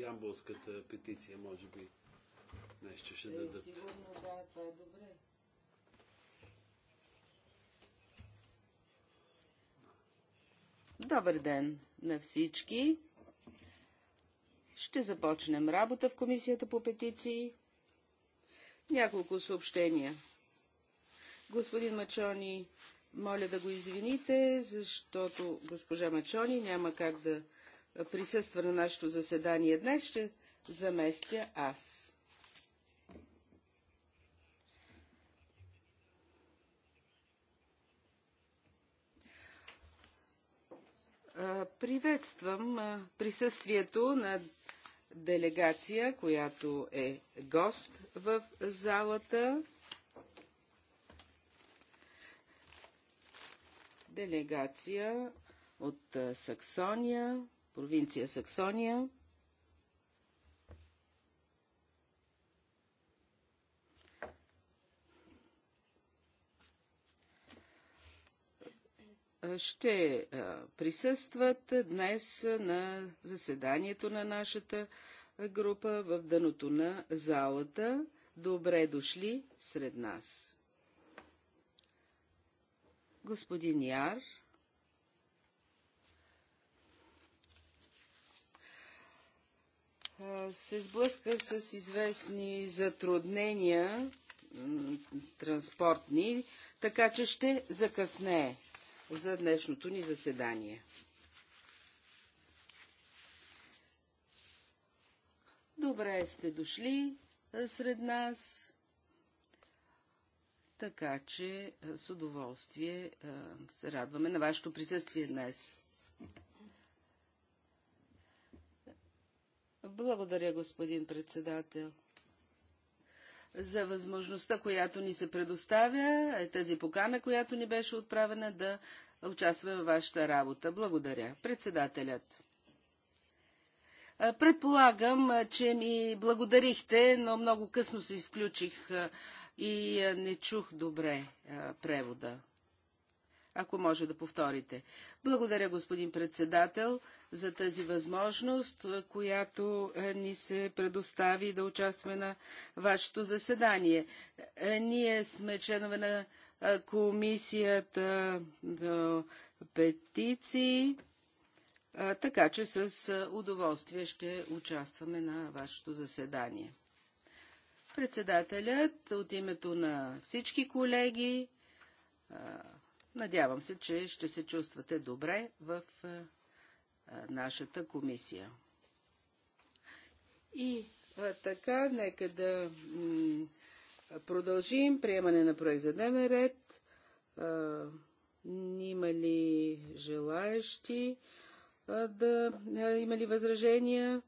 ямбулската петиция, може би нещо ще е, дадат. Сигурно, да, това е добре. Добър ден на всички. Ще започнем работа в Комисията по петиции. Няколко съобщения. Господин Мачони, моля да го извините, защото госпожа Мачони няма как да присъства на нашето заседание днес, ще заместя аз. Приветствам присъствието на делегация, която е гост в залата. Делегация от Саксония провинция Саксония. ще присъстват днес на заседанието на нашата група в дъното на залата. Добре дошли сред нас. Господин Яр, се сблъска с известни затруднения транспортни, така че ще закъснее за днешното ни заседание. Добре сте дошли сред нас, така че с удоволствие се радваме на вашето присъствие днес. Благодаря, господин председател, за възможността, която ни се предоставя, е тази покана, която ни беше отправена да участваме във вашата работа. Благодаря. Председателят. Предполагам, че ми благодарихте, но много късно се включих и не чух добре превода. Ако може да повторите. Благодаря, господин председател, за тази възможност, която ни се предостави да участваме на вашето заседание. Ние сме членове на комисията петиции, така че с удоволствие ще участваме на вашето заседание. Председателят от името на всички колеги, Надявам се, че ще се чувствате добре в е, е, нашата комисия. И а, е, така, нека да продължим. Приемане на проект за дневен ред. А, има ли желаещи а, да. А, има ли възражения?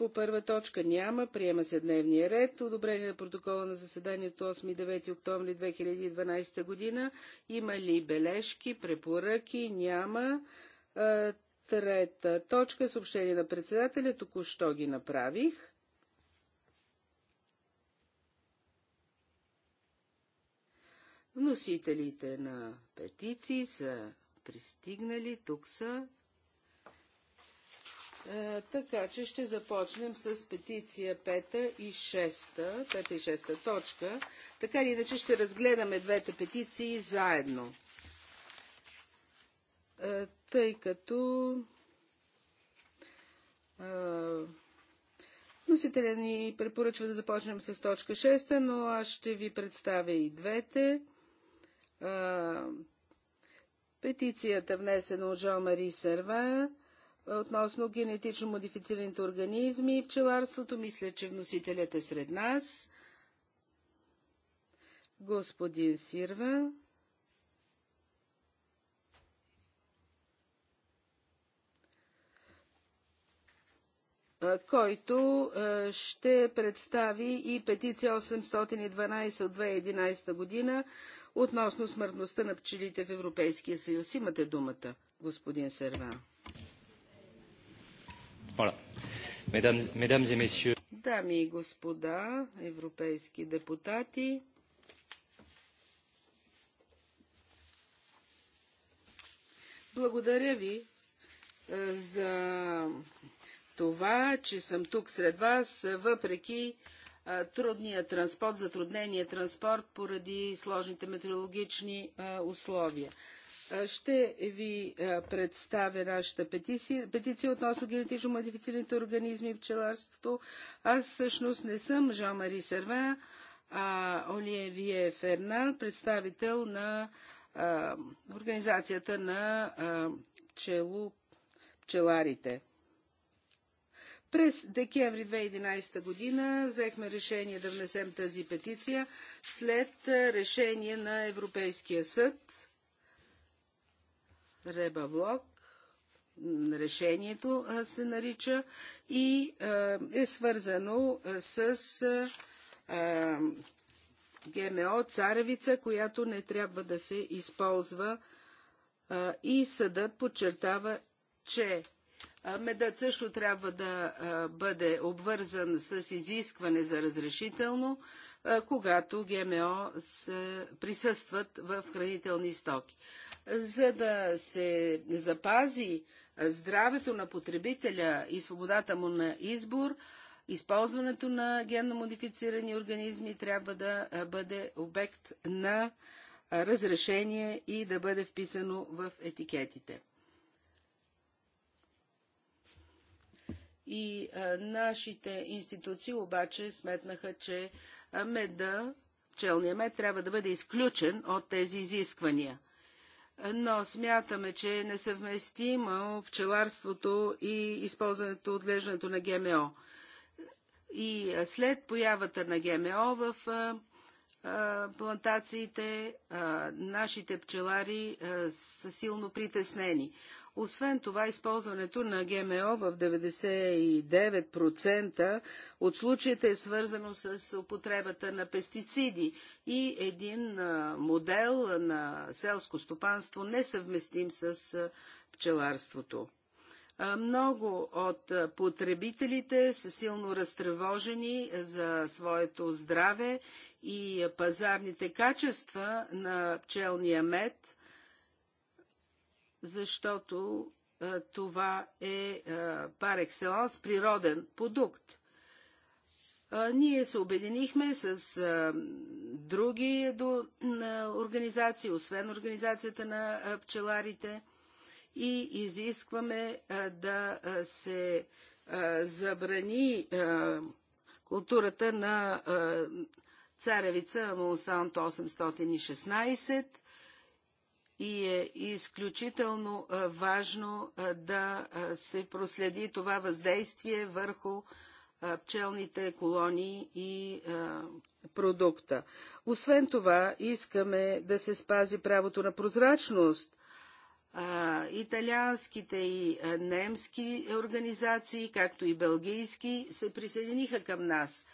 По първа точка няма. Приема се дневния ред. Одобрение на протокола на заседанието 8 и 9 октомври 2012 година. Има ли бележки, препоръки? Няма. Трета точка. Е съобщение на председателя. Току-що ги направих. Вносителите на петиции са пристигнали. Тук са е, така че ще започнем с петиция 5 и 6, 5 и 6 точка. Така или иначе ще разгледаме двете петиции заедно. Е, тъй като е, носителя ни препоръчва да започнем с точка 6, но аз ще ви представя и двете. Петицията, внесена от Жо Мари Сервая относно генетично модифицираните организми и пчеларството. Мисля, че вносителят е сред нас. Господин Сирва. който ще представи и петиция 812 от 2011 година относно смъртността на пчелите в Европейския съюз. Имате думата, господин Серва. Voilà. Mesdames, mesdames et messieurs. Дами и господа, европейски депутати, благодаря ви е, за това, че съм тук сред вас, въпреки е, трудния транспорт, затруднения транспорт поради сложните метеорологични е, условия. Ще ви представя нашата петиция, петиция относно генетично модифицираните организми и пчеларството. Аз всъщност не съм Жан-Мари Серва, а Оливие Фернан, представител на а, организацията на а, пчелу, пчеларите. През декември 2011 година взехме решение да внесем тази петиция след решение на Европейския съд Реба Блок, решението се нарича, и е свързано с ГМО царевица, която не трябва да се използва. И съдът подчертава, че медът също трябва да бъде обвързан с изискване за разрешително, когато ГМО присъстват в хранителни стоки за да се запази здравето на потребителя и свободата му на избор, използването на генно модифицирани организми трябва да бъде обект на разрешение и да бъде вписано в етикетите. И а, нашите институции обаче сметнаха, че меда, пчелния мед трябва да бъде изключен от тези изисквания – но смятаме, че е несъвместимо пчеларството и използването, отглеждането на ГМО. И след появата на ГМО в плантациите, нашите пчелари са силно притеснени. Освен това, използването на ГМО в 99% от случаите е свързано с употребата на пестициди и един модел на селско стопанство несъвместим с пчеларството. Много от потребителите са силно разтревожени за своето здраве и пазарните качества на пчелния мед, защото това е пар екселанс природен продукт. Ние се обединихме с други организации, освен Организацията на пчеларите и изискваме да се забрани културата на царевица Монсанто 816 и е изключително важно да се проследи това въздействие върху пчелните колонии и продукта. Освен това, искаме да се спази правото на прозрачност италианските и немски организации, както и белгийски, се присъединиха към нас.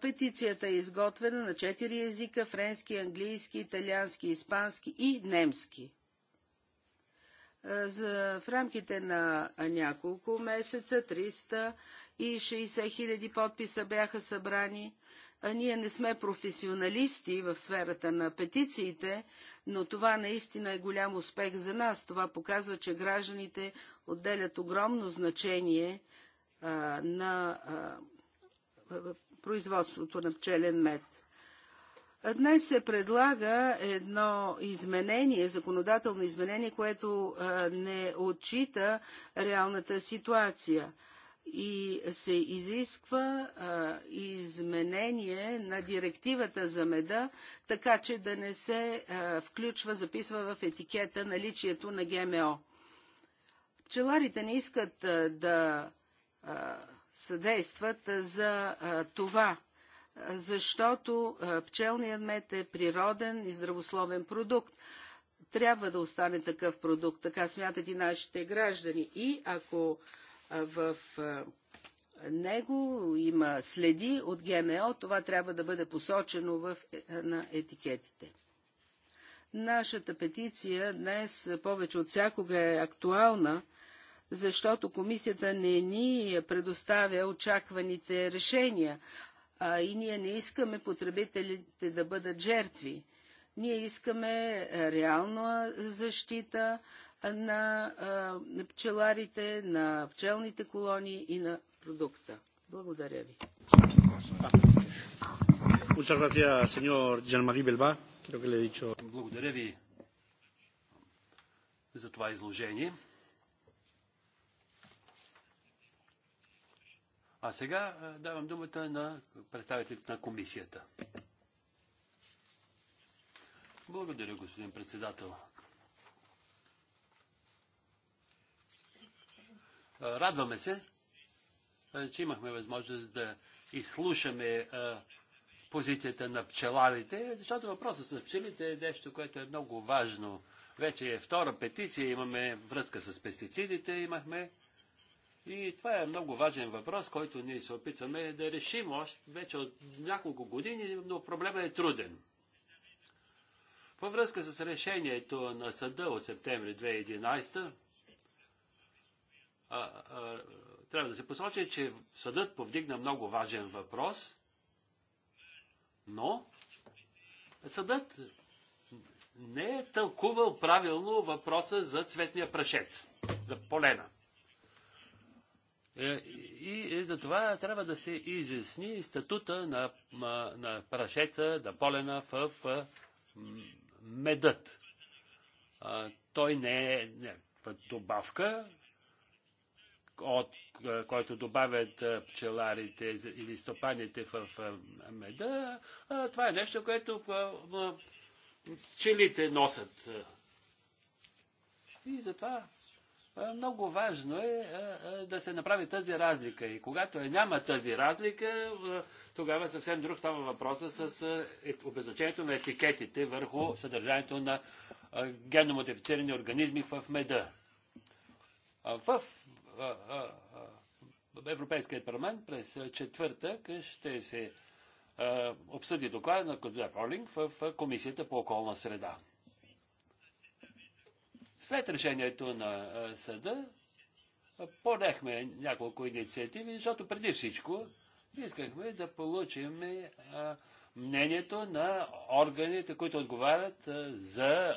петицията е изготвена на четири езика – френски, английски, италиански, испански и немски. за, в рамките на няколко месеца 360 хиляди подписа бяха събрани – а ние не сме професионалисти в сферата на петициите, но това наистина е голям успех за нас. Това показва, че гражданите отделят огромно значение а, на а, производството на пчелен мед. Днес се предлага едно изменение, законодателно изменение, което а, не отчита реалната ситуация – и се изисква а, изменение на директивата за меда, така че да не се а, включва, записва в етикета наличието на ГМО. Пчеларите не искат а, да съдействат за това, защото пчелният мед е природен и здравословен продукт трябва да остане такъв продукт. Така смятат и нашите граждани. И ако в него има следи от ГМО. Това трябва да бъде посочено в, е, на етикетите. Нашата петиция днес повече от всякога е актуална, защото комисията не ни предоставя очакваните решения, а и ние не искаме потребителите да бъдат жертви. Ние искаме реална защита, на пчеларите, на пчелните колонии и на продукта. Благодаря ви. Благодаря ви за това изложение. А сега давам думата на представителите на комисията. Благодаря, господин председател. Радваме се, че имахме възможност да изслушаме позицията на пчеларите, защото въпросът с пчелите е нещо, което е много важно. Вече е втора петиция, имаме връзка с пестицидите, имахме. И това е много важен въпрос, който ние се опитваме да решим още вече от няколко години, но проблема е труден. Във връзка с решението на съда от септември 2011 трябва да се посочи, че съдът повдигна много важен въпрос, но съдът не е тълкувал правилно въпроса за цветния прашец, за полена. Е, и, за това трябва да се изясни статута на, на прашеца, на полена в, медът. той не е добавка, от, е, който добавят е, пчеларите или стопаните в е, меда, това е нещо, което пчелите носят. И затова много важно е да се направи тази разлика. И когато няма тази разлика, тогава съвсем друг става въпроса с обезначението на етикетите върху съдържанието на генномодифицирани организми в меда. В Европейския парламент през четвъртък ще се обсъди доклада на Кодуя Ролинг в Комисията по околна среда. След решението на съда подехме няколко инициативи, защото преди всичко искахме да получим мнението на органите, които отговарят за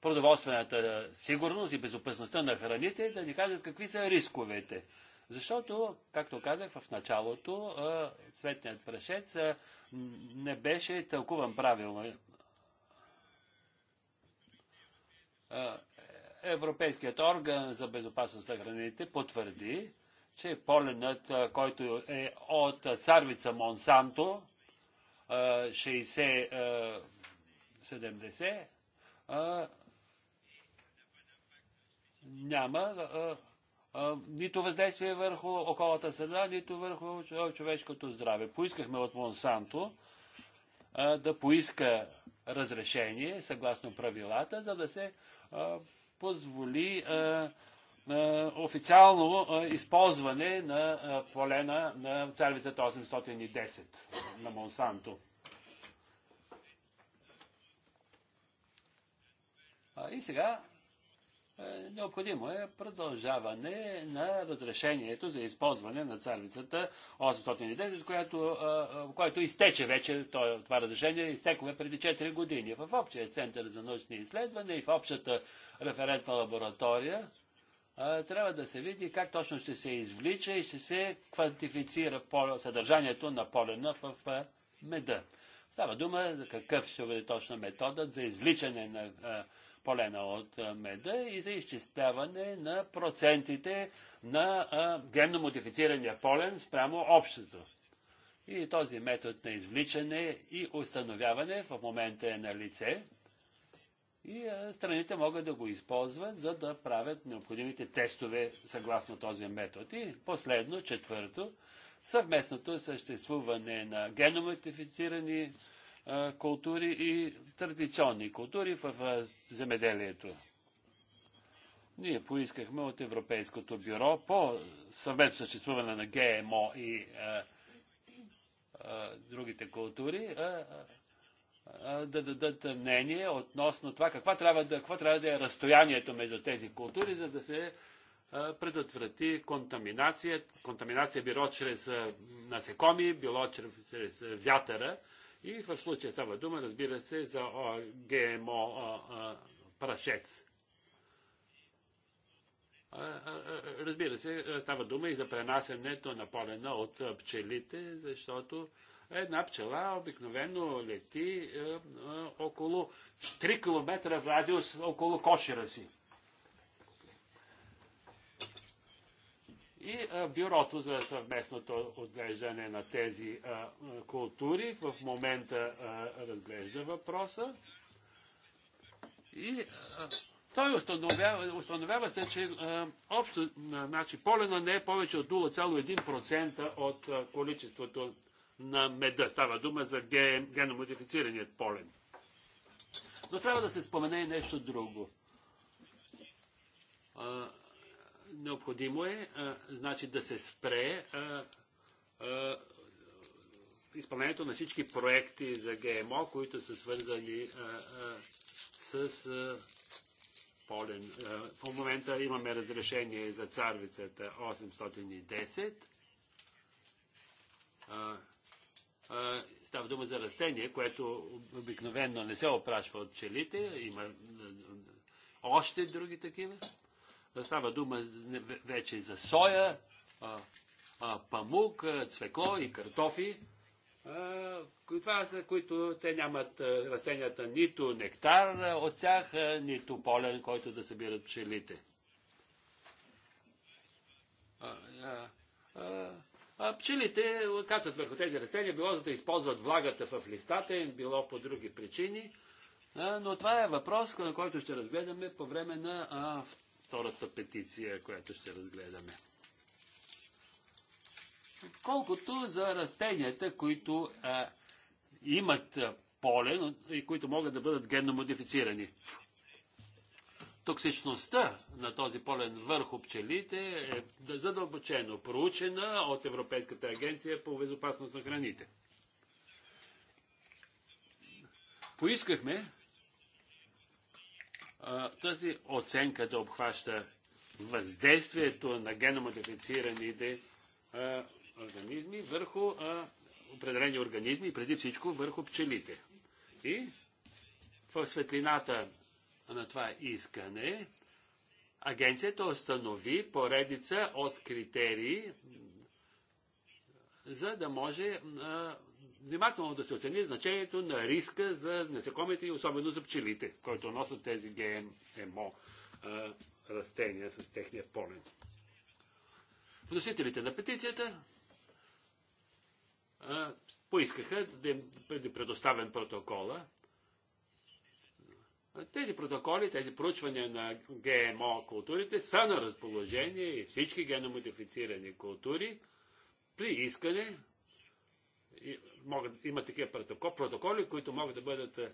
продоволствената сигурност и безопасността на храните, да ни кажат какви са рисковете. Защото, както казах в началото, светният прашец не беше тълкуван правилно. Европейският орган за безопасност на храните потвърди, че поленът, който е от царвица Монсанто, 60-70, няма нито въздействие върху околната среда, нито върху човешкото здраве. Поискахме от Монсанто да поиска разрешение съгласно правилата, за да се позволи официално използване на полена на царвицата 810 на Монсанто. И сега е, необходимо е продължаване на разрешението за използване на царвицата 810, която, е, е, което изтече вече, това разрешение изтекло преди 4 години. В общия център за научни изследвания и в общата референтна лаборатория трябва да се види как точно ще се извлича и ще се квантифицира съдържанието на полена в меда. Става дума за какъв ще бъде точно методът за извличане на полена от меда и за изчисляване на процентите на генно модифицирания полен спрямо общото. И този метод на извличане и установяване в момента е на лице. И страните могат да го използват, за да правят необходимите тестове съгласно този метод. И последно, четвърто, съвместното съществуване на геномодифицирани култури и традиционни култури в земеделието. Ние поискахме от Европейското бюро по съвет съществуване на ГМО и а, а, другите култури а, а, да дадат мнение относно това каква трябва да, какво трябва да е разстоянието между тези култури, за да се а, предотврати контаминация. Контаминация било чрез а, насекоми, било чрез, чрез вятъра и в случая става дума, разбира се, за ГМО прашец. Разбира се, става дума и за пренасенето на полена от пчелите, защото една пчела обикновено лети е, е, около 3 км в радиус около кошера си. И бюрото за съвместното отглеждане на тези култури в момента разглежда въпроса. И той установява, установява се, че общо, значи, полена не е повече от 0,1% от количеството на меда. Става дума за ген, геномодифицираният полен. Но трябва да се спомене и нещо друго необходимо е а, значи, да се спре а, а, изпълнението на всички проекти за ГМО, които са свързани а, а, с а, полен. А, по момента имаме разрешение за царвицата 810. А, а, става дума за растение, което обикновено не се опрашва от пчелите. Има още други такива. Става дума вече за соя, памук, цвекло и картофи. Това са, които те нямат растенията нито нектар от тях, нито полен, който да събират пчелите. А пчелите кацат върху тези растения, било за да използват влагата в листата им, било по други причини. Но това е въпрос, на който ще разгледаме по време на втората петиция, която ще разгледаме. Колкото за растенията, които а, имат поле и които могат да бъдат генно модифицирани. Токсичността на този полен върху пчелите е задълбочено проучена от Европейската агенция по безопасност на храните. Поискахме тази оценка да обхваща въздействието на геномодифицираните организми върху а, определени организми, преди всичко върху пчелите. И в светлината на това искане агенцията установи поредица от критерии, за да може а, внимателно да се оцени значението на риска за насекомите и особено за пчелите, който носят тези ГМО растения с техния полен. Вносителите на петицията а, поискаха да им бъде предоставен протокола. Тези протоколи, тези проучвания на ГМО културите са на разположение и всички геномодифицирани култури при искане могат, има такива протоколи, протоколи, които могат да бъдат е,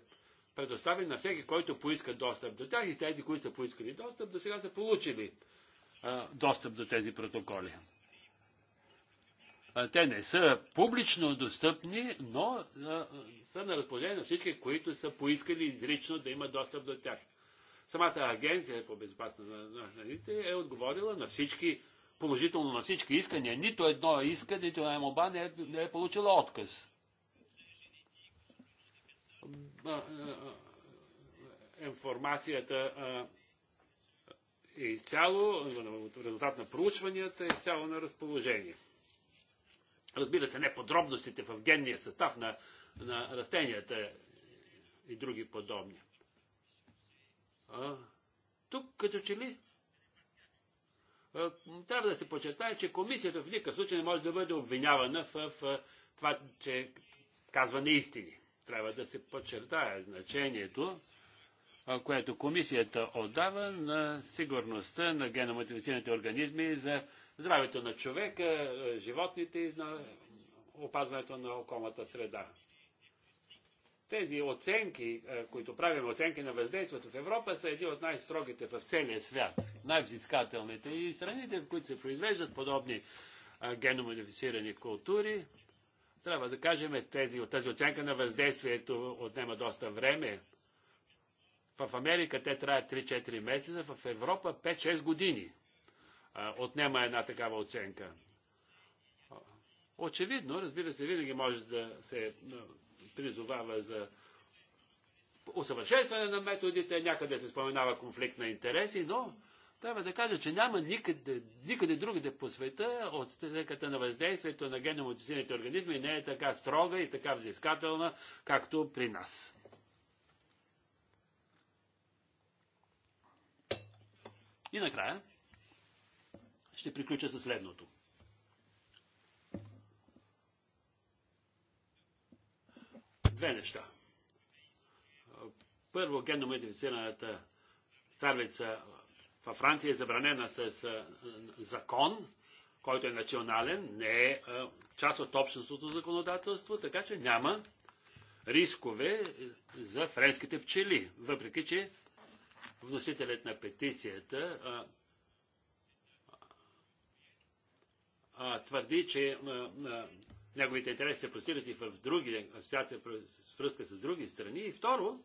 предоставени на всеки, който поиска достъп до тях и тези, които са поискали достъп, до сега са получили а, е, достъп до тези протоколи. А, е, те не са публично достъпни, но а, са на разположение на всички, които са поискали изрично да има достъп до тях. Самата агенция по безопасност на храните е отговорила на всички, положително на всички искания. Нито едно искане, нито една моба не е, не е получила отказ информацията е изцяло, резултат на проучванията е изцяло на разположение. Разбира се, не подробностите в генния състав на, на растенията и други подобни. А, тук като че ли а, трябва да се почетае, че комисията в никакъв случай не може да бъде обвинявана в, в това, че казва неистини трябва да се подчертае значението, което комисията отдава на сигурността на геномотивационните организми за здравето на човека, животните и на опазването на околната среда. Тези оценки, които правим оценки на въздействието в Европа, са едни от най-строгите в целия свят, най-взискателните. И страните, в които се произвеждат подобни геномодифицирани култури, трябва да кажем, тези, тази оценка на въздействието отнема доста време. В Америка те траят 3-4 месеца, в Европа 5-6 години отнема една такава оценка. Очевидно, разбира се, винаги може да се призовава за усъвършенстване на методите, някъде се споменава конфликт на интереси, но трябва да кажа, че няма никъде, никъде другаде по света от оценката на въздействието на геномодифицираните организми не е така строга и така взискателна, както при нас. И накрая ще приключа със следното. Две неща. Първо, генномодифицираната царвица във Франция е забранена с закон, който е национален, не е част от общностното законодателство, така че няма рискове е, за френските пчели. Въпреки, че вносителят на петицията твърди, че неговите интереси се простират и в други асоциации, в връзка с други страни. И второ,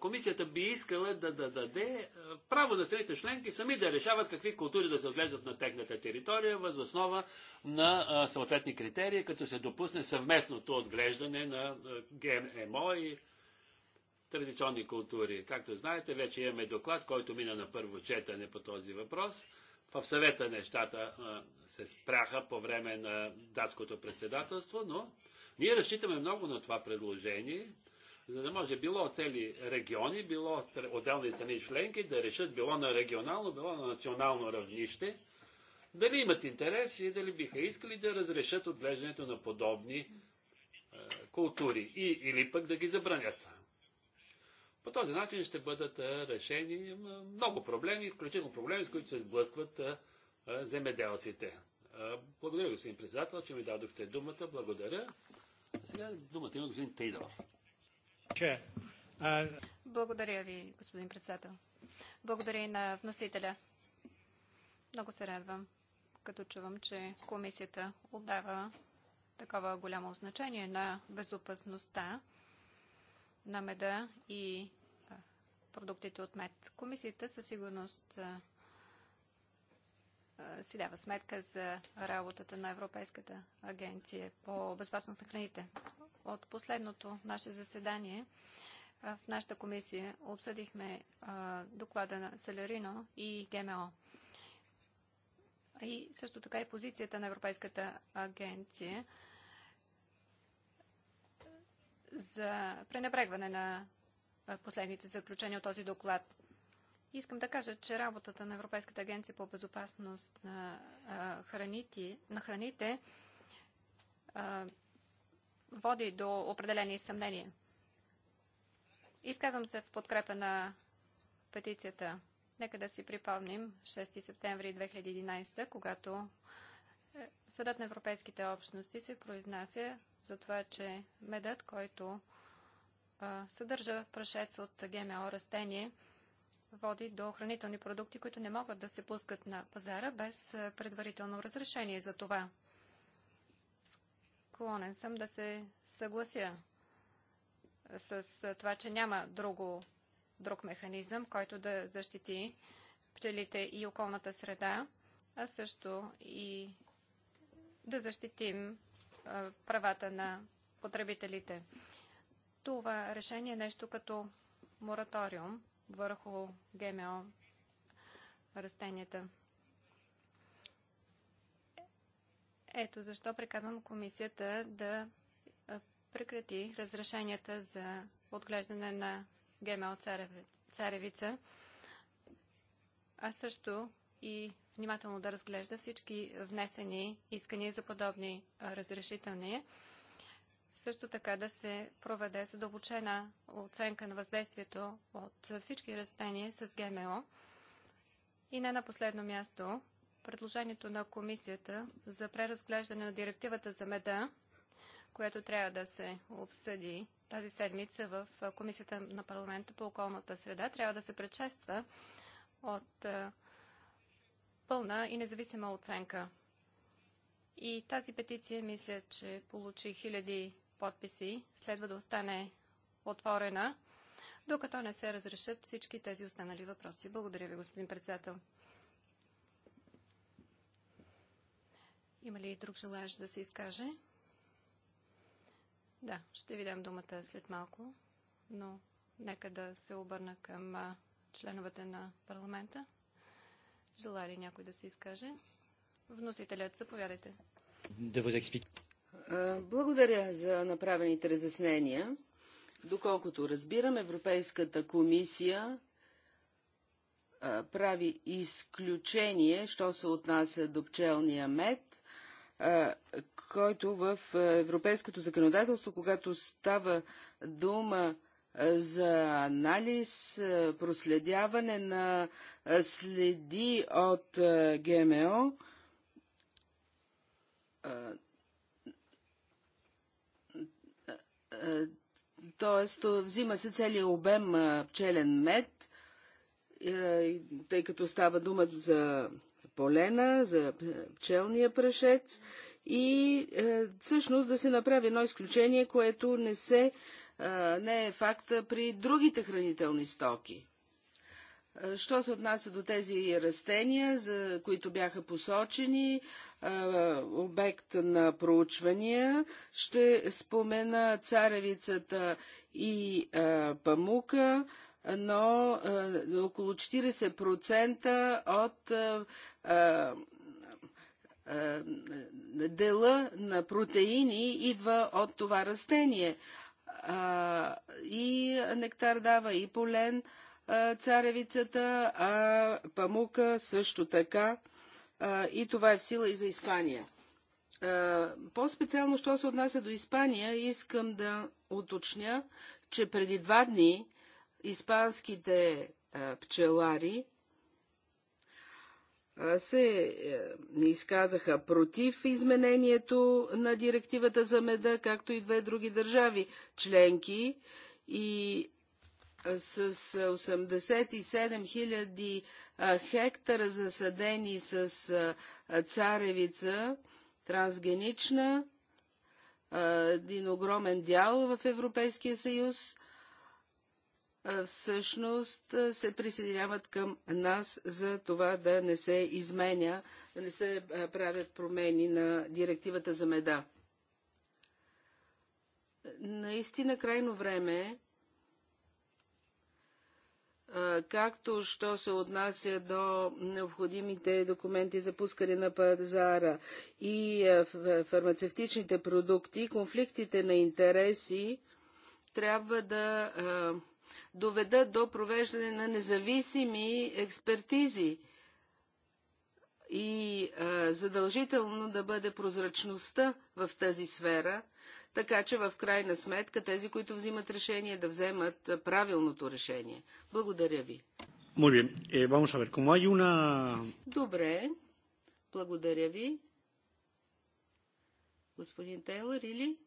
Комисията би искала да, да даде право на страните членки сами да решават какви култури да се отглеждат на техната територия, въз основа на съответни критерии, като се допусне съвместното отглеждане на ГМО и традиционни култури. Както знаете, вече имаме доклад, който мина на първо четене по този въпрос. В съвета нещата се спряха по време на датското председателство, но ние разчитаме много на това предложение за да може било цели региони, било отделни страни членки да решат било на регионално, било на национално равнище, дали имат интерес и дали биха искали да разрешат отглеждането на подобни е, култури и, или пък да ги забранят. По този начин ще бъдат е, решени е, много проблеми, включително проблеми, с които се сблъскват е, земеделците. Благодаря, господин председател, че ми дадохте думата. Благодаря. А сега думата има господин Тейдор. Uh, Благодаря ви, господин председател. Благодаря и на вносителя. Много се радвам, като чувам, че комисията отдава такова голямо значение на безопасността на меда и продуктите от мед. Комисията със сигурност си дава сметка за работата на Европейската агенция по безопасност на храните от последното наше заседание в нашата комисия обсъдихме доклада на Селерино и ГМО. И също така и позицията на Европейската агенция за пренебрегване на последните заключения от този доклад. Искам да кажа, че работата на Европейската агенция по безопасност на, храните, на храните води до определени съмнения. Изказвам се в подкрепа на петицията. Нека да си припомним 6 септември 2011, когато е, Съдът на Европейските общности се произнася за това, че медът, който съдържа прашец от ГМО растение, води до хранителни продукти, които не могат да се пускат на пазара без е, предварително разрешение за това склонен съм да се съглася с това, че няма друго, друг механизъм, който да защити пчелите и околната среда, а също и да защитим правата на потребителите. Това решение е нещо като мораториум върху ГМО растенията. Ето защо приказвам комисията да прекрати разрешенията за отглеждане на ГМО царевица, а също и внимателно да разглежда всички внесени искания за подобни разрешителни. Също така да се проведе задълбочена оценка на въздействието от всички растения с ГМО. И не на последно място предложението на комисията за преразглеждане на директивата за меда, което трябва да се обсъди тази седмица в Комисията на парламента по околната среда, трябва да се предшества от пълна и независима оценка. И тази петиция, мисля, че получи хиляди подписи, следва да остане отворена, докато не се разрешат всички тези останали въпроси. Благодаря ви, господин председател. Има ли друг желаящ да се изкаже? Да, ще ви дам думата след малко, но нека да се обърна към членовете на парламента. Желая ли някой да се изкаже? Вносителят, заповядайте. Да ви explique. Благодаря за направените разяснения. Доколкото разбирам, Европейската комисия прави изключение, що се отнася до пчелния мед който в европейското законодателство, когато става дума за анализ, проследяване на следи от ГМО, т.е. взима се целият обем пчелен мед, тъй като става дума за полена, за пчелния прашец и е, всъщност да се направи едно изключение, което не, се, е, не е факта при другите хранителни стоки. Е, що се отнася до тези растения, за които бяха посочени, обект на проучвания, ще спомена царевицата и памука, но е, около 40% от е, е, дела на протеини идва от това растение. И нектар дава и полен царевицата, а памука също така. И това е в сила и за Испания. По-специално, що се отнася до Испания, искам да уточня, че преди два дни испанските пчелари се е, изказаха против изменението на директивата за меда, както и две други държави членки и с 87 000 хектара засадени с царевица трансгенична, един огромен дял в Европейския съюз – всъщност се присъединяват към нас за това да не се изменя, да не се правят промени на директивата за меда. Наистина крайно време е както що се отнася до необходимите документи за пускане на пазара и фармацевтичните продукти, конфликтите на интереси трябва да доведат до провеждане на независими експертизи и а, задължително да бъде прозрачността в тази сфера, така че в крайна сметка тези, които взимат решение, да вземат правилното решение. Благодаря ви. Muy bien. Eh, vamos a ver, como hay una... Добре. Благодаря ви. Господин Тейлър или?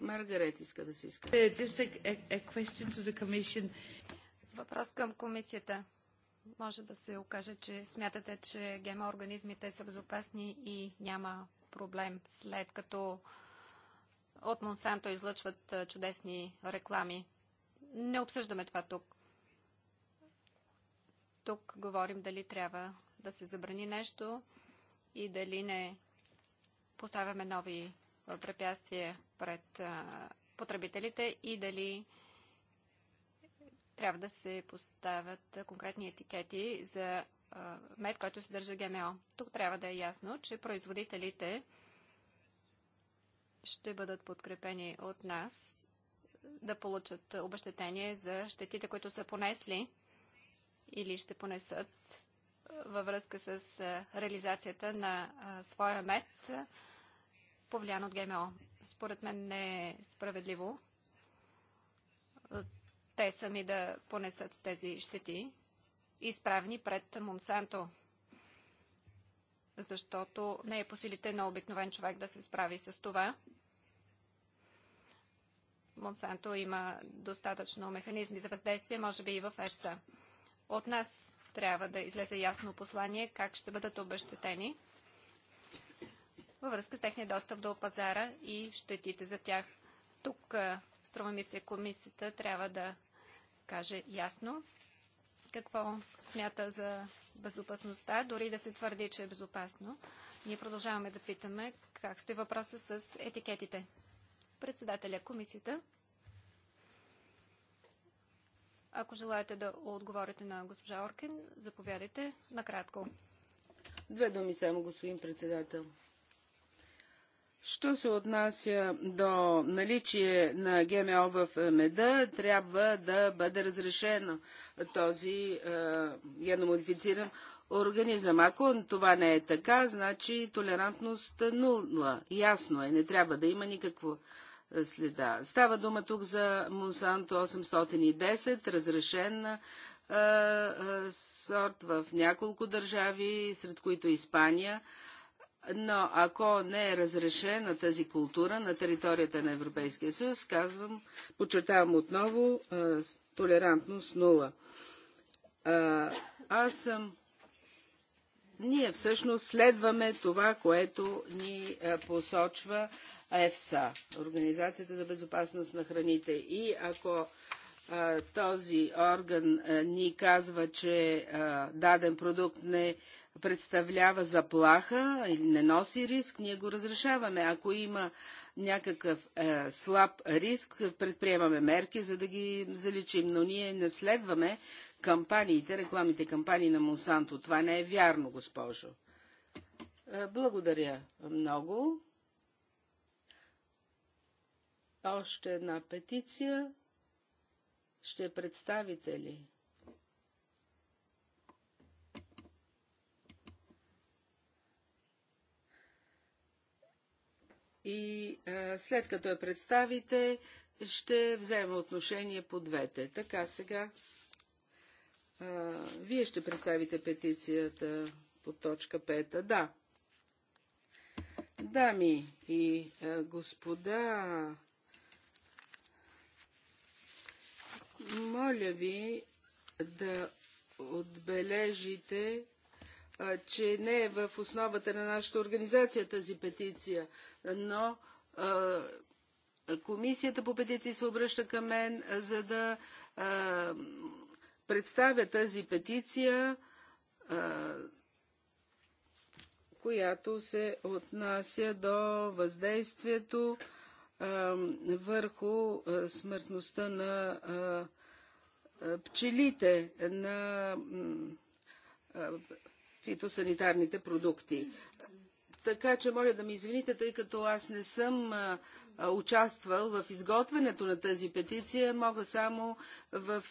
Маргарет иска да се иска. Uh, Въпрос към комисията. Може да се окаже, че смятате, че гема организмите са безопасни и няма проблем, след като от Монсанто излъчват чудесни реклами. Не обсъждаме това тук. Тук говорим дали трябва да се забрани нещо и дали не поставяме нови препятствия пред потребителите и дали трябва да се поставят конкретни етикети за мед, който съдържа ГМО. Тук трябва да е ясно, че производителите ще бъдат подкрепени от нас да получат обещетение за щетите, които са понесли или ще понесат във връзка с реализацията на своя мед, повлиян от ГМО според мен не е справедливо е, те сами да понесат тези щети, изправни пред Монсанто, защото не е по силите на обикновен човек да се справи с това. Монсанто има достатъчно механизми за въздействие, може би и в ЕФСА. От нас трябва да излезе ясно послание как ще бъдат обещетени във връзка с техния достъп до пазара и щетите за тях. Тук, струва ми се, комисията трябва да каже ясно какво смята за безопасността, дори да се твърди, че е безопасно. Ние продължаваме да питаме как стои въпроса с етикетите. Председателя комисията. Ако желаете да отговорите на госпожа Оркин, заповядайте накратко. Две думи само, господин председател. Що се отнася до наличие на ГМО в е, меда, трябва да бъде разрешено този е, геномодифициран организъм. Ако това не е така, значи толерантност нула. Ясно е, не трябва да има никакво е, следа. Става дума тук за Монсанто 810, разрешен е, е, сорт в няколко държави, сред които Испания. Но ако не е разрешена тази култура на територията на Европейския съюз, казвам, подчертавам отново, толерантност нула. Аз съм. Ние всъщност следваме това, което ни посочва ЕФСА, Организацията за безопасност на храните. И ако този орган ни казва, че даден продукт не представлява заплаха или не носи риск, ние го разрешаваме. Ако има някакъв е, слаб риск, предприемаме мерки, за да ги заличим. Но ние не следваме кампаниите, рекламните кампании на Монсанто. Това не е вярно, госпожо. Е, благодаря много. Още една петиция. Ще представите ли? и а, е, след като я представите, ще взема отношение по двете. Така сега а, е, вие ще представите петицията по точка 5. Да. Дами и а, е, господа, моля ви да отбележите че не е в основата на нашата организация тази петиция, но Комисията по петиции се обръща към мен, за да представя тази петиция, която се отнася до въздействието върху смъртността на пчелите, на фитосанитарните продукти. Така че моля да ми извините, тъй като аз не съм участвал в изготвянето на тази петиция, мога само в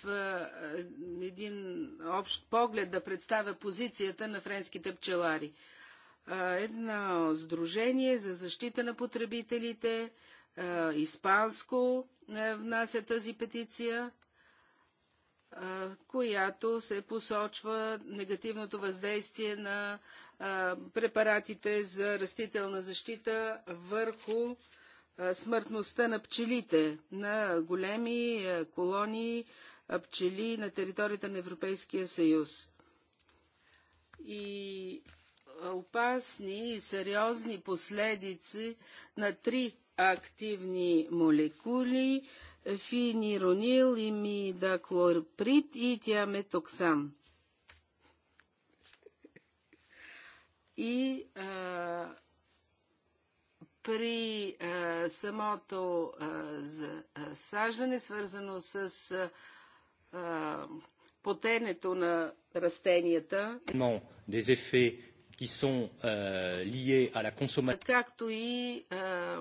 един общ поглед да представя позицията на френските пчелари. Едно сдружение за защита на потребителите, испанско внася тази петиция която се посочва негативното въздействие на препаратите за растителна защита върху смъртността на пчелите, на големи колонии пчели на територията на Европейския съюз. И опасни и сериозни последици на три активни молекули – финиронил, мидаклорприт и тиаметоксан. И а, при а, самото а, за, а, саждане, свързано с а, потенето на растенията, euh, както и а,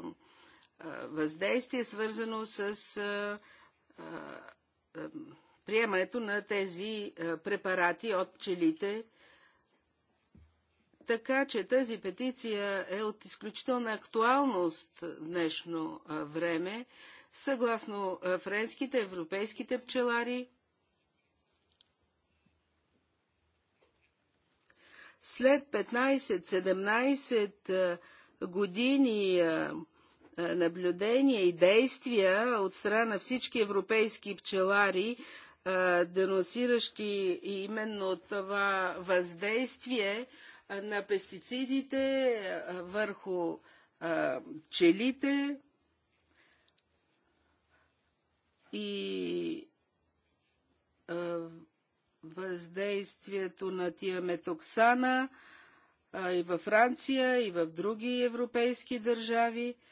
въздействие, свързано с приемането на тези препарати от пчелите. Така че тази петиция е от изключителна актуалност в днешно време, съгласно френските, европейските пчелари. След 15-17 години наблюдения и действия от страна на всички европейски пчелари, деносиращи именно това въздействие на пестицидите върху пчелите и въздействието на тия метоксана и във Франция, и в други европейски държави –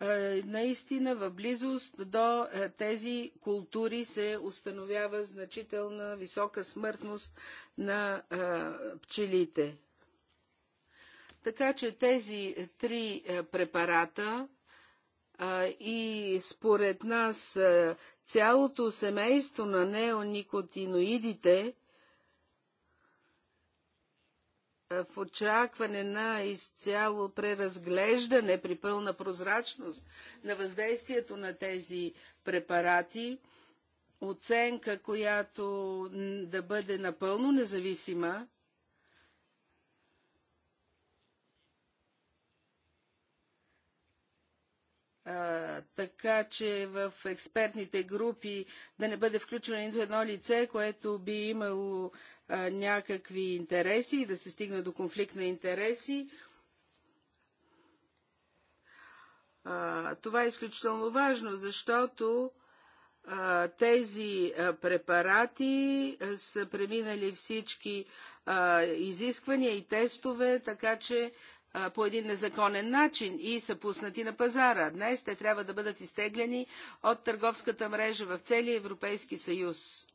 е, наистина в близост до е, тези култури се установява значителна висока смъртност на е, пчелите. Така че тези три препарата и според нас цялото семейство на неоникотиноидите – в очакване на изцяло преразглеждане при пълна прозрачност на въздействието на тези препарати, оценка, която да бъде напълно независима така че в експертните групи да не бъде включено нито едно лице, което би имало някакви интереси и да се стигне до конфликт на интереси. това е изключително важно, защото тези препарати са преминали всички изисквания и тестове, така че по един незаконен начин и са пуснати на пазара. Днес те трябва да бъдат изтеглени от търговската мрежа в целия Европейски съюз,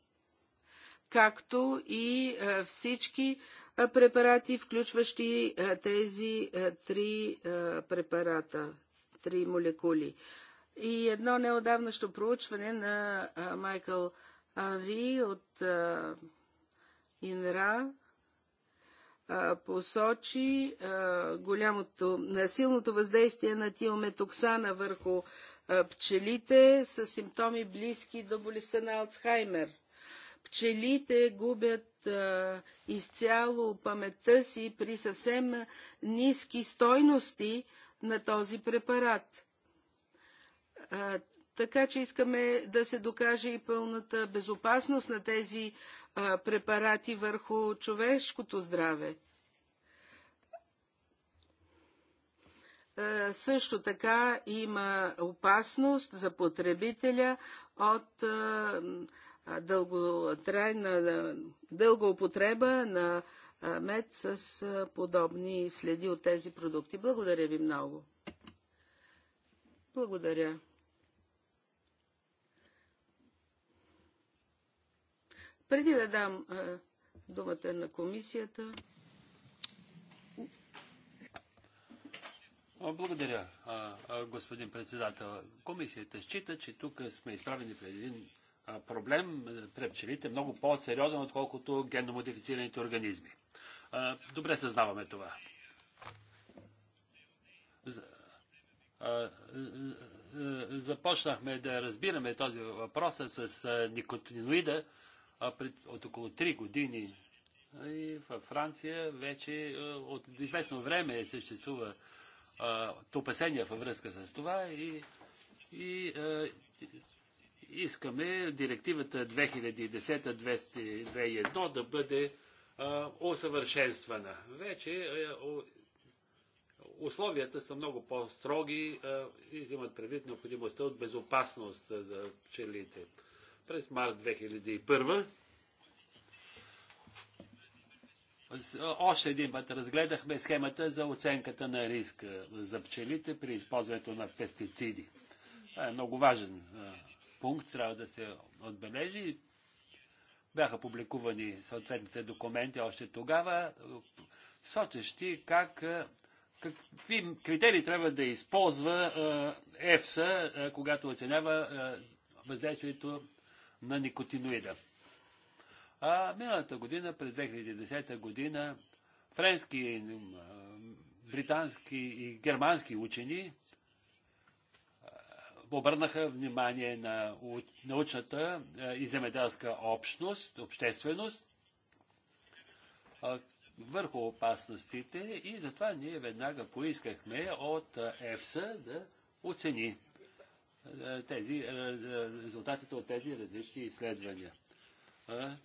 както и всички препарати, включващи тези три препарата, три молекули. И едно неодавнащо проучване на Майкъл Анри от ИНРА посочи голямото, силното въздействие на тиометоксана върху пчелите с симптоми близки до болестта на Алцхаймер. Пчелите губят изцяло паметта си при съвсем ниски стойности на този препарат. така че искаме да се докаже и пълната безопасност на тези препарати върху човешкото здраве. Също така има опасност за потребителя от дълготрайна, дълга употреба на мед с подобни следи от тези продукти. Благодаря ви много. Благодаря. Преди да дам думата на комисията. Благодаря, господин председател. Комисията счита, че тук сме изправени пред един проблем пред пчелите много по-сериозен, отколкото генномодифицираните организми. Добре съзнаваме това. Започнахме да разбираме този въпрос с никотиноида, пред, от около 3 години. И във Франция вече от известно време съществува опасения във връзка с това и, и а, искаме директивата 2010-2001 да бъде а, усъвършенствана. Вече а, условията са много по-строги и взимат предвид необходимостта от безопасност за пчелите през март 2001. Още един път разгледахме схемата за оценката на риск за пчелите при използването на пестициди. Това е много важен пункт, трябва да се отбележи. Бяха публикувани съответните документи още тогава, сочещи как, какви критерии трябва да използва ЕФСА, когато оценява въздействието на никотиноида. А миналата година, през 2010 година, френски, британски и германски учени обърнаха внимание на научната и земеделска общност, общественост върху опасностите и затова ние веднага поискахме от ЕФСА да оцени тези, е, е, резултатите от тези различни изследвания.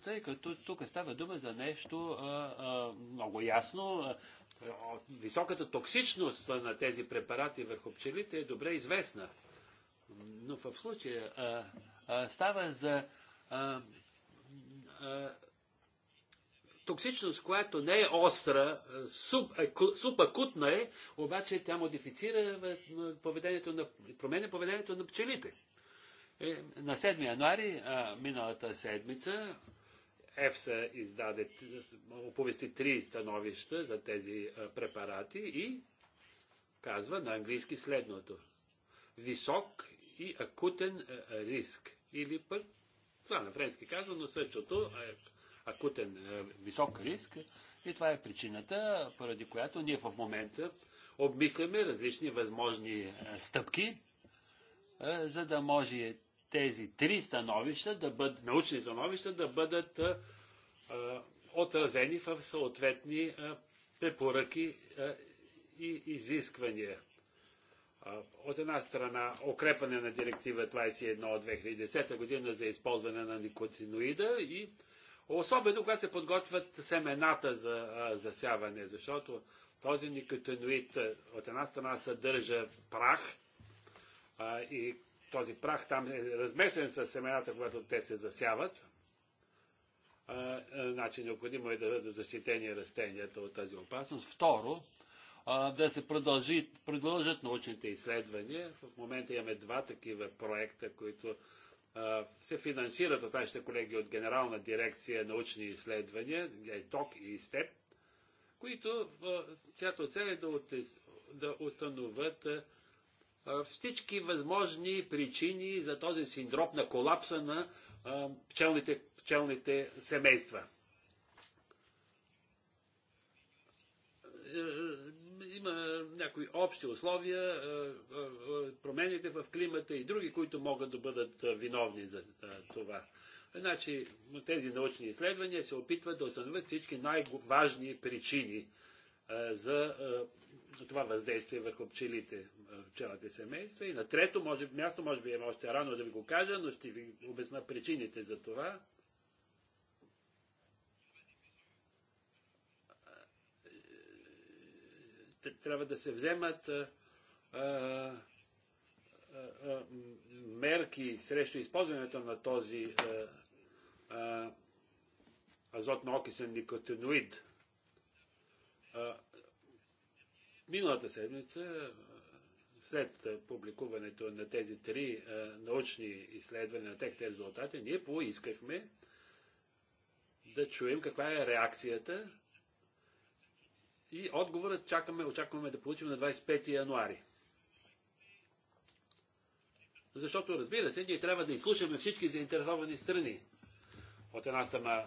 Тъй като тук става дума за нещо много ясно. Високата токсичност на тези препарати върху пчелите е добре известна. Но в случая става за токсичност, която не е остра, субакутна е, обаче тя модифицира поведението на, променя поведението на пчелите. Е, на 7 януари а, миналата седмица ЕФСА издаде, оповести три становища за тези а, препарати и казва на английски следното. Висок и акутен а, риск. Или пък, това на френски казано същото, акутен, е, висок риск. И това е причината, поради която ние в момента обмисляме различни възможни е, стъпки, е, за да може тези три становища да бъд, научни становища да бъдат отразени в съответни препоръки и изисквания. От една страна укрепване на директива 21 от 2010 година за използване на никотиноида и Особено когато се подготвят семената за засяване, защото този никотиноид от една страна съдържа прах а, и този прах там е размесен с семената, когато те се засяват. А, значи необходимо е да бъдат да защитени растенията от тази опасност. Второ, а, да се продължи, продължат научните изследвания. В момента имаме два такива проекта, които се финансират от нашите колеги от Генерална дирекция научни изследвания, ДОК е и СТЕП, които цялото цел е да, да установят всички възможни причини за този синдром на колапса на пчелните, пчелните семейства. Е, някои общи условия, е, е, промените в климата и други, които могат да бъдат виновни за това. Значи тези научни изследвания се опитват да установят всички най-важни причини за това въздействие върху пчелите, пчелите семейства. И на трето може, място, може би е още рано да ви го кажа, но ще ви обясна причините за това. трябва да се вземат а, а, а, мерки срещу използването на този азотно-окисен никотиноид. Миналата седмица, след публикуването на тези три научни изследвания на техните резултати, ние поискахме да чуем каква е реакцията и отговорът чакаме, очакваме да получим на 25 януари. Защото, разбира се, ние трябва да изслушаме всички заинтересовани страни. От една страна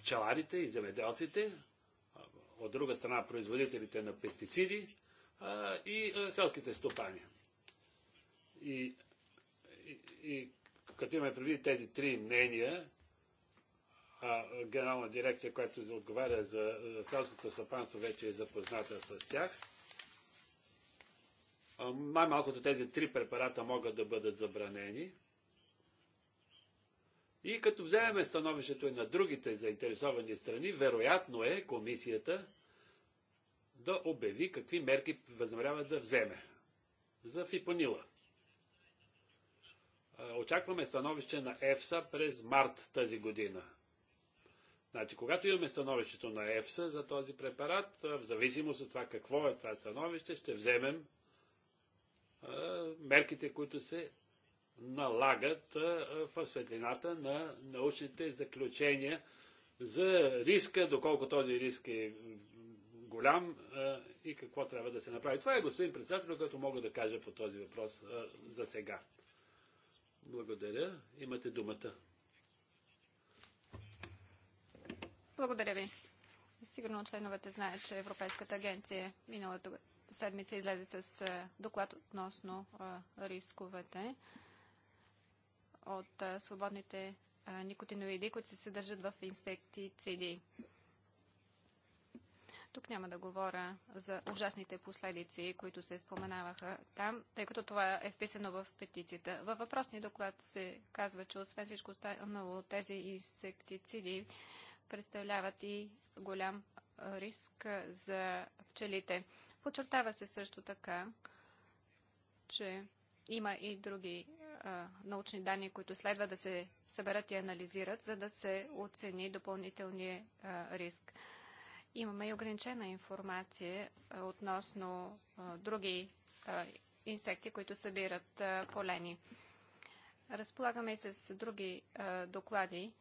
пчеларите и земеделците, от друга страна производителите на пестициди и селските стопани. И, и, и като имаме предвид тези три мнения, генерална дирекция, която отговаря за, за селското стопанство, вече е запозната с тях. Най-малкото тези три препарата могат да бъдат забранени. И като вземем становището и на другите заинтересовани страни, вероятно е комисията да обяви какви мерки възнамерява да вземе за фипонила. Очакваме становище на ЕФСА през март тази година. Значи, когато имаме становището на ЕФСА за този препарат, в зависимост от това какво е това становище, ще вземем а, мерките, които се налагат а, в светлината на научните заключения за риска, доколко този риск е голям а, и какво трябва да се направи. Това е, господин председател, което мога да кажа по този въпрос за сега. Благодаря. Имате думата. Благодаря ви. Сигурно членовете знаят, че Европейската агенция миналата седмица излезе с е, доклад относно е, рисковете от е, свободните никотиноиди, които се съдържат в инсектициди. Тук няма да говоря за ужасните последици, които се споменаваха там, тъй като това е вписано в петицията. Във въпросния доклад се казва, че освен всичко останало тези инсектициди представляват и голям риск за пчелите. Подчертава се също така, че има и други а, научни данни, които следва да се съберат и анализират, за да се оцени допълнителния а, риск. Имаме и ограничена информация а, относно други инсекти, които събират полени. Разполагаме и с други доклади,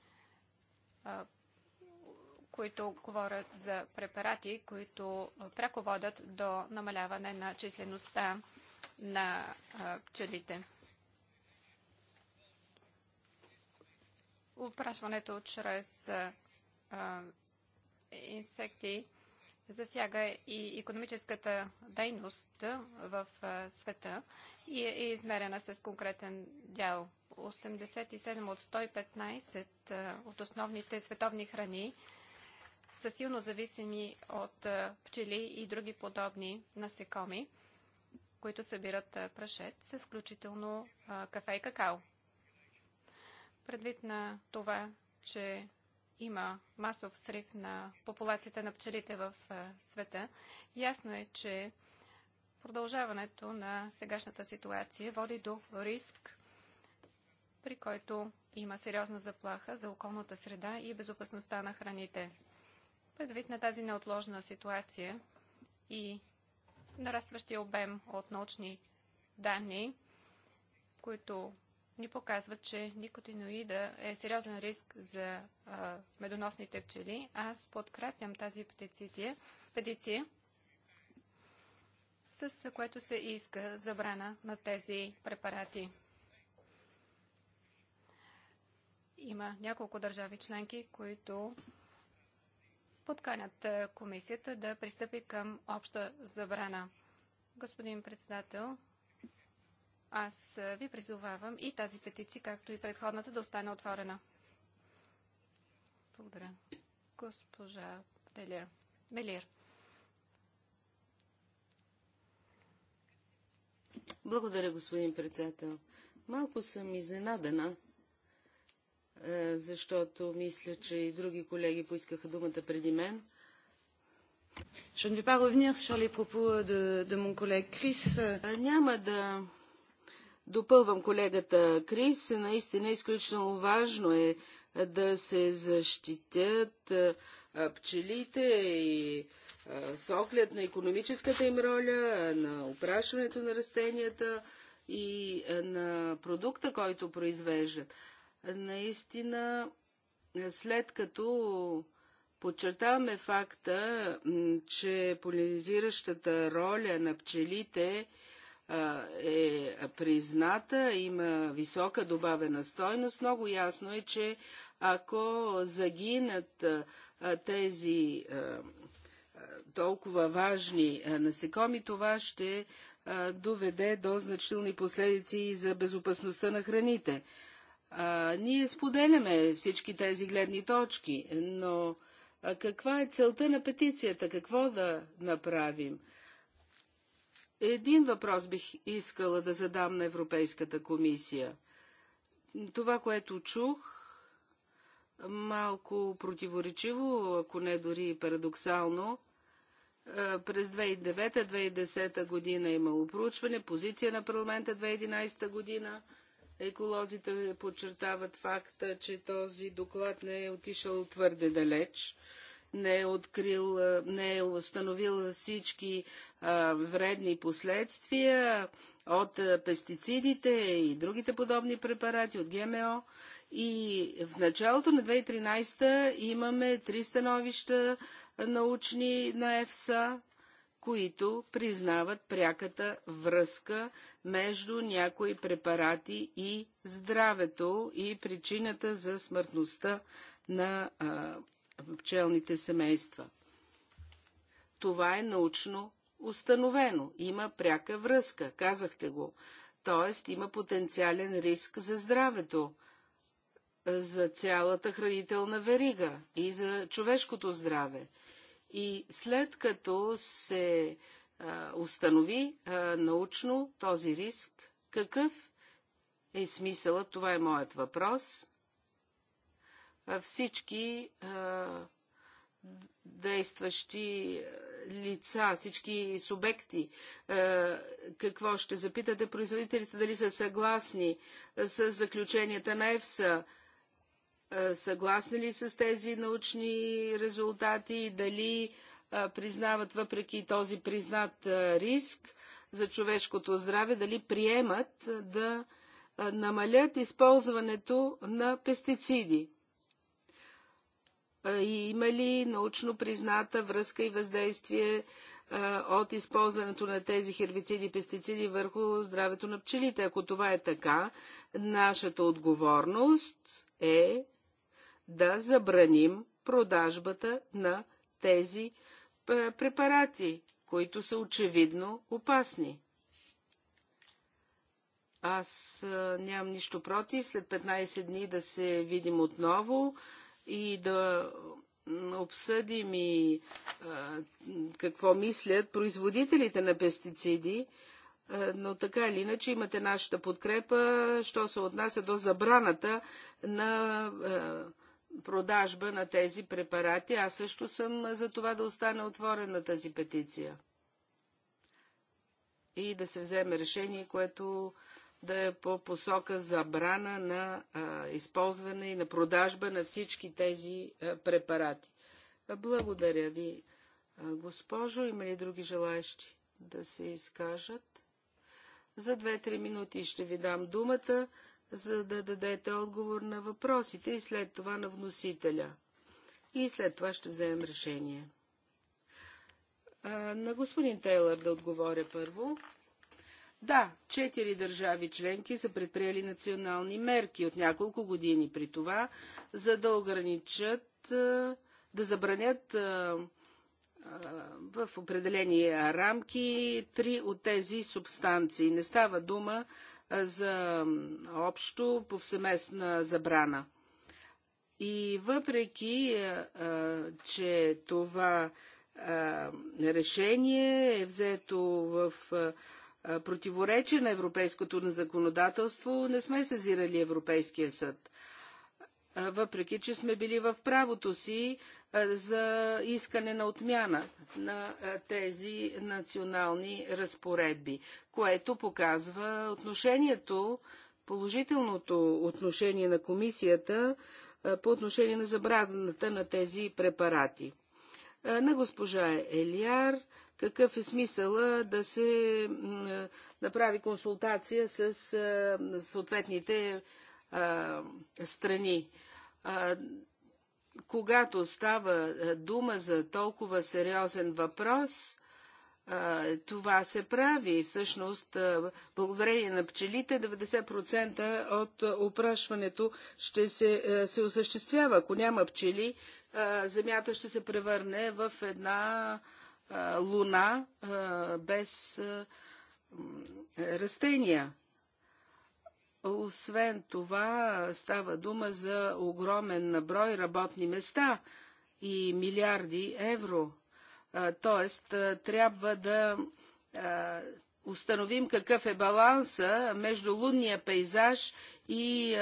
които говорят за препарати, които пряко водят до намаляване на числеността на пчелите. Опрашването чрез инсекти засяга и економическата дейност в света и е, е измерена с конкретен дял. 87 от 115 от основните световни храни са силно зависими от пчели и други подобни насекоми, които събират прашец, включително кафе и какао. Предвид на това, че има масов срив на популацията на пчелите в света, ясно е, че продължаването на сегашната ситуация води до риск, при който има сериозна заплаха за околната среда и безопасността на храните. Предвид на тази неотложна ситуация и нарастващия обем от научни данни, които ни показват, че никотиноида е сериозен риск за а, медоносните пчели, аз подкрепям тази петиция, петиция, с което се иска забрана на тези препарати. Има няколко държави членки, които подканят е, комисията да пристъпи към обща забрана. Господин председател, аз е, ви призовавам и тази петиция, както и предходната, да остане отворена. Благодаря. Госпожа Делир. Белир. Благодаря, господин председател. Малко съм изненадана, е, защото мисля, че и други колеги поискаха думата преди мен. Je ne vais pas revenir sur les propos de, de mon collègue Chris. Е, няма да допълвам колегата Крис. Наистина изключително важно е, е да се защитят пчелите и с оглед на економическата им роля, на опрашването на растенията и на продукта, който произвеждат. Наистина, е, след като подчертаваме факта, че полинизиращата роля на пчелите е призната, има висока добавена стойност. Много ясно е, че ако загинат тези толкова важни насекоми, това ще доведе до значителни последици и за безопасността на храните. А, ние споделяме всички тези гледни точки, но а каква е целта на петицията? Какво да направим? Един въпрос бих искала да задам на Европейската комисия. Това, което чух, малко противоречиво, ако не дори парадоксално, през 2009-2010 година е имало проучване, позиция на парламента 2011 година – Еколозите подчертават факта, че този доклад не е отишъл твърде далеч, не е открил, не е установил всички а, вредни последствия от а, пестицидите и другите подобни препарати, от ГМО. И в началото на 2013 имаме три становища научни на ЕФСА, които признават пряката връзка между някои препарати и здравето и причината за смъртността на а, пчелните семейства. Това е научно установено. Има пряка връзка, казахте го. Тоест има потенциален риск за здравето, за цялата хранителна верига и за човешкото здраве. И след като се а, установи а, научно този риск, какъв е смисълът? Това е моят въпрос. А, всички а, действащи лица, всички субекти, какво ще запитате производителите, дали са съгласни с заключенията на ЕФСА, е, съгласни ли с тези научни резултати и дали е, признават въпреки този признат е, риск за човешкото здраве, дали приемат да намалят използването на пестициди. И има ли научно призната връзка и въздействие от използването на тези хербициди и пестициди върху здравето на пчелите? Ако това е така, нашата отговорност е да забраним продажбата на тези е, препарати, които са очевидно опасни. Аз е, нямам нищо против след 15 дни да се видим отново и да обсъдим и а, е, какво мислят производителите на пестициди, а, но така или иначе имате нашата подкрепа, що се отнася до забраната на а, продажба на тези препарати. Аз също съм за това да остане отворена тази петиция. И да се вземе решение, което да е по посока забрана на а, използване и на продажба на всички тези а, препарати. Благодаря ви, а, госпожо. Има ли други желаящи да се изкажат? За 2-3 минути ще ви дам думата за да дадете отговор на въпросите и след това на вносителя. И след това ще вземем решение. А, на господин Тейлър да отговоря първо. Да, четири държави членки са предприели национални мерки от няколко години при това, за да ограничат, да забранят в определени рамки три от тези субстанции. Не става дума за общо повсеместна забрана. И въпреки, че това решение е взето в противоречие на европейското на законодателство, не сме сезирали Европейския съд въпреки че сме били в правото си за искане на отмяна на тези национални разпоредби, което показва отношението, положителното отношение на комисията по отношение на забраната на тези препарати. На госпожа Елиар, какъв е смисъла да се направи консултация с съответните страни. А, когато става дума за толкова сериозен въпрос, това се прави. Всъщност, благодарение на пчелите, 90% от опрашването ще се, се осъществява. Ако няма пчели, земята ще се превърне в една луна без растения. Освен това, става дума за огромен наброй работни места и милиарди евро. Тоест, трябва да установим какъв е баланса между лунния пейзаж и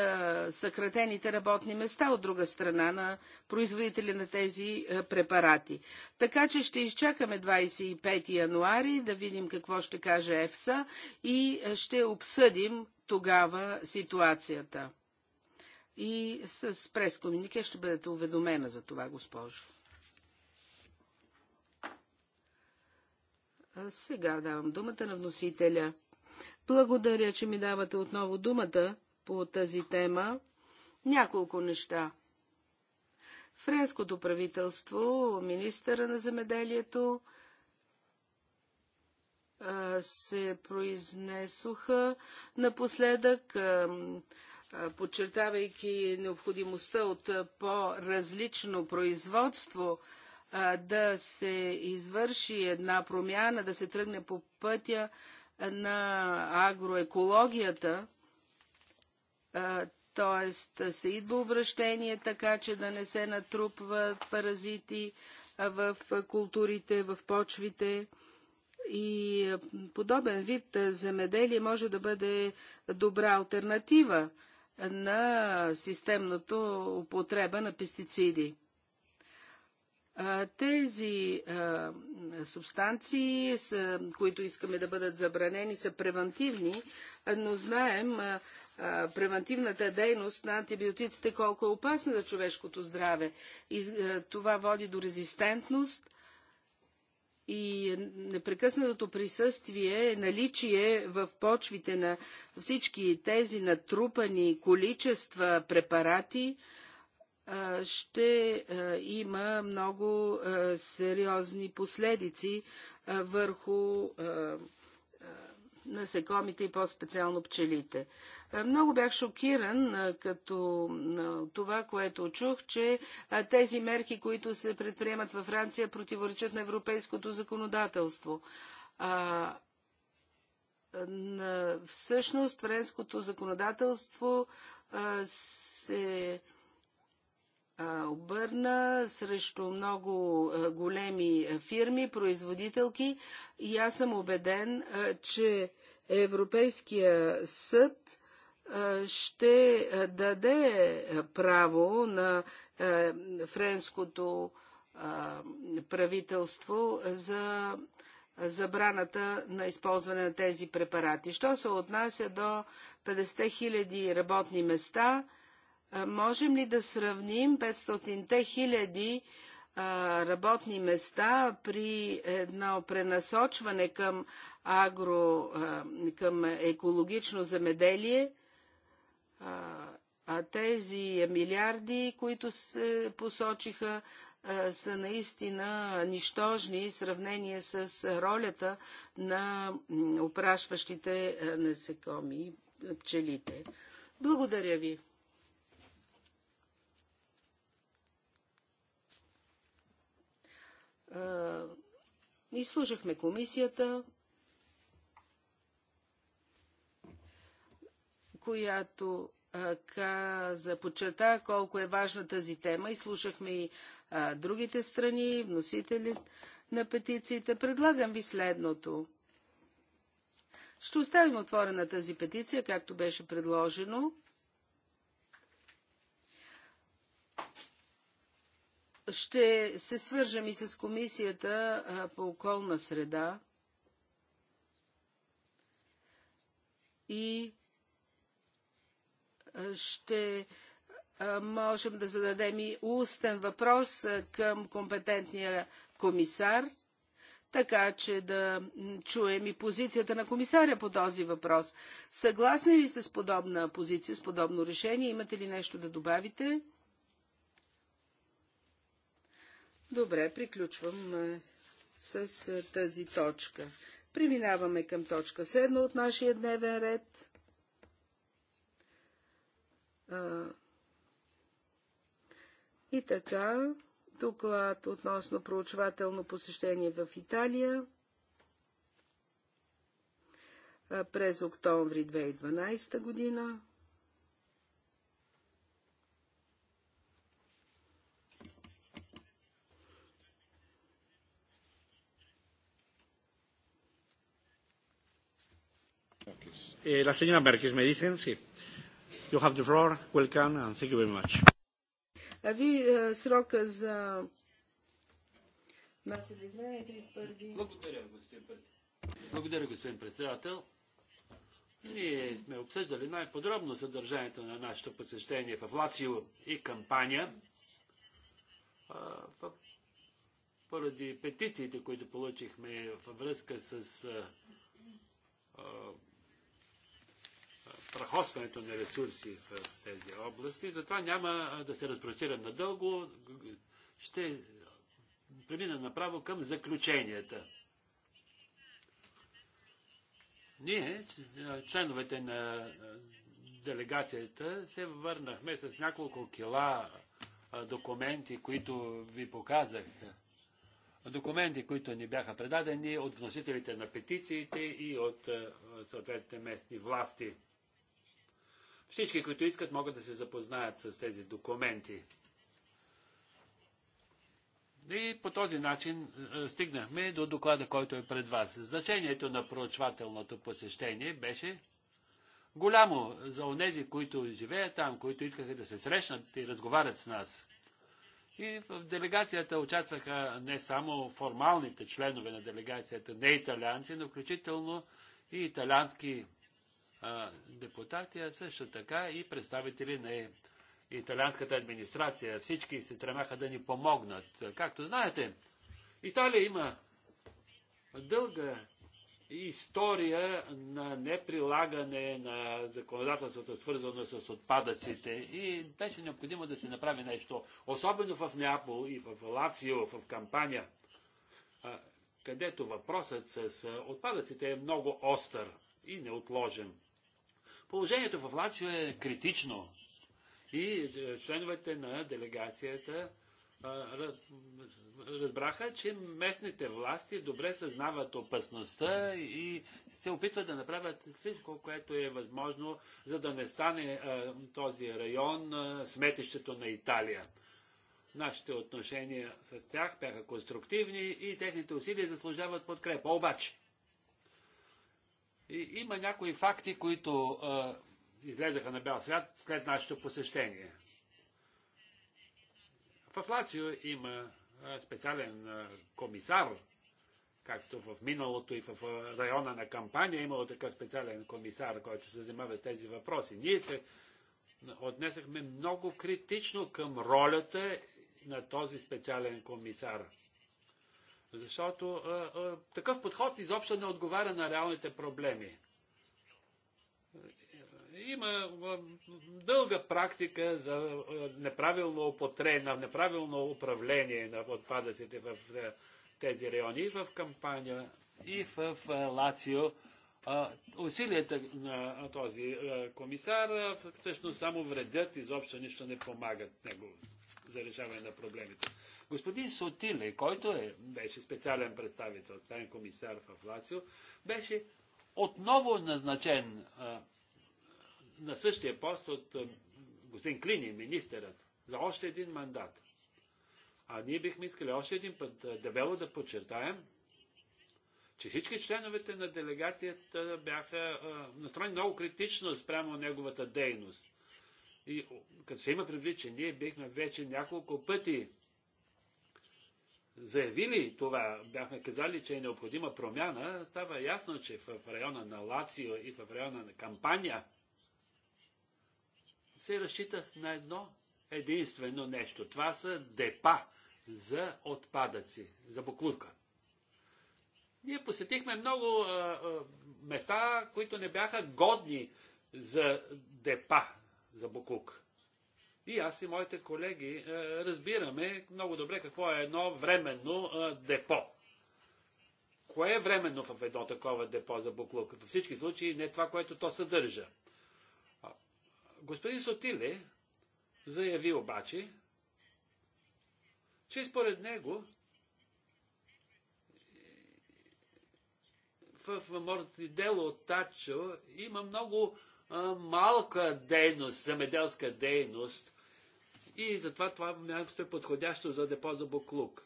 съкратените работни места от друга страна на производители на тези препарати. Така че ще изчакаме 25 януари да видим какво ще каже ЕФСА и ще обсъдим тогава ситуацията. И с прескомунике ще бъдете уведомена за това, госпожо. сега давам думата на вносителя. Благодаря, че ми давате отново думата по тази тема. Няколко неща. Френското правителство, министъра на земеделието се произнесоха напоследък, подчертавайки необходимостта от по-различно производство да се извърши една промяна, да се тръгне по пътя на агроекологията, т.е. се идва обращение, така че да не се натрупват паразити в културите, в почвите. И подобен вид земеделие може да бъде добра альтернатива на системното употреба на пестициди. Тези субстанции, които искаме да бъдат забранени, са превентивни, но знаем превентивната дейност на антибиотиците колко е опасна за човешкото здраве. И това води до резистентност и непрекъснатото присъствие, наличие в почвите на всички тези натрупани количества препарати – ще има много сериозни последици върху насекомите и по-специално пчелите. Много бях шокиран като това, което чух, че тези мерки, които се предприемат във Франция, противоречат на европейското законодателство. Всъщност, френското законодателство се обърна срещу много големи фирми, производителки и аз съм убеден, че Европейския съд ще даде право на френското правителство за забраната на използване на тези препарати. Що се отнася до 50 000 работни места, Можем ли да сравним 500-те хиляди работни места при едно пренасочване към агро, към екологично замеделие, а тези милиарди, които се посочиха, са наистина нищожни в сравнение с ролята на опрашващите насекоми пчелите. Благодаря ви. Изслушахме комисията, която каза, почерта колко е важна тази тема. Изслушахме и а, другите страни, вносители на петициите. Предлагам ви следното. Ще оставим отворена тази петиция, както беше предложено. Ще се свържем и с комисията по околна среда и ще можем да зададем и устен въпрос към компетентния комисар, така че да чуем и позицията на комисаря по този въпрос. Съгласни ли сте с подобна позиция, с подобно решение? Имате ли нещо да добавите? Добре, приключвам е, с е, тази точка. Преминаваме към точка 7 от нашия дневен ред. А, и така, доклад относно проучвателно посещение в Италия през октомври 2012 година. Eh, la señora Merkis, ¿me dicen? Sí. You have the floor. Welcome and thank you very much. Ви е, срока за 31... Е Благодаря, господин председател. Благодаря, господин председател. Ние сме обсъждали най-подробно съдържанието на нашето посещение в Лацио и кампания. Поради петициите, които получихме във връзка с разходването на ресурси в тези области. Затова няма да се разпростирам надълго. Ще премина направо към заключенията. Ние, членовете на делегацията, се върнахме с няколко кила документи, които ви показах. Документи, които ни бяха предадени от вносителите на петициите и от съответните местни власти. Всички, които искат, могат да се запознаят с тези документи. И по този начин е, стигнахме до доклада, който е пред вас. Значението на проучвателното посещение беше голямо за онези, които живеят там, които искаха да се срещнат и разговарят с нас. И в делегацията участваха не само формалните членове на делегацията, не италианци, но включително и италиански а, депутати, а също така и представители на италианската администрация. Всички се стремяха да ни помогнат. Както знаете, Италия има дълга история на неприлагане на законодателството, свързано с отпадъците. И беше необходимо да се направи нещо, особено в Неапол и в Лацио, в Кампания, където въпросът с отпадъците е много остър и неотложен. Положението в Лацио е критично и е, членовете на делегацията разбраха, че местните власти добре съзнават опасността и се опитват да направят всичко, което е възможно, за да не стане този район сметището на Италия. Нашите отношения с тях бяха конструктивни и техните усилия заслужават подкрепа. Обаче, и има някои факти, които а, излезаха на бял свят след нашето посещение. В Лацио има а, специален а, комисар, както в миналото и в района на кампания е имало такъв специален комисар, който се занимава с тези въпроси. Ние се отнесахме много критично към ролята на този специален комисар – защото а, а, такъв подход изобщо не отговаря на реалните проблеми. Има а, дълга практика за а, неправилно употреба, неправилно управление на отпадъците в а, тези райони и в кампания, и в а, Лацио. А, усилията на този а, комисар а, всъщност само вредят, изобщо нищо не помагат него за решаване на проблемите. Господин Сотиле, който е, беше специален представител, станен комисар в Лацио, беше отново назначен а, на същия пост от а, господин Клини, министърът, за още един мандат. А ние бихме искали още един път дебело да подчертаем, че всички членовете на делегацията бяха а, настроени много критично спрямо неговата дейност. И като се има предвид, че ние бихме вече няколко пъти заявили това, бяхме казали, че е необходима промяна, става ясно, че в района на Лацио и в района на Кампания се разчита на едно единствено нещо. Това са депа за отпадъци, за буклука. Ние посетихме много а, а, места, които не бяха годни за депа за буклук. И аз и моите колеги е, разбираме много добре какво е едно временно е, депо. Кое е временно в едно такова депо за буклук? Във всички случаи не това, което то съдържа. Господин Сотиле заяви обаче, че според него в морното дело от Тачо има много малка дейност, замеделска дейност, и затова това място е подходящо за депо за буклук.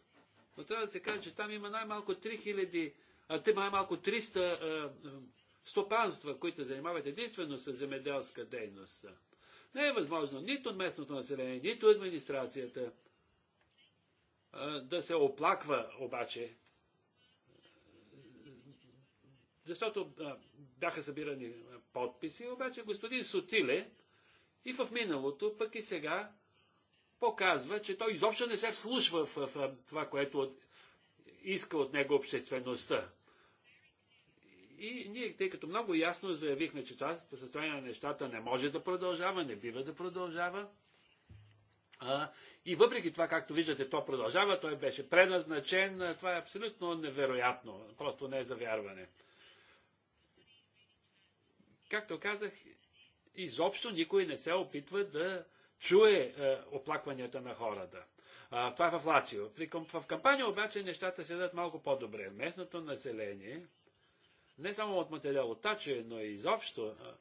Но трябва да се каже, че там има най-малко 3000, а те най-малко 300 а, стопанства, които се занимават единствено с земеделска дейност. Не е възможно нито местното население, нито администрацията а, да се оплаква обаче, защото а, бяха събирани подписи, обаче господин Сотиле и в миналото, пък и сега показва, че той изобщо не се вслушва в, в, в това, което от, иска от него обществеността. И ние, тъй като много ясно заявихме, че това състояние на нещата не може да продължава, не бива да продължава, а, и въпреки това, както виждате, то продължава, той беше преназначен, това е абсолютно невероятно, просто не е за вярване. Както казах, изобщо никой не се опитва да чуе е, оплакванията на хората. А, това е в Лацио. При, в кампания обаче нещата седат малко по-добре. Местното население, не само от Тачо, но и изобщо, а,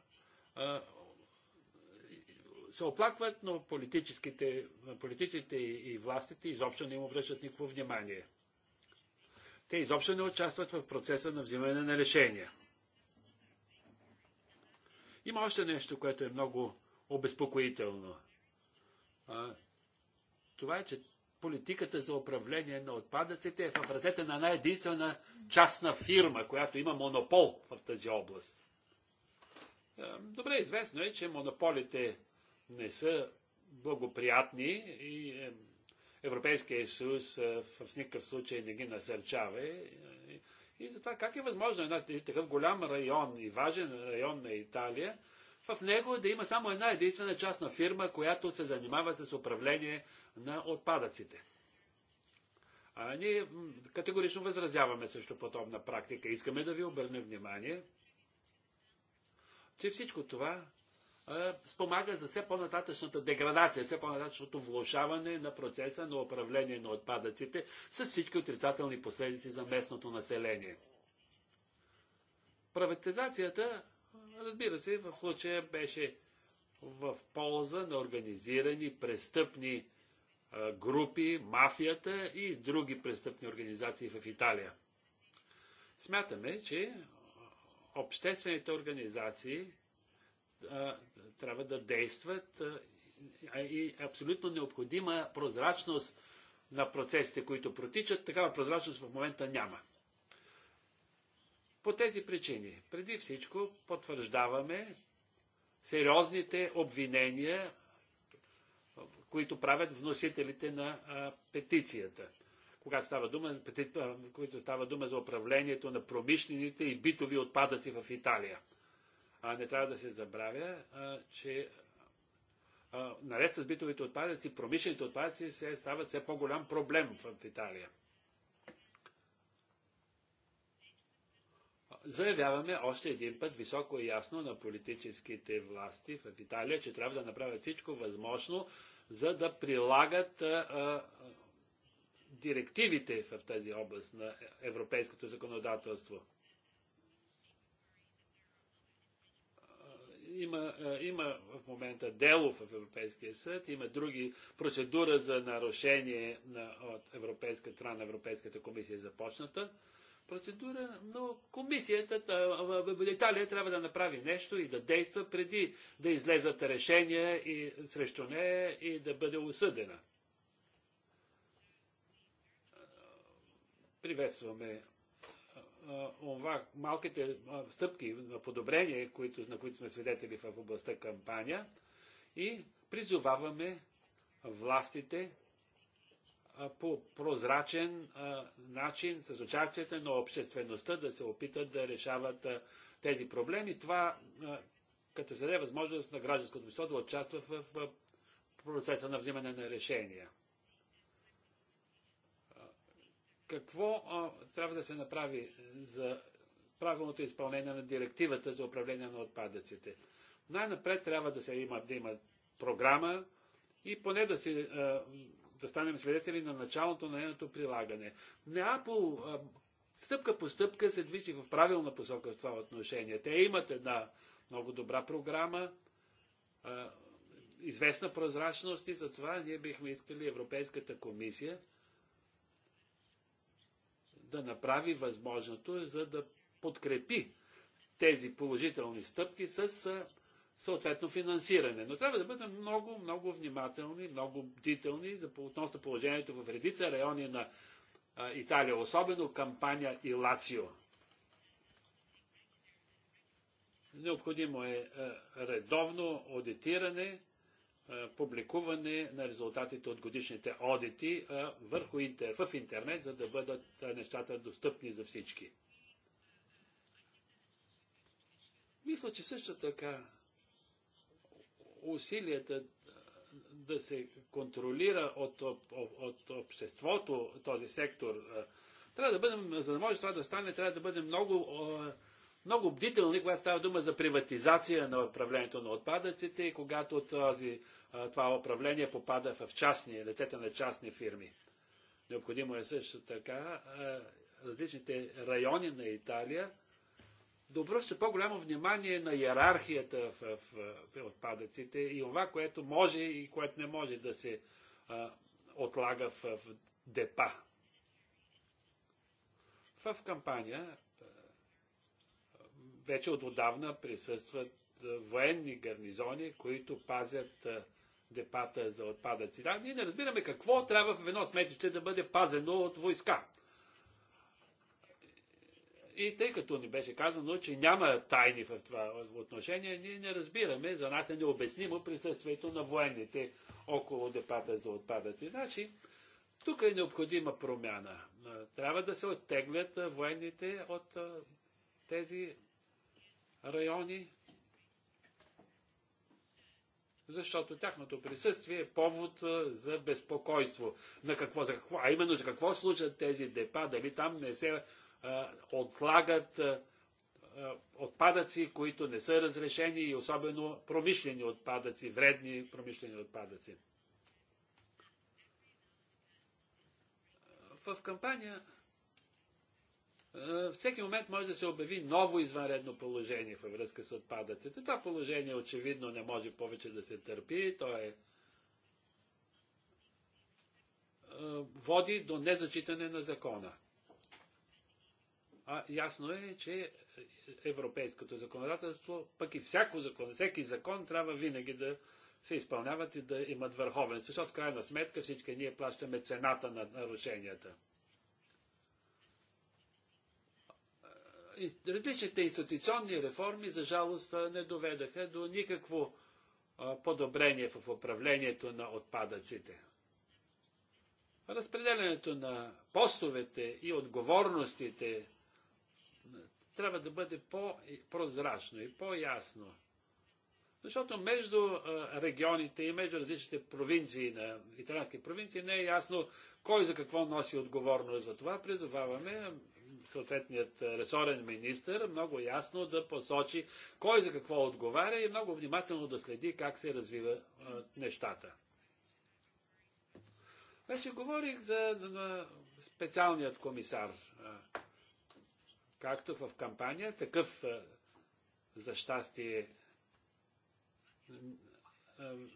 а, се оплакват, но политическите, политиците и, и властите изобщо не им обръщат никакво внимание. Те изобщо не участват в процеса на взимане на решения. Има още нещо, което е много обезпокоително това е, че политиката за управление на отпадъците е в ръцете на една единствена частна фирма, която има монопол в тази област. Е, добре известно е, че монополите не са благоприятни и е, Европейския съюз е, в никакъв случай не ги насърчава. И затова как е възможно една такъв голям район и важен район на Италия в него е да има само една единствена частна фирма, която се занимава с управление на отпадъците. А ние категорично възразяваме също подобна практика. Искаме да ви обърнем внимание, че всичко това спомага за все по-нататъчната деградация, все по-нататъчното влушаване на процеса на управление на отпадъците с всички отрицателни последици за местното население. Приватизацията Разбира се, в случая беше в полза на организирани престъпни групи, мафията и други престъпни организации в Италия. Смятаме, че обществените организации трябва да действат и абсолютно необходима прозрачност на процесите, които протичат. Такава прозрачност в момента няма. По тези причини, преди всичко, потвърждаваме сериозните обвинения, които правят вносителите на а, петицията. Когато става дума, пети, а, които става дума за управлението на промишлените и битови отпадъци в Италия. А не трябва да се забравя, а, че наред с битовите отпадъци, промишлените отпадъци се стават все по-голям проблем в Италия. заявяваме още един път високо и ясно на политическите власти в Италия, че трябва да направят всичко възможно, за да прилагат а, а, директивите в тази област на европейското законодателство. Има, има в момента дело в Европейския съд, има други процедура за нарушение на, от Европейска страна на Европейската комисия е започната процедура, но комисията, Италия трябва да направи нещо и да действа преди да излезат решения и, срещу нея и да бъде осъдена. Приветстваме това, малките стъпки на подобрение, които, на които сме свидетели в областта кампания и призоваваме властите по прозрачен начин, с участието на обществеността, да се опитат да решават тези проблеми. Това, като се даде възможност на гражданското общество да участва в процеса на взимане на решения. Какво трябва да се направи за правилното изпълнение на директивата за управление на отпадъците? Най-напред трябва да се има, да има програма и поне да се да станем свидетели на началото на нейното прилагане. Неапол стъпка по стъпка се движи в правилна посока в това отношение. Те имат една много добра програма, известна прозрачност и затова ние бихме искали Европейската комисия да направи възможното, за да подкрепи тези положителни стъпки с съответно финансиране. Но трябва да бъдем много, много внимателни, много бдителни за, относно положението в редица райони на а, Италия, особено кампания и Лацио. Необходимо е а, редовно аудитиране, а, публикуване на резултатите от годишните одити а, върху интер, в интернет, за да бъдат а, нещата достъпни за всички. Мисля, че също така усилията да се контролира от, от, от обществото този сектор. Трябва да бъдем, за да може това да стане, трябва да бъдем много, много бдителни, когато става дума за приватизация на управлението на отпадъците и когато този, това управление попада в частни, лицета на частни фирми. Необходимо е също така различните райони на Италия добро обръща по-голямо внимание на иерархията в, в, в отпадъците и това, което може и което не може да се а, отлага в, в депа. В кампания вече от отдавна присъстват военни гарнизони, които пазят депата за отпадъци. Да, ние не разбираме какво трябва в едно сметище да бъде пазено от войска. И тъй като ни беше казано, че няма тайни в това отношение, ние не разбираме, за нас е необяснимо присъствието на военните около депата за отпадъци. Значи, тук е необходима промяна. Трябва да се оттеглят военните от тези райони, защото тяхното присъствие е повод за безпокойство. На какво, за какво, а именно за какво служат тези депа, дали там не се отлагат отпадъци, които не са разрешени и особено промишлени отпадъци, вредни промишлени отпадъци. В кампания всеки момент може да се обяви ново извънредно положение във връзка с отпадъците. Това положение очевидно не може повече да се търпи. То е води до незачитане на закона а, ясно е, че европейското законодателство, пък и всяко закон, всеки закон трябва винаги да се изпълняват и да имат върховенство, защото в крайна сметка всички ние плащаме цената на нарушенията. Различните институционни реформи, за жалост, не доведаха до никакво подобрение в управлението на отпадъците. Разпределянето на постовете и отговорностите трябва да бъде по-прозрачно и по-ясно. Защото между регионите и между различните провинции на италиански провинции не е ясно кой за какво носи отговорност. За това призоваваме съответният ресорен министр много ясно да посочи кой за какво отговаря и много внимателно да следи как се развива нещата. Вече значи, говорих за специалният комисар Както в кампания, такъв за щастие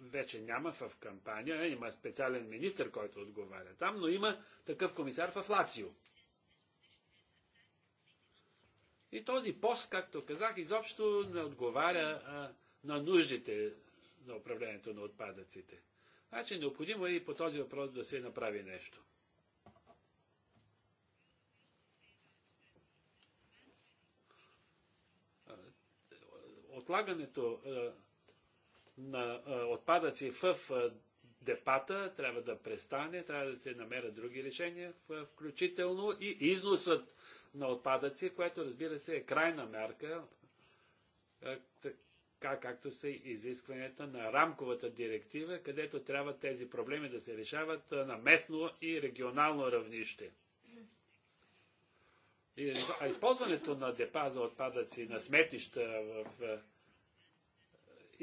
вече няма в кампания. Има специален министр, който отговаря там, но има такъв комисар в Лацио. И този пост, както казах, изобщо не отговаря на нуждите на управлението на отпадъците. Значи необходимо е и по този въпрос да се направи нещо. отлагането е, на е, отпадъци в е, депата трябва да престане, трябва да се намерят други решения, включително и износът на отпадъци, което разбира се е крайна мярка, така както са изискванията на рамковата директива, където трябва тези проблеми да се решават на местно и регионално равнище. а използването на депа за отпадъци, на сметища в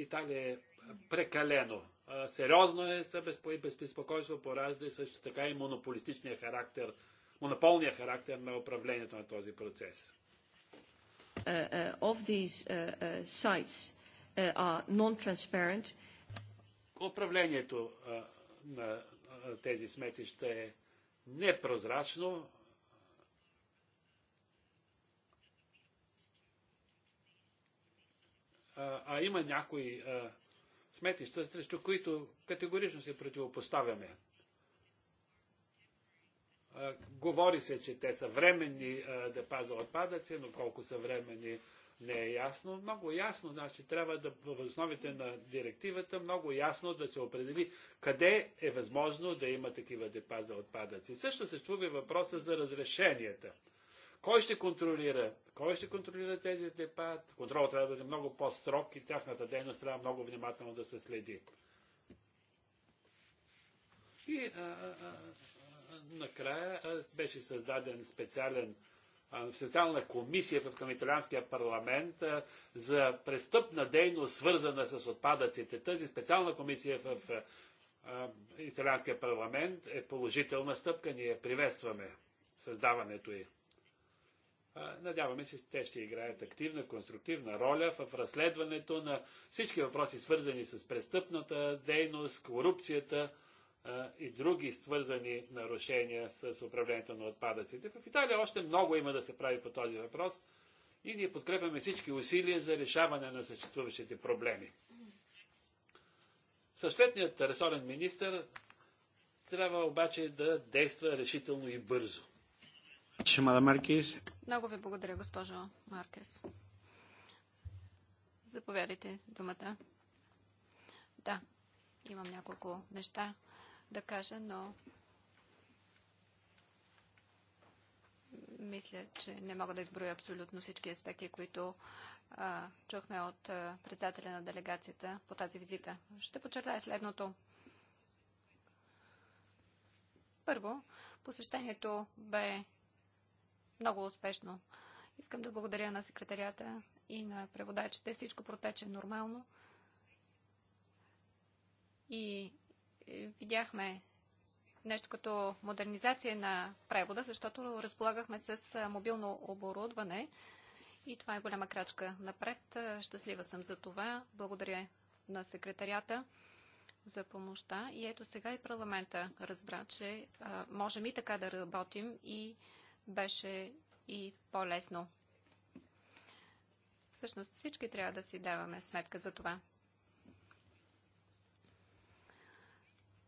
Италия е прекалено. Сериозно е безпокойство поражда и също така и монополистичния характер, монополния характер на управлението на този процес. Е, е, е, управлението на тези сметища е непрозрачно, а, а има някои а, сметища, срещу които категорично се противопоставяме. А, говори се, че те са временни а, депа за отпадъци, но колко са временни не е ясно. Много ясно, значи трябва да в основите на директивата много ясно да се определи къде е възможно да има такива депа за отпадъци. Също се чува въпроса за разрешенията. Кой ще контролира? Кой ще контролира тези депа? Контролът трябва да бъде много по-строг и тяхната дейност трябва много внимателно да се следи. И а, а, а, накрая беше създаден специален специална комисия към италианския парламент а, за престъпна дейност, свързана с отпадъците. Тази специална комисия в а, италианския парламент е положителна стъпка. Ние приветстваме създаването й. Надяваме се, те ще играят активна, конструктивна роля в разследването на всички въпроси, свързани с престъпната дейност, корупцията и други свързани нарушения с управлението на отпадъците. В Италия още много има да се прави по този въпрос и ние подкрепяме всички усилия за решаване на съществуващите проблеми. Съответният ресорен министр трябва обаче да действа решително и бързо. Много ви благодаря, госпожо Маркес. Заповядайте думата. Да, имам няколко неща да кажа, но мисля, че не мога да изброя абсолютно всички аспекти, които а, чухме от а, председателя на делегацията по тази визита. Ще подчертая следното. Първо, посещението бе много успешно. Искам да благодаря на секретарията и на преводачите. Всичко протече нормално. И е, видяхме нещо като модернизация на превода, защото разполагахме с мобилно оборудване и това е голяма крачка напред. Щастлива съм за това. Благодаря на секретарията за помощта. И ето сега и парламента разбра, че а, можем и така да работим и беше и по-лесно. Всъщност всички трябва да си даваме сметка за това.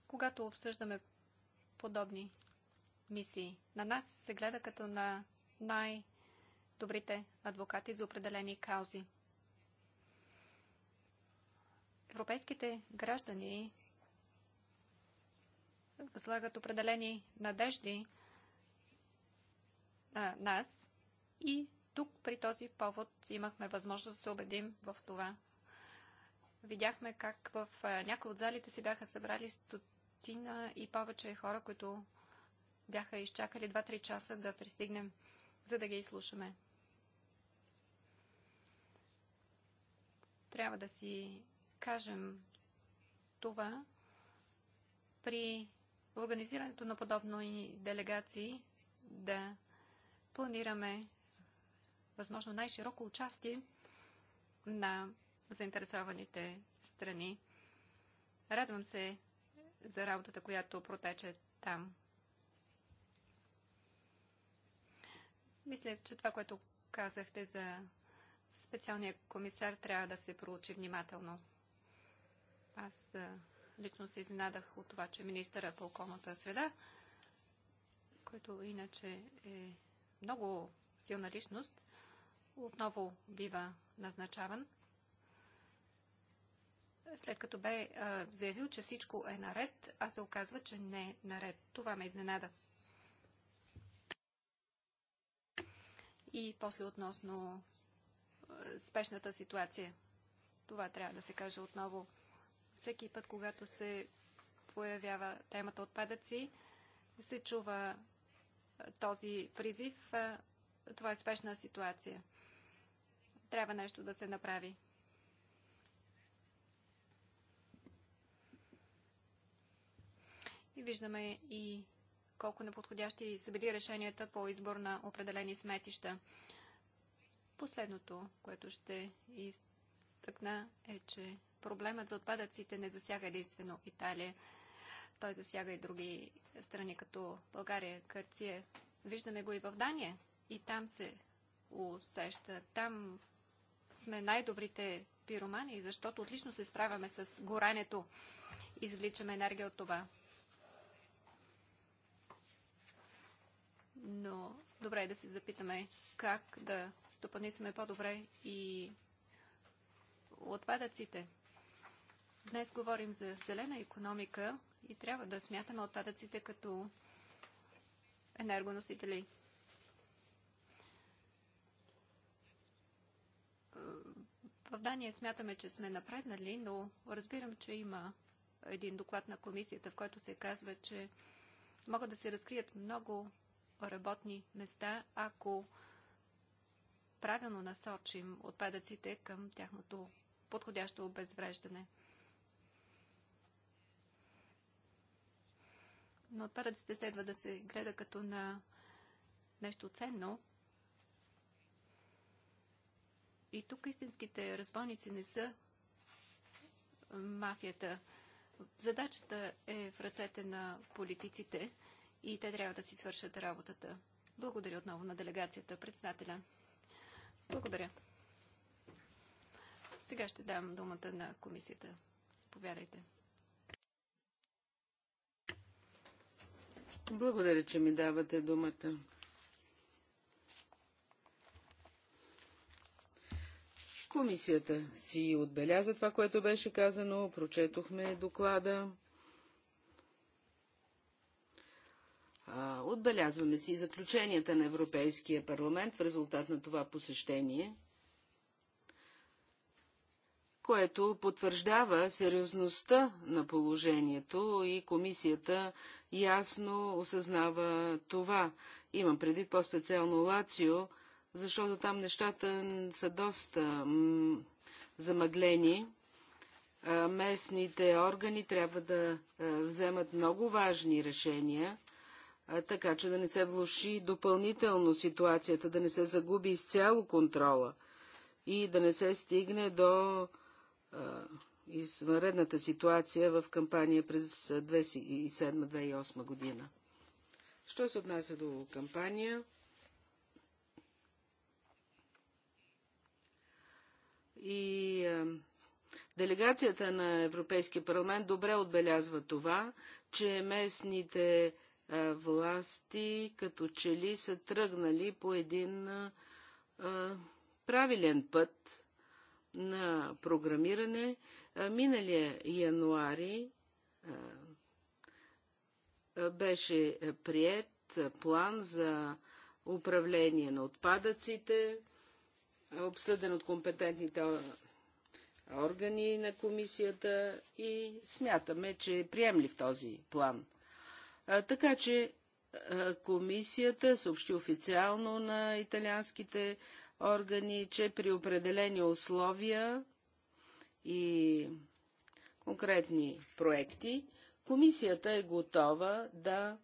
Когато обсъждаме подобни мисии, на нас се гледа като на най-добрите адвокати за определени каузи. Европейските граждани възлагат определени надежди а, нас и тук при този повод имахме възможност да се убедим в това. Видяхме как в някои от залите си бяха събрали стотина и повече хора, които бяха изчакали 2-3 часа да пристигнем, за да ги изслушаме. Трябва да си кажем това при организирането на подобно и делегации да планираме възможно най-широко участие на заинтересованите страни. Радвам се за работата, която протече там. Мисля, че това, което казахте за специалния комисар, трябва да се проучи внимателно. Аз лично се изненадах от това, че министъра по околната среда, който иначе е много силна личност, отново бива назначаван, след като бе заявил, че всичко е наред, а се оказва, че не е наред. Това ме изненада. И после относно спешната ситуация. Това трябва да се каже отново. Всеки път, когато се появява темата отпадъци, се чува този призив. Това е спешна ситуация. Трябва нещо да се направи. И виждаме и колко неподходящи са били решенията по избор на определени сметища. Последното, което ще изтъкна е, че проблемът за отпадъците не засяга единствено Италия. Той засяга и други страни, като България, Кърция. Виждаме го и в Дания. И там се усеща. Там сме най-добрите пиромани, защото отлично се справяме с горането. Извличаме енергия от това. Но добре е да се запитаме как да стопанисваме по-добре и отпадъците. Днес говорим за зелена економика и трябва да смятаме отпадъците като енергоносители. В Дания смятаме, че сме напреднали, но разбирам, че има един доклад на комисията, в който се казва, че могат да се разкрият много работни места, ако правилно насочим отпадъците към тяхното подходящо обезвреждане. на отпадъците следва да се гледа като на нещо ценно. И тук истинските разбойници не са мафията. Задачата е в ръцете на политиците и те трябва да си свършат работата. Благодаря отново на делегацията, председателя. Благодаря. Сега ще дам думата на комисията. Заповядайте. Благодаря, че ми давате думата. Комисията си отбеляза това, което беше казано, прочетохме доклада. Отбелязваме си заключенията на Европейския парламент в резултат на това посещение – което потвърждава сериозността на положението и комисията ясно осъзнава това. Имам предвид по-специално Лацио, защото там нещата са доста замъглени. Местните органи трябва да вземат много важни решения, така че да не се влуши допълнително ситуацията, да не се загуби изцяло контрола и да не се стигне до извънредната ситуация в кампания през 2007-2008 година. Що се отнася до кампания? И а, делегацията на Европейския парламент добре отбелязва това, че местните а, власти като чели са тръгнали по един а, правилен път на програмиране. Миналия януари беше прият план за управление на отпадъците, обсъден от компетентните органи на комисията и смятаме, че е приемлив този план. Така че комисията съобщи официално на италианските органи, че при определени условия и конкретни проекти, комисията е готова да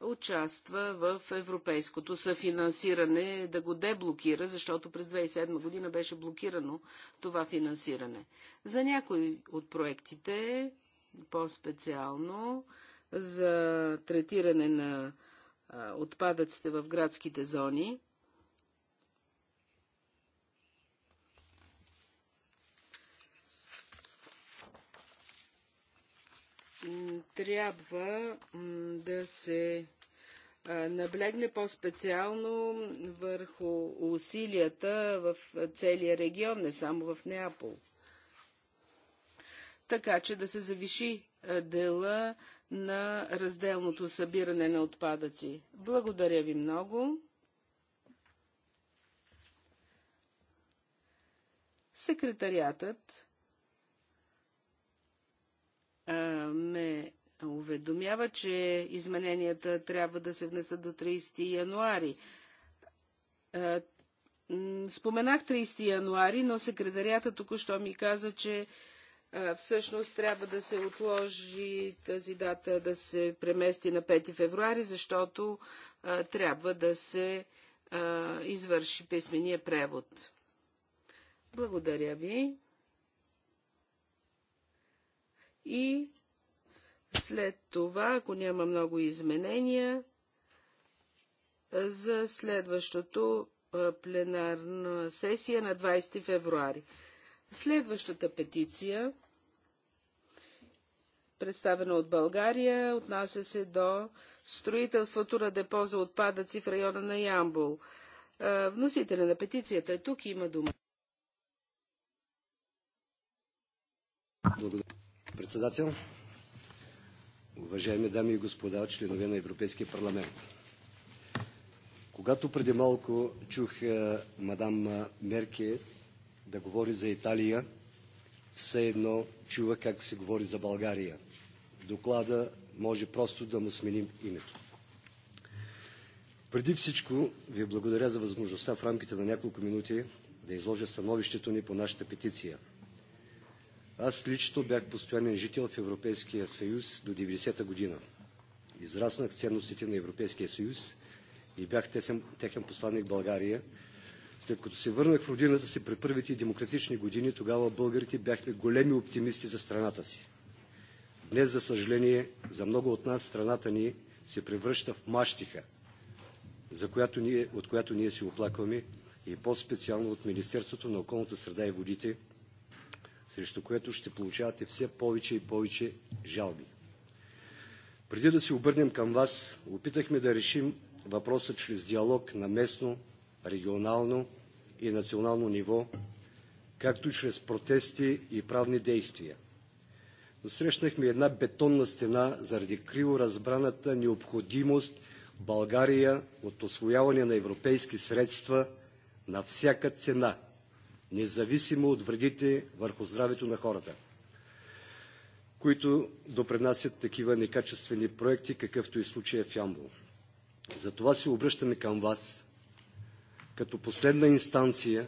участва в европейското съфинансиране, да го деблокира, защото през 2007 година беше блокирано това финансиране. За някои от проектите, по-специално за третиране на отпадъците в градските зони, трябва да се наблегне по-специално върху усилията в целия регион, не само в Неапол. Така че да се завиши дела на разделното събиране на отпадъци. Благодаря ви много. Секретариатът е, ме уведомява, че измененията трябва да се внесат до 30 януари. Е, споменах 30 януари, но секретарията току-що ми каза, че е, всъщност трябва да се отложи тази дата да се премести на 5 февруари, защото трябва да се извърши писмения превод. Благодаря ви и след това, ако няма много изменения, за следващото пленарна сесия на 20 февруари. Следващата петиция, представена от България, отнася се до строителството на депо за отпадъци в района на Ямбул. Вносителя на петицията е тук и има дума. Благодаря председател. Уважаеми дами и господа, членове на Европейския парламент. Когато преди малко чух е, мадам Меркес да говори за Италия, все едно чува как се говори за България. доклада може просто да му сменим името. Преди всичко ви благодаря за възможността в рамките на няколко минути да изложа становището ни по нашата петиция – аз лично бях постоянен жител в Европейския съюз до 90-та година. Израснах ценностите на Европейския съюз и бях техен посланник в България. След като се върнах в родината си при първите демократични години, тогава българите бяхме големи оптимисти за страната си. Днес, за съжаление, за много от нас страната ни се превръща в мащиха, за която ние, от която ние се оплакваме и по-специално от Министерството на околната среда и водите – срещу което ще получавате все повече и повече жалби. Преди да се обърнем към вас, опитахме да решим въпроса чрез диалог на местно, регионално и национално ниво, както и чрез протести и правни действия. Но срещнахме една бетонна стена заради криво разбраната необходимост България от освояване на европейски средства на всяка цена – независимо от вредите върху здравето на хората, които допринасят такива некачествени проекти, какъвто и е случая в Ямбол. Затова се обръщаме към вас, като последна инстанция,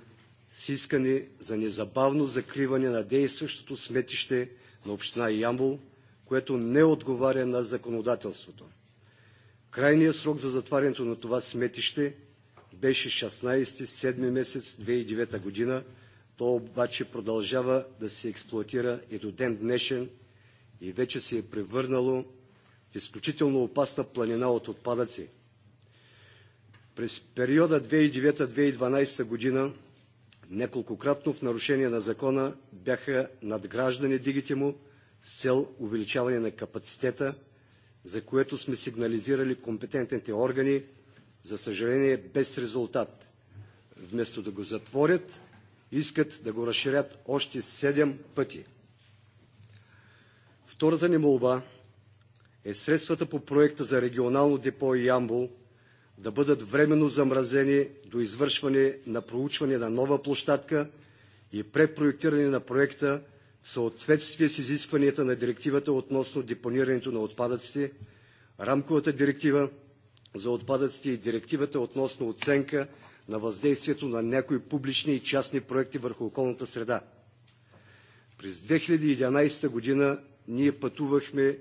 с искане за незабавно закриване на действащото сметище на община Ямбол, което не отговаря на законодателството. Крайният срок за затварянето на това сметище беше 16 седми месец 2009 година. То обаче продължава да се експлоатира и до ден днешен и вече се е превърнало в изключително опасна планина от отпадъци. През периода 2009-2012 година неколкократно в нарушение на закона бяха надграждани дигите му с цел увеличаване на капацитета, за което сме сигнализирали компетентните органи – за съжаление без резултат. Вместо да го затворят, искат да го разширят още седем пъти. Втората ни молба е средствата по проекта за регионално депо Ямбол да бъдат временно замразени до извършване на проучване на нова площадка и препроектиране на проекта в съответствие с изискванията на директивата относно депонирането на отпадъците, рамковата директива за отпадъците и директивата относно оценка на въздействието на някои публични и частни проекти върху околната среда. През 2011 година ние пътувахме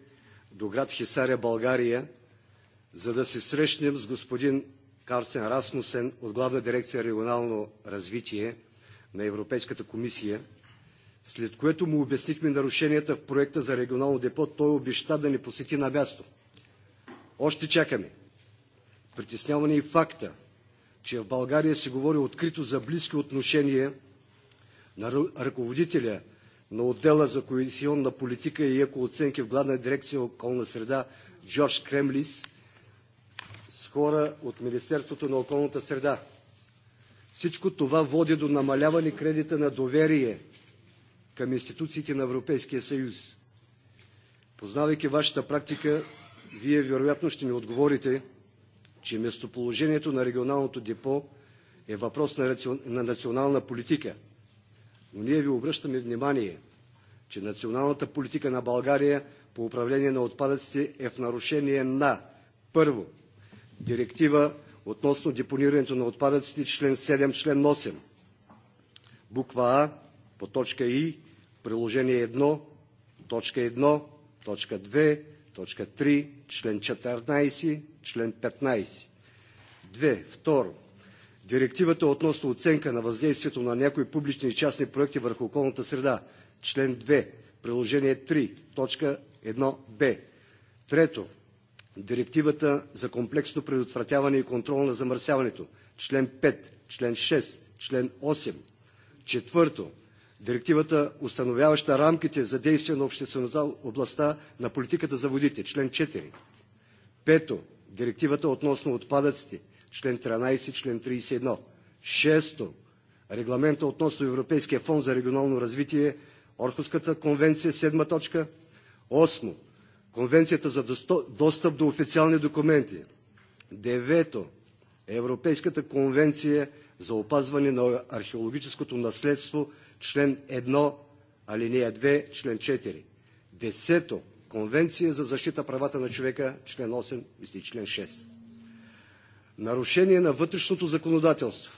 до град Хисаря, България, за да се срещнем с господин Карсен Расмусен от Главна дирекция регионално развитие на Европейската комисия, след което му обяснихме нарушенията в проекта за регионално депо. Той обеща да ни посети на място. Още чакаме. Притеснява ни и факта, че в България се говори открито за близки отношения на ръководителя на отдела за коалиционна политика и екооценки в Главна дирекция околна среда Джордж Кремлис с хора от Министерството на околната среда. Всичко това води до намаляване кредита на доверие към институциите на Европейския съюз. Познавайки вашата практика, вие вероятно ще ми отговорите – че местоположението на регионалното депо е въпрос на национална политика. Но ние ви обръщаме внимание, че националната политика на България по управление на отпадъците е в нарушение на първо директива относно депонирането на отпадъците, член 7, член 8, буква А по точка И, приложение 1, точка 1, точка 2, Точка 3, член 14, член 15. 2. Второ. Директивата относно оценка на въздействието на някои публични и частни проекти върху околната среда. Член 2. Приложение 3. Точка 1б. Трето. Директивата за комплексно предотвратяване и контрол на замърсяването. Член 5. Член 6. Член 8. Четвърто Директивата, установяваща рамките за действие на обществеността в областта на политиката за водите, член 4. Пето, директивата относно отпадъците, член 13, член 31. Шесто, регламента относно Европейския фонд за регионално развитие, Орхуската конвенция, седма точка. Осмо, Конвенцията за достъп до официални документи. Девето, Европейската конвенция за опазване на археологическото наследство – член 1, алинея 2, член 4. Десето, Конвенция за защита правата на човека, член 8 и член 6. Нарушение на вътрешното законодателство.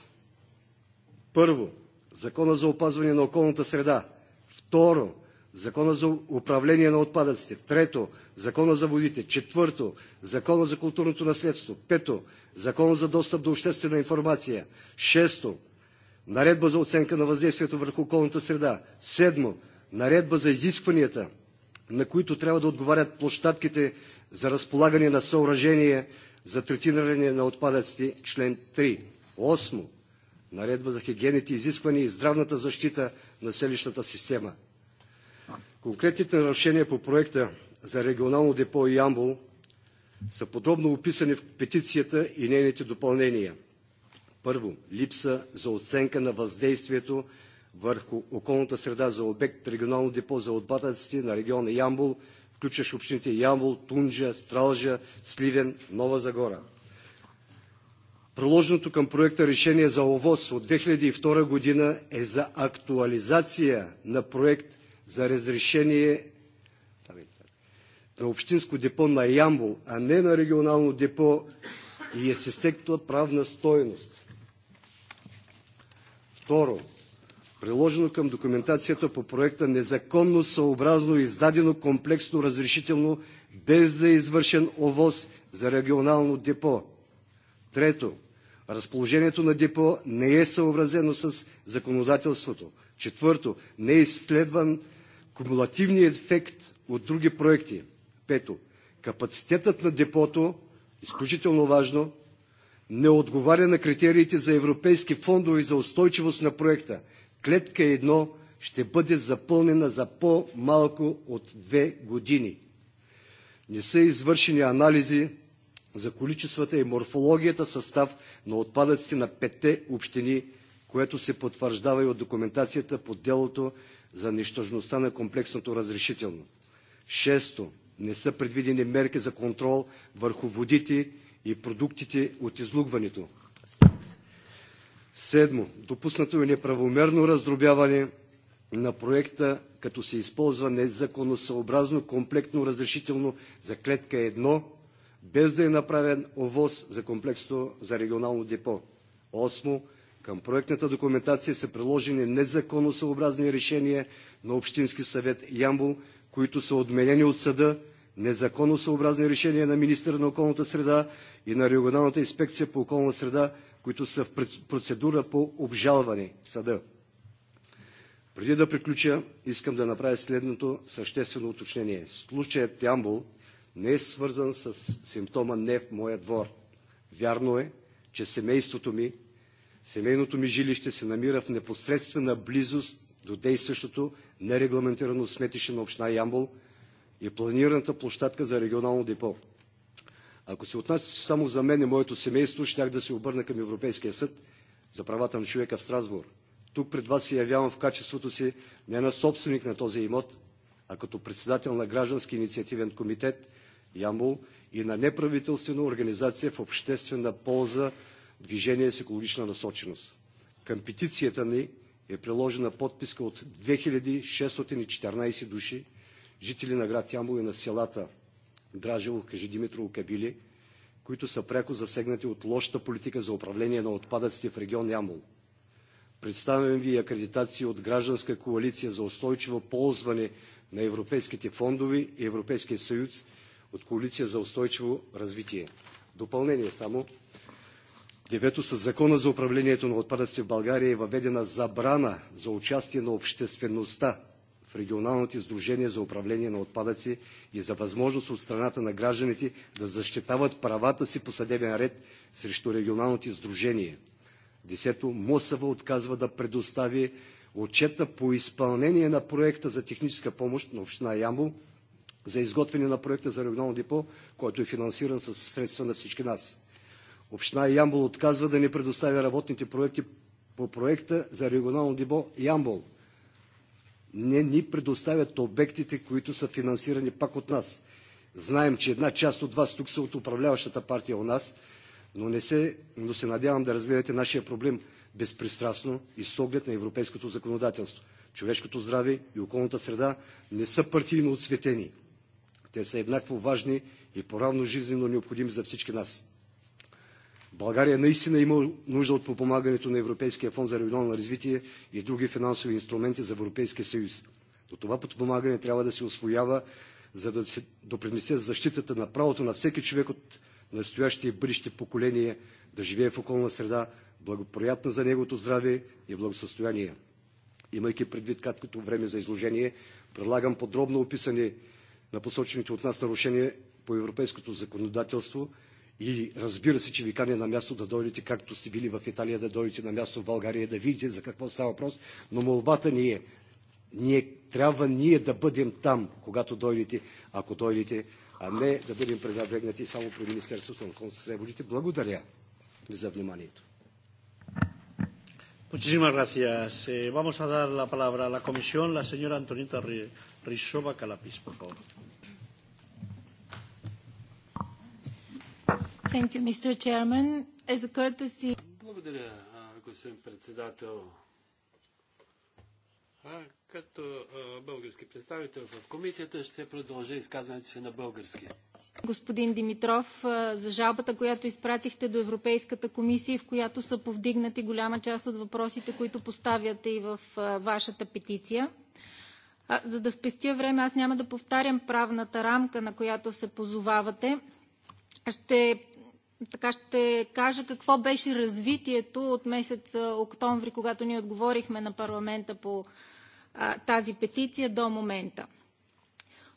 Първо, Закона за опазване на околната среда. Второ, Закона за управление на отпадъците. Трето, Закона за водите. Четвърто, Закона за културното наследство. Пето, Закона за достъп до обществена информация. Шесто, наредба за оценка на въздействието върху околната среда. Седмо, наредба за изискванията, на които трябва да отговарят площадките за разполагане на съоръжение за третиране на отпадъците, член 3. Осмо, наредба за хигиените изисквания и здравната защита на селищната система. Конкретните нарушения по проекта за регионално депо Ямбол са подробно описани в петицията и нейните допълнения – първо, липса за оценка на въздействието върху околната среда за обект регионално депо за отпадъците на региона Ямбол, включващ общините Ямбол, Тунджа, Стралджа, Сливен, Нова Загора. Проложеното към проекта решение за ОВОС от 2002 година е за актуализация на проект за разрешение на общинско депо на Ямбол, а не на регионално депо и е с изтекла правна стойност. Второ, приложено към документацията по проекта незаконно съобразно издадено комплексно разрешително без да е извършен ОВОз за регионално депо. Трето, разположението на депо не е съобразено с законодателството. Четвърто, не е изследван кумулативният ефект от други проекти. Пето, капацитетът на депото, изключително важно, не отговаря на критериите за европейски фондове за устойчивост на проекта. Клетка 1 ще бъде запълнена за по-малко от две години. Не са извършени анализи за количествата и морфологията състав на отпадъците на петте общини, което се потвърждава и от документацията по делото за нищожността на комплексното разрешително. Шесто, не са предвидени мерки за контрол върху водите и продуктите от излугването. Седмо, допуснато е неправомерно раздробяване на проекта, като се използва незаконосъобразно комплектно разрешително за клетка 1, без да е направен овоз за комплексното за регионално депо. Осмо, към проектната документация са приложени незаконосъобразни решения на Общински съвет Ямбол, които са отменени от съда незаконосъобразни решения на министъра на околната среда и на регионалната инспекция по околна среда, които са в процедура по обжалване в съда. Преди да приключа, искам да направя следното съществено уточнение. Случаят Ямбол не е свързан с симптома не в моя двор. Вярно е, че семейството ми, семейното ми жилище се намира в непосредствена близост до действащото нерегламентирано сметище на община Ямбол – и планираната площадка за регионално депо. Ако се отнася само за мен и моето семейство, щях да се обърна към Европейския съд за правата на човека в Страсбург. Тук пред вас се явявам в качеството си не на собственик на този имот, а като председател на Граждански инициативен комитет Ямбол и на неправителствена организация в обществена полза Движение с екологична насоченост. Към петицията ни е приложена подписка от 2614 души, жители на град Ямбол и на селата Дражево, Кажидимитрово, Кабили, които са пряко засегнати от лошата политика за управление на отпадъците в регион Ямбол. Представям ви акредитации от Гражданска коалиция за устойчиво ползване на европейските фондове и Европейския съюз от Коалиция за устойчиво развитие. Допълнение само. Девето, с Закона за управлението на отпадъците в България е въведена забрана за участие на обществеността в регионалните сдружения за управление на отпадъци и за възможност от страната на гражданите да защитават правата си по съдебен ред срещу регионалните сдружения. Десето, МОСВ отказва да предостави отчета по изпълнение на проекта за техническа помощ на община Ямбол за изготвяне на проекта за регионално депо, който е финансиран със средства на всички нас. Община Ямбол отказва да ни предоставя работните проекти по проекта за регионално депо Ямбол – не ни предоставят обектите, които са финансирани пак от нас. Знаем, че една част от вас тук са от управляващата партия у нас, но, не се, но се надявам да разгледате нашия проблем безпристрастно и с оглед на европейското законодателство. Човешкото здраве и околната среда не са партийно отсветени. Те са еднакво важни и поравно жизнено необходими за всички нас. България наистина има нужда от подпомагането на Европейския фонд за регионално развитие и други финансови инструменти за Европейския съюз. Но това подпомагане трябва да се освоява, за да се допринесе защитата на правото на всеки човек от настоящите и бъдещи поколения да живее в околна среда, благоприятна за неговото здраве и благосъстояние. Имайки предвид краткото време за изложение, предлагам подробно описане на посочените от нас нарушения по европейското законодателство – и разбира се, че ви каня на място да дойдете, както сте били в Италия, да дойдете на място в България, да видите за какво става въпрос. Но молбата ни е, ние, трябва ние да бъдем там, когато дойдете, ако дойдете, а не да бъдем пренебрегнати само при Министерството на околната среда и водите. Благодаря ви за вниманието. Muchísimas gracias. Eh, vamos a dar la palabra a la comisión, la señora Antonieta Rizova Calapis, por favor. Благодаря, господин председател. А, като а, български представител в комисията ще продължа изказването си на български. Господин Димитров, за жалбата, която изпратихте до Европейската комисия, в която са повдигнати голяма част от въпросите, които поставяте и в вашата петиция. За да спестя време, аз няма да повтарям правната рамка, на която се позовавате. Ще така ще кажа какво беше развитието от месец октомври, когато ние отговорихме на парламента по а, тази петиция до момента.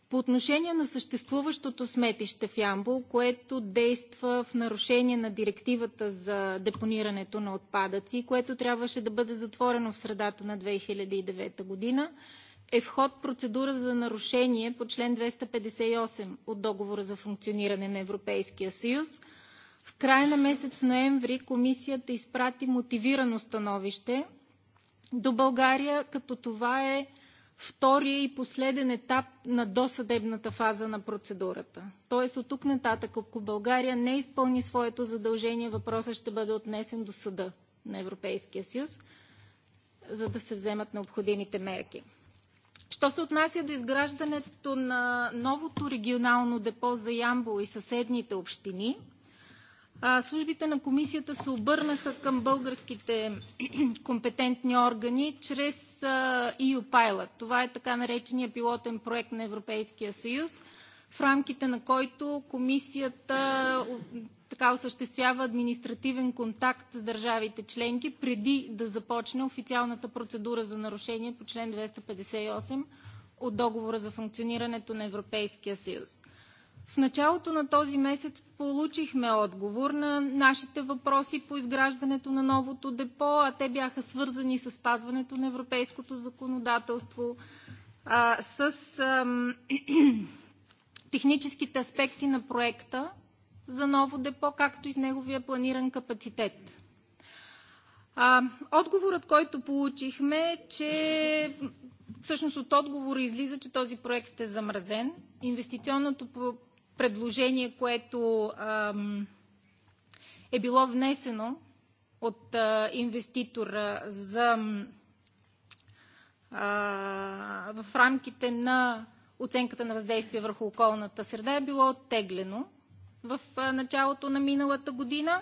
По отношение на съществуващото сметище в Ямбол, което действа в нарушение на директивата за депонирането на отпадъци, което трябваше да бъде затворено в средата на 2009 година, е вход процедура за нарушение по член 258 от Договора за функциониране на Европейския съюз – в края на месец ноември комисията изпрати мотивирано становище до България, като това е втория и последен етап на досъдебната фаза на процедурата. Тоест от тук нататък, ако България не изпълни своето задължение, въпросът ще бъде отнесен до съда на Европейския съюз, за да се вземат необходимите мерки. Що се отнася до изграждането на новото регионално депо за Ямбол и съседните общини – службите на комисията се обърнаха към българските компетентни органи чрез EU Pilot. Това е така наречения пилотен проект на Европейския съюз, в рамките на който комисията така осъществява административен контакт с държавите членки преди да започне официалната процедура за нарушение по член 258 от Договора за функционирането на Европейския съюз. В началото на този месец получихме отговор на нашите въпроси по изграждането на новото депо, а те бяха свързани с спазването на европейското законодателство, с техническите аспекти на проекта за ново депо, както и с неговия планиран капацитет. Отговорът, който получихме е, че всъщност от отговора излиза, че този проект е замразен. Инвестиционното предложение, което е било внесено от инвеститора за, в рамките на оценката на въздействие върху околната среда е било оттеглено в началото на миналата година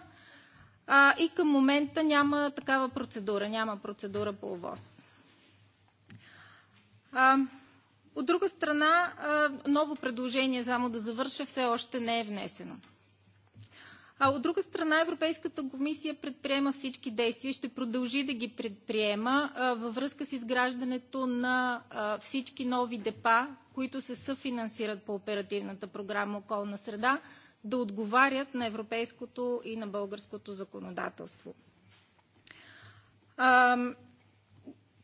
а, и към момента няма такава процедура, няма процедура по ОВОС. От друга страна, ново предложение, само да завърша, все още не е внесено. А от друга страна, Европейската комисия предприема всички действия и ще продължи да ги предприема във връзка с изграждането на всички нови депа, които се съфинансират по оперативната програма Околна среда, да отговарят на европейското и на българското законодателство.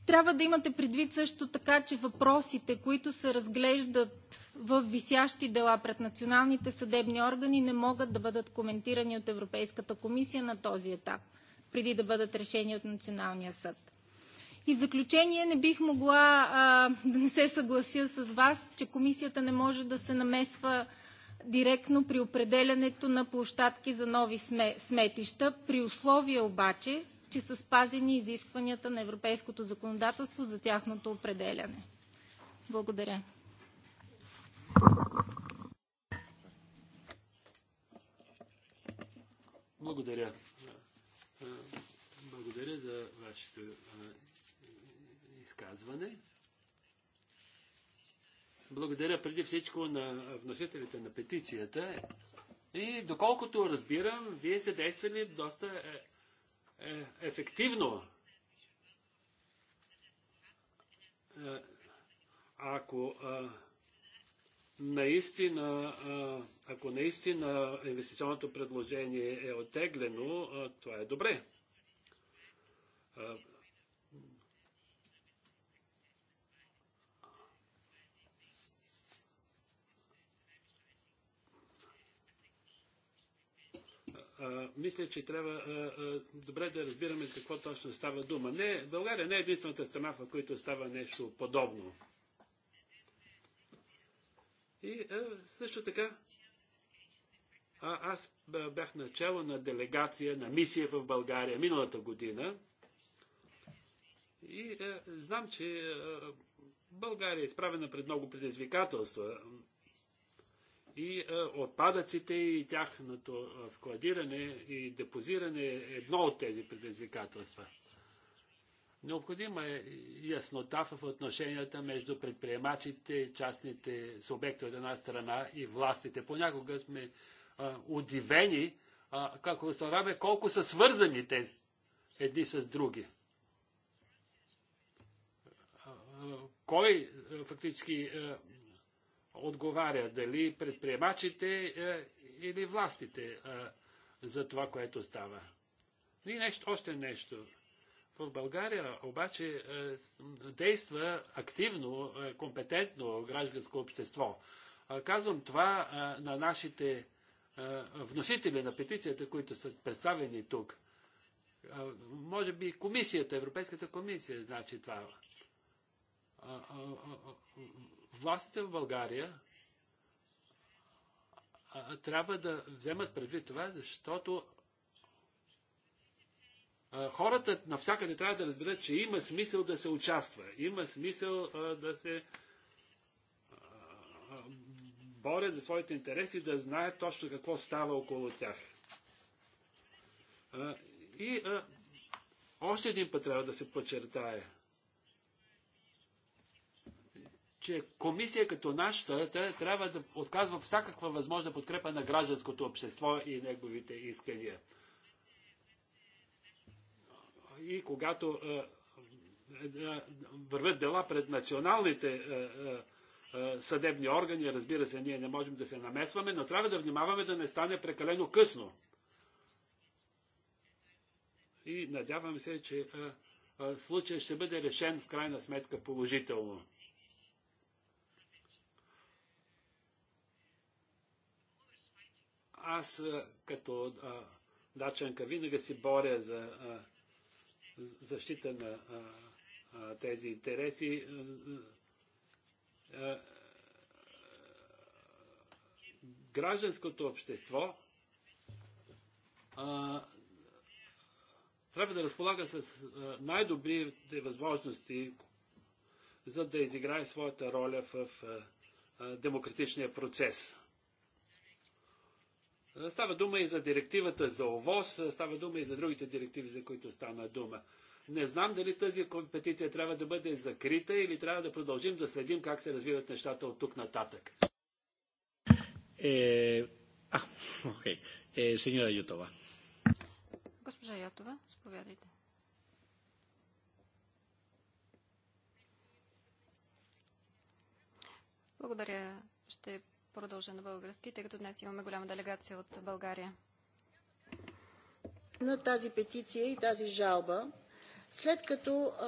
Трябва да имате предвид също така, че въпросите, които се разглеждат в висящи дела пред националните съдебни органи, не могат да бъдат коментирани от Европейската комисия на този етап, преди да бъдат решени от Националния съд. И в заключение не бих могла а, да не се съглася с вас, че комисията не може да се намесва директно при определянето на площадки за нови сме, сметища, при условия обаче, че са спазени изискванията на европейското законодателство за тяхното определяне. Благодаря. Благодаря. Благодаря за вашето изказване. Благодаря преди всичко на вносителите на петицията. И доколкото разбирам, вие сте действали доста е, е ефективно, е, ако е, наистина, е, ако наистина инвестиционното предложение е отеглено, това е добре. мисля, че трябва а, а, добре да разбираме какво точно става дума. Не, България не е единствената страна, в която става нещо подобно. И а, също така, а, аз бях начало на делегация, на мисия в България миналата година. И а, знам, че а, България е изправена пред много предизвикателства и е, отпадъците и тяхното е, складиране и депозиране е едно от тези предизвикателства. Необходима е яснота в отношенията между предприемачите, частните субекти от една страна и властите. Понякога сме а, е, удивени, а, как установяваме колко са свързани те едни с други. а, кой а, фактически а, отговаря, дали предприемачите е, или властите е, за това, което става. И нещо, още нещо. В България обаче е, действа активно, компетентно гражданско общество. Казвам това на нашите вносители на петицията, които са представени тук. Може би комисията, Европейската комисия значи това властите в България трябва да вземат предвид това, защото хората навсякъде трябва да разберат, че има смисъл да се участва, има смисъл да се борят за своите интереси, да знаят точно какво става около тях. И още един път трябва да се подчертая – че комисия като нашата трябва да отказва всякаква възможна подкрепа на гражданското общество и неговите искания. И когато е, е, вървят дела пред националните е, съдебни органи, разбира се, ние не можем да се намесваме, но трябва да внимаваме да не стане прекалено късно. И надявам се, че случай ще бъде решен в крайна сметка положително. Аз като дачанка винаги си боря за защита на тези интереси. Гражданското общество трябва да разполага с най-добрите възможности, за да изиграе своята роля в демократичния процес. Става дума и за директивата за ОВОз, става дума и за другите директиви, за които стана дума. Не знам дали тази компетиция трябва да бъде закрита или трябва да продължим да следим как се развиват нещата от тук нататък. Е... А, окей. Е, сеньора Ютова. Госпожа Ятова, заповядайте. Благодаря. Ще продължа на български, тъй като днес имаме голяма делегация от България. На тази петиция и тази жалба, след като а,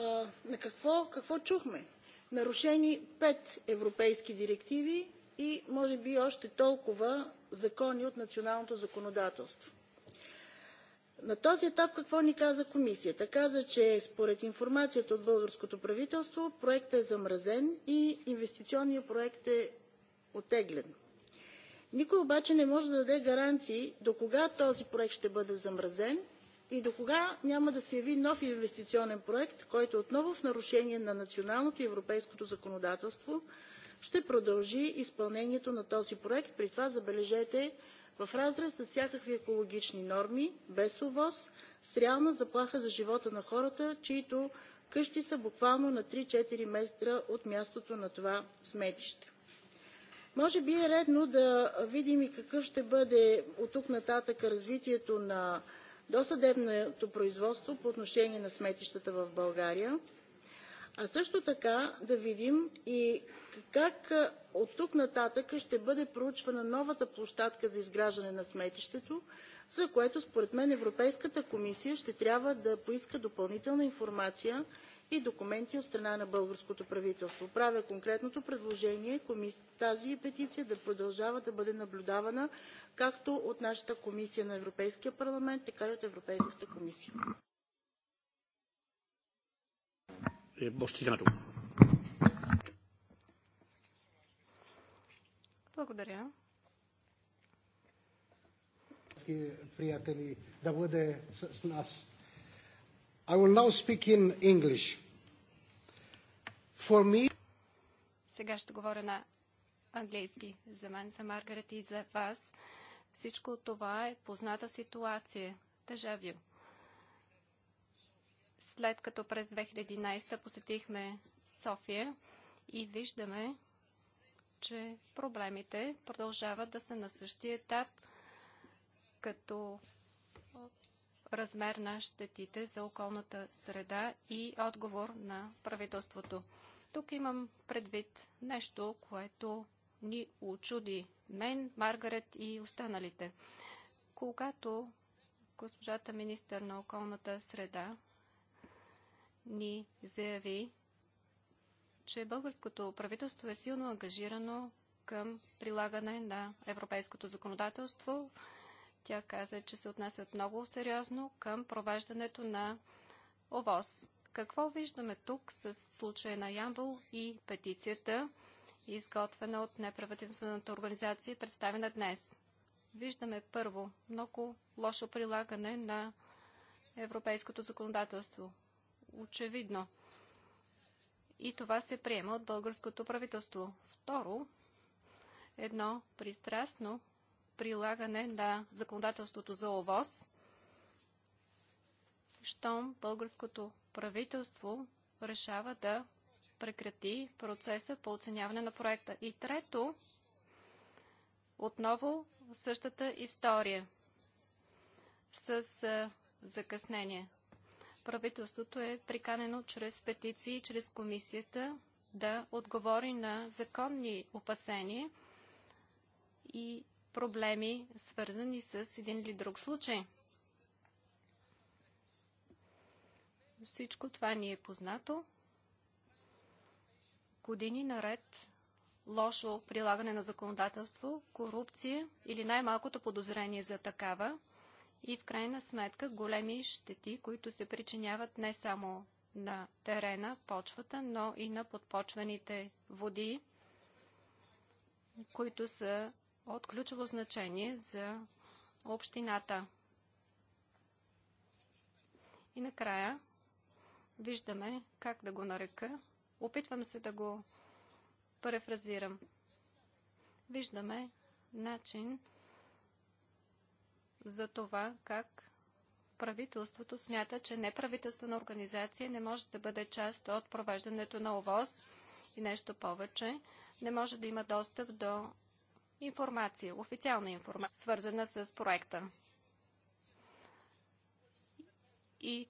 на какво, какво чухме? Нарушени пет европейски директиви и може би още толкова закони от националното законодателство. На този етап какво ни каза комисията? Каза, че според информацията от българското правителство проектът е замразен и инвестиционният проект е оттеглено. Никой обаче не може да даде гаранции до кога този проект ще бъде замразен и до кога няма да се яви нов инвестиционен проект, който отново в нарушение на националното и европейското законодателство ще продължи изпълнението на този проект. При това, забележете, в разрез с всякакви екологични норми, без увоз, с реална заплаха за живота на хората, чието къщи са буквално на 3-4 метра от мястото на това сметище. Може би е редно да видим и какъв ще бъде от тук нататък развитието на досъдебното производство по отношение на сметищата в България, а също така да видим и как от тук нататък ще бъде проучвана новата площадка за изграждане на сметището, за което според мен Европейската комисия ще трябва да поиска допълнителна информация и документи от страна на българското правителство. Правя конкретното предложение тази петиция да продължава да бъде наблюдавана както от нашата комисия на Европейския парламент, така и от Европейската комисия. Е, Благодаря. Приятели, да бъде с нас I will now speak in English. For me... Сега ще говоря на английски. За мен, за Маргарет и за вас. Всичко това е позната ситуация. Дежавю. След като през 2011 посетихме София и виждаме, че проблемите продължават да са на същия етап, като размер на щетите за околната среда и отговор на правителството. Тук имам предвид нещо, което ни очуди мен, Маргарет и останалите. Когато госпожата министър на околната среда ни заяви, че българското правителство е силно ангажирано към прилагане на европейското законодателство тя каза, че се отнасят много сериозно към провеждането на ОВОз. Какво виждаме тук с случая на Ямбъл и петицията, изготвена от неправителствената организация, представена днес? Виждаме първо много лошо прилагане на европейското законодателство. Очевидно. И това се приема от българското правителство. Второ, едно пристрастно прилагане на законодателството за ОВОз, щом българското правителство решава да прекрати процеса по оценяване на проекта. И трето, отново същата история с закъснение. Правителството е приканено чрез петиции, чрез комисията да отговори на законни опасения и проблеми, свързани с един или друг случай. Всичко това ни е познато. Години наред лошо прилагане на законодателство, корупция или най-малкото подозрение за такава и в крайна сметка големи щети, които се причиняват не само на терена, почвата, но и на подпочвените води, които са от ключово значение за общината. И накрая виждаме как да го нарека. Опитвам се да го префразирам. Виждаме начин за това как правителството смята, че неправителствена организация не може да бъде част от провеждането на ОВОз и нещо повече. Не може да има достъп до информация, официална информация, свързана с проекта. И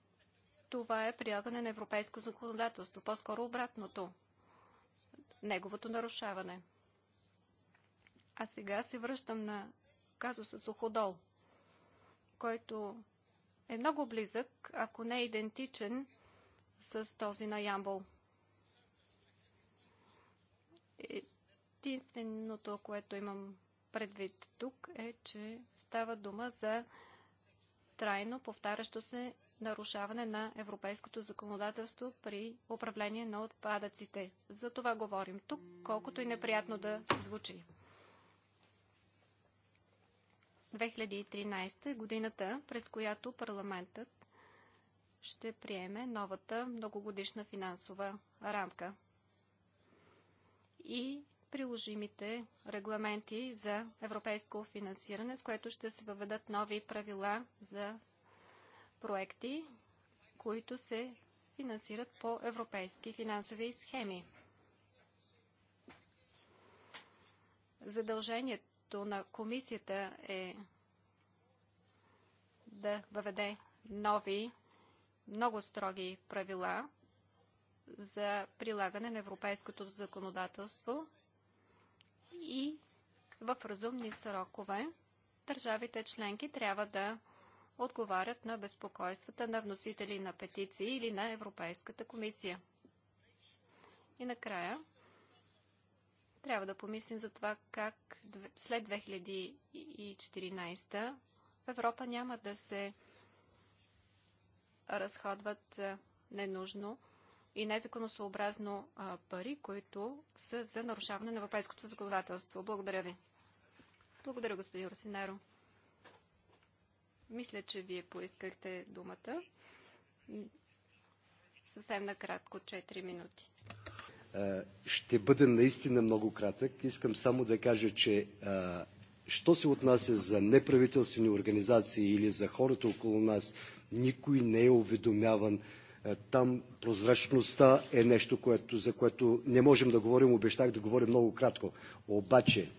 това е прилагане на европейско законодателство, по-скоро обратното, неговото нарушаване. А сега се връщам на казуса Суходол, който е много близък, ако не е идентичен с този на Ямбол. Е, Единственото, което имам предвид тук е, че става дума за трайно повтарящо се нарушаване на европейското законодателство при управление на отпадъците. За това говорим тук, колкото и неприятно да звучи. 2013 е годината, през която парламентът ще приеме новата многогодишна финансова рамка. И приложимите регламенти за европейско финансиране, с което ще се въведат нови правила за проекти, които се финансират по европейски финансови схеми. Задължението на комисията е да въведе нови, много строги правила за прилагане на европейското законодателство и в разумни срокове държавите членки трябва да отговарят на безпокойствата на вносители на петиции или на Европейската комисия. И накрая трябва да помислим за това как след 2014 в Европа няма да се разходват ненужно и незаконосообразно пари, които са за нарушаване на европейското законодателство. Благодаря ви. Благодаря, господин Росинаро. Мисля, че вие поискахте думата. Съвсем накратко, 4 минути. Ще бъде наистина много кратък. Искам само да кажа, че що се отнася за неправителствени организации или за хората около нас, никой не е уведомяван е, там прозрачността е нещо, за което не можем да говорим. Обещах да говорим много кратко. Обаче,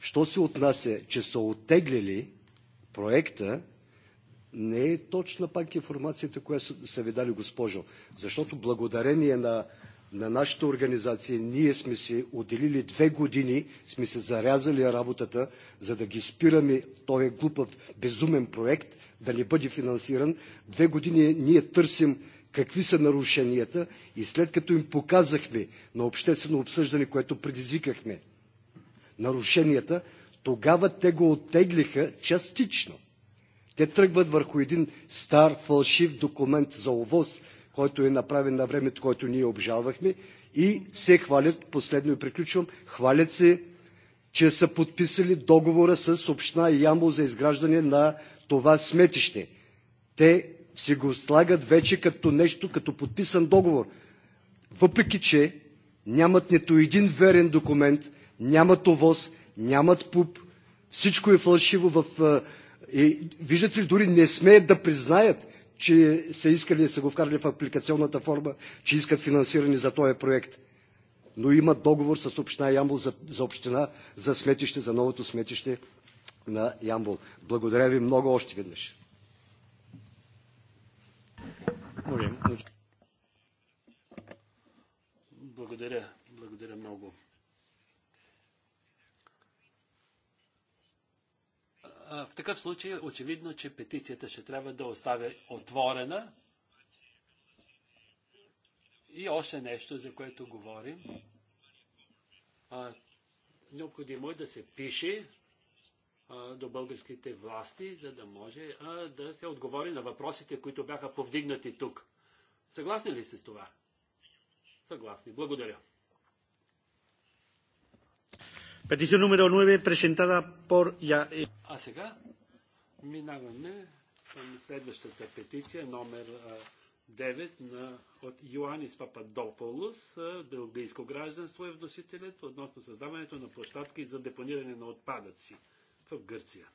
що се отнася, че са отеглили проекта, не е точна пак информацията, която са ви дали, госпожо. Защото благодарение на, на нашата организация ние сме си отделили две години, сме се зарязали работата, за да ги спираме този е глупав, безумен проект, да не бъде финансиран. Две години ние търсим какви са нарушенията и след като им показахме на обществено обсъждане, което предизвикахме, нарушенията, тогава те го оттеглиха частично. Те тръгват върху един стар фалшив документ за овоз, който е направен на времето, който ние обжалвахме и се хвалят, последно и приключвам, хвалят се, че са подписали договора с община Ямбол за изграждане на това сметище. Те си го слагат вече като нещо, като подписан договор. Въпреки, че нямат нито един верен документ, нямат овоз, нямат пуп, всичко е фалшиво в... И, виждате ли, дори не смеят да признаят, че са искали да са го вкарали в апликационната форма, че искат финансиране за този проект. Но имат договор с община Ямбол за, за община, за сметище, за новото сметище на Ямбол. Благодаря ви много още веднъж. Muy bien. Благодаря. Благодаря много. В такъв случай очевидно, че петицията ще трябва да оставя отворена. И още нещо, за което говорим. Необходимо е да се пише до българските власти, за да може да се отговори на въпросите, които бяха повдигнати тук. Съгласни ли сте с това? Съгласни. Благодаря. Петиция номер 9, презентада Я... А сега минаваме към следващата петиция, номер 9 на, от Йоанис Пападополус, белгийско гражданство е вносителят, относно създаването на площадки за депониране на отпадъци в Гърция.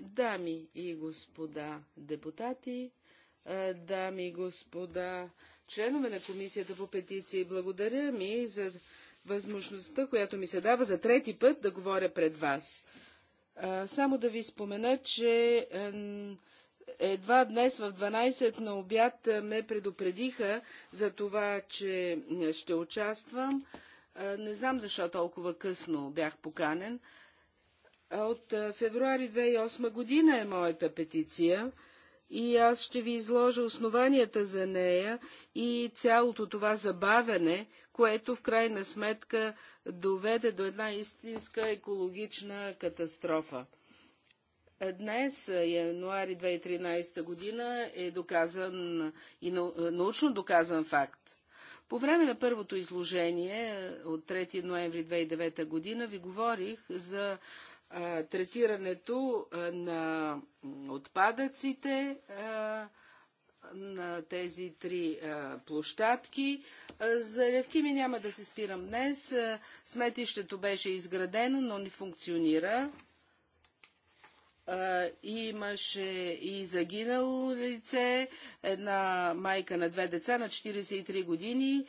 Дами и господа депутати, дами и господа членове на Комисията по петиции, благодаря ми за възможността, която ми се дава за трети път да говоря пред вас. Само да ви спомена, че едва днес в 12 на обяд ме предупредиха за това, че ще участвам. Не знам защо толкова късно бях поканен. От февруари 2008 година е моята петиция и аз ще ви изложа основанията за нея и цялото това забавяне, което в крайна сметка доведе до една истинска екологична катастрофа. Днес, януари 2013 година, е доказан и научно доказан факт. По време на първото изложение от 3 ноември 2009 година ви говорих за третирането на отпадъците на тези три площадки. За Левкими няма да се спирам днес. Сметището беше изградено, но не функционира имаше и загинало лице, една майка на две деца на 43 години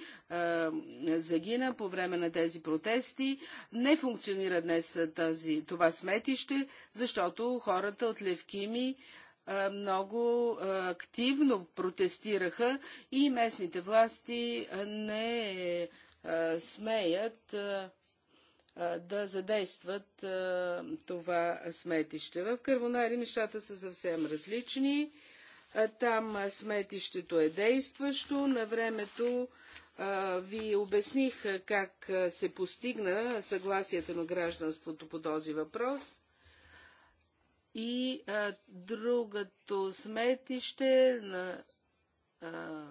загина по време на тези протести. Не функционира днес тази, това сметище, защото хората от Левкими много активно протестираха и местните власти не смеят да задействат това сметище. В Кървонари нещата са съвсем различни. Там сметището е действащо. На времето ви обясних как се постигна съгласията на гражданството по този въпрос. И а, другото сметище на а,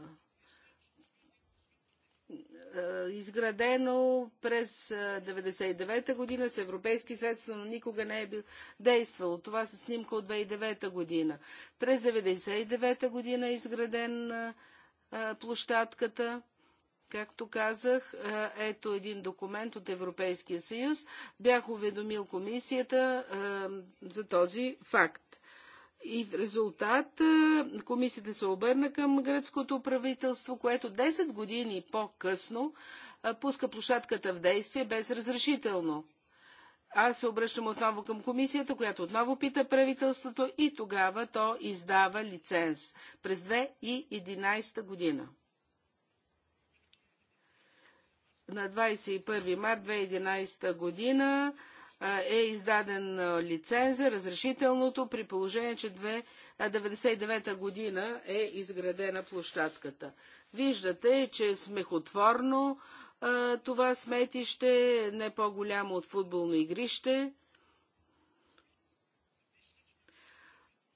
е, изградено през 1999 е, година с европейски средства, но никога не е бил действал. Това са снимка от 2009 година. През 1999 година е изграден е, площадката. Както казах, ето един документ от Европейския съюз. Бях уведомил комисията за този факт. И в резултат комисията се обърна към гръцкото правителство, което 10 години по-късно пуска площадката в действие без разрешително. Аз се обръщам отново към комисията, която отново пита правителството и тогава то издава лиценз през 2011 година. На 21 март 2011 година е издаден лиценза, разрешителното, при положение, че 1999 година е изградена площадката. Виждате, че е смехотворно това сметище, не по-голямо от футболно игрище.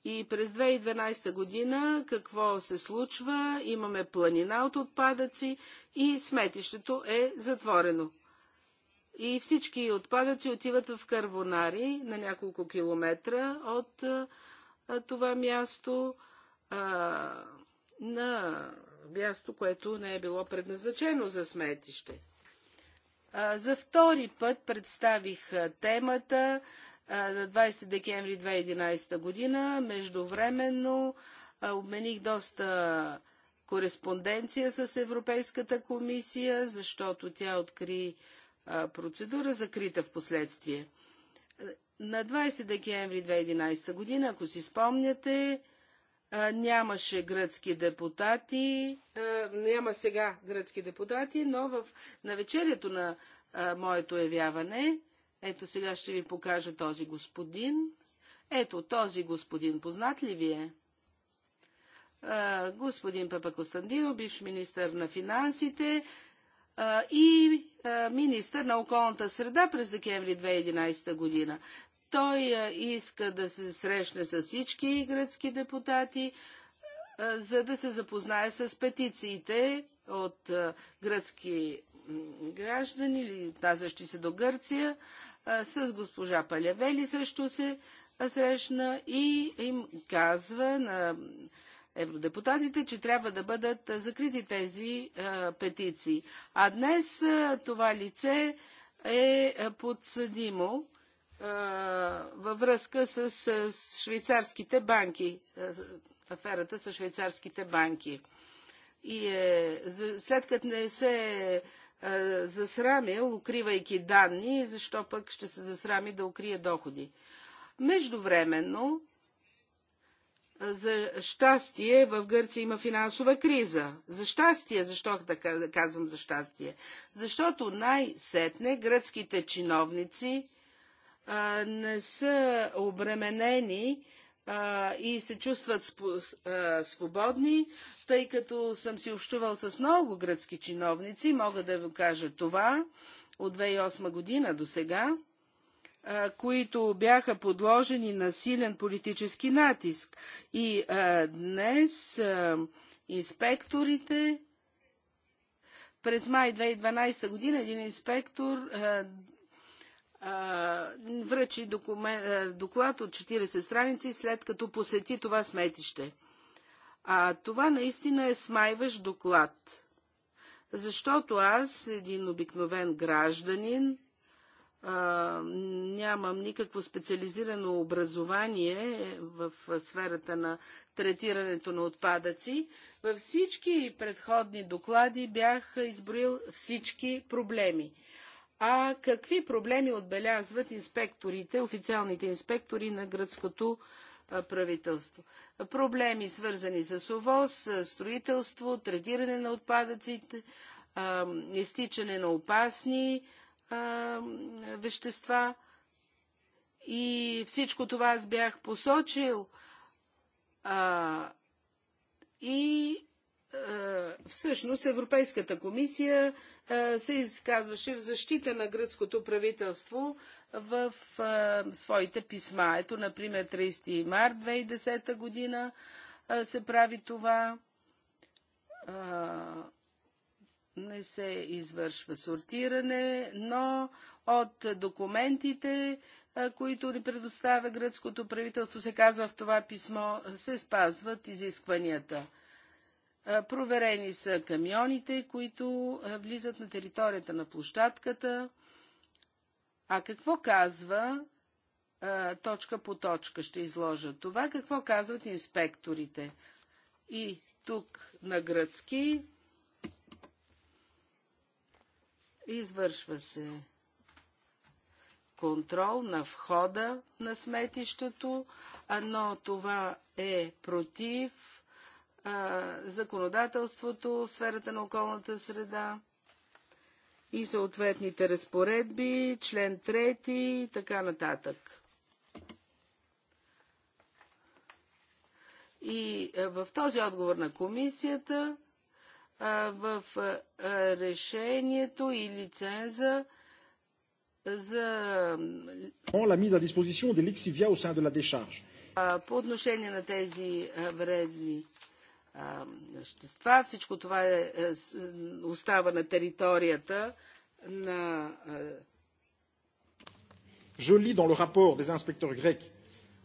И през 2012 година какво се случва? Имаме планина от отпадъци и сметището е затворено и всички отпадъци отиват в Карвонари на няколко километра от а, това място а, на място, което не е било предназначено за сметище. А, за втори път представих темата на 20 декември 2011 година. Междувременно обмених доста кореспонденция с Европейската комисия, защото тя откри процедура, закрита в последствие. На 20 декември 2011 година, ако си спомняте, нямаше гръцки депутати, няма сега гръцки депутати, но в навечерието на моето явяване, ето сега ще ви покажа този господин. Ето този господин, познат ли ви е? Господин Папа Костандино, бивш министър на финансите, и министър на околната среда през декември 2011 година. Той иска да се срещне с всички гръцки депутати, за да се запознае с петициите от гръцки граждани или тазащи се до Гърция. С госпожа Палевели също се срещна и им казва на евродепутатите, че трябва да бъдат закрити тези петиции. А днес това лице е подсъдимо във връзка с, швейцарските банки, аферата с швейцарските банки. И е, след като не се е засрамил, укривайки данни, защо пък ще се засрами да укрие доходи. Междувременно, за щастие в Гърция има финансова криза. За щастие, защо да казвам за щастие? Защото най-сетне гръцките чиновници а, не са обременени а, и се чувстват спо, а, свободни, тъй като съм си общувал с много гръцки чиновници, мога да ви кажа това от 2008 година до сега които бяха подложени на силен политически натиск. И днес инспекторите през май 2012 година един инспектор а, а, връчи а, доклад от 40 страници, след като посети това сметище. А това наистина е смайващ доклад. Защото аз, един обикновен гражданин, а, нямам никакво специализирано образование в сферата на третирането на отпадъци. Във всички предходни доклади бях изброил всички проблеми. А какви проблеми отбелязват инспекторите, официалните инспектори на гръцкото правителство. Проблеми свързани с овоз, строителство, третиране на отпадъците, изтичане на опасни вещества. И всичко това аз бях посочил. А, и а, всъщност Европейската комисия а, се изказваше в защита на гръцкото правителство в а, своите писма. Ето, например, 30 март 2010 година а, се прави това. А, не се извършва сортиране, но от документите, които ни предоставя гръцкото правителство, се казва в това писмо, се спазват изискванията. Проверени са камионите, които влизат на територията на площадката. А какво казва точка по точка ще изложа това, какво казват инспекторите. И тук на гръцки Извършва се контрол на входа на сметището, но това е против а, законодателството в сферата на околната среда и съответните разпоредби, член 3 и така нататък. И в този отговор на комисията в решението и лиценза за la mise à disposition de lexivia au sein de la décharge. По отношение на тези вредни вещества, всичко това е, е остава на територията на Je lis dans le rapport des inspecteurs grecs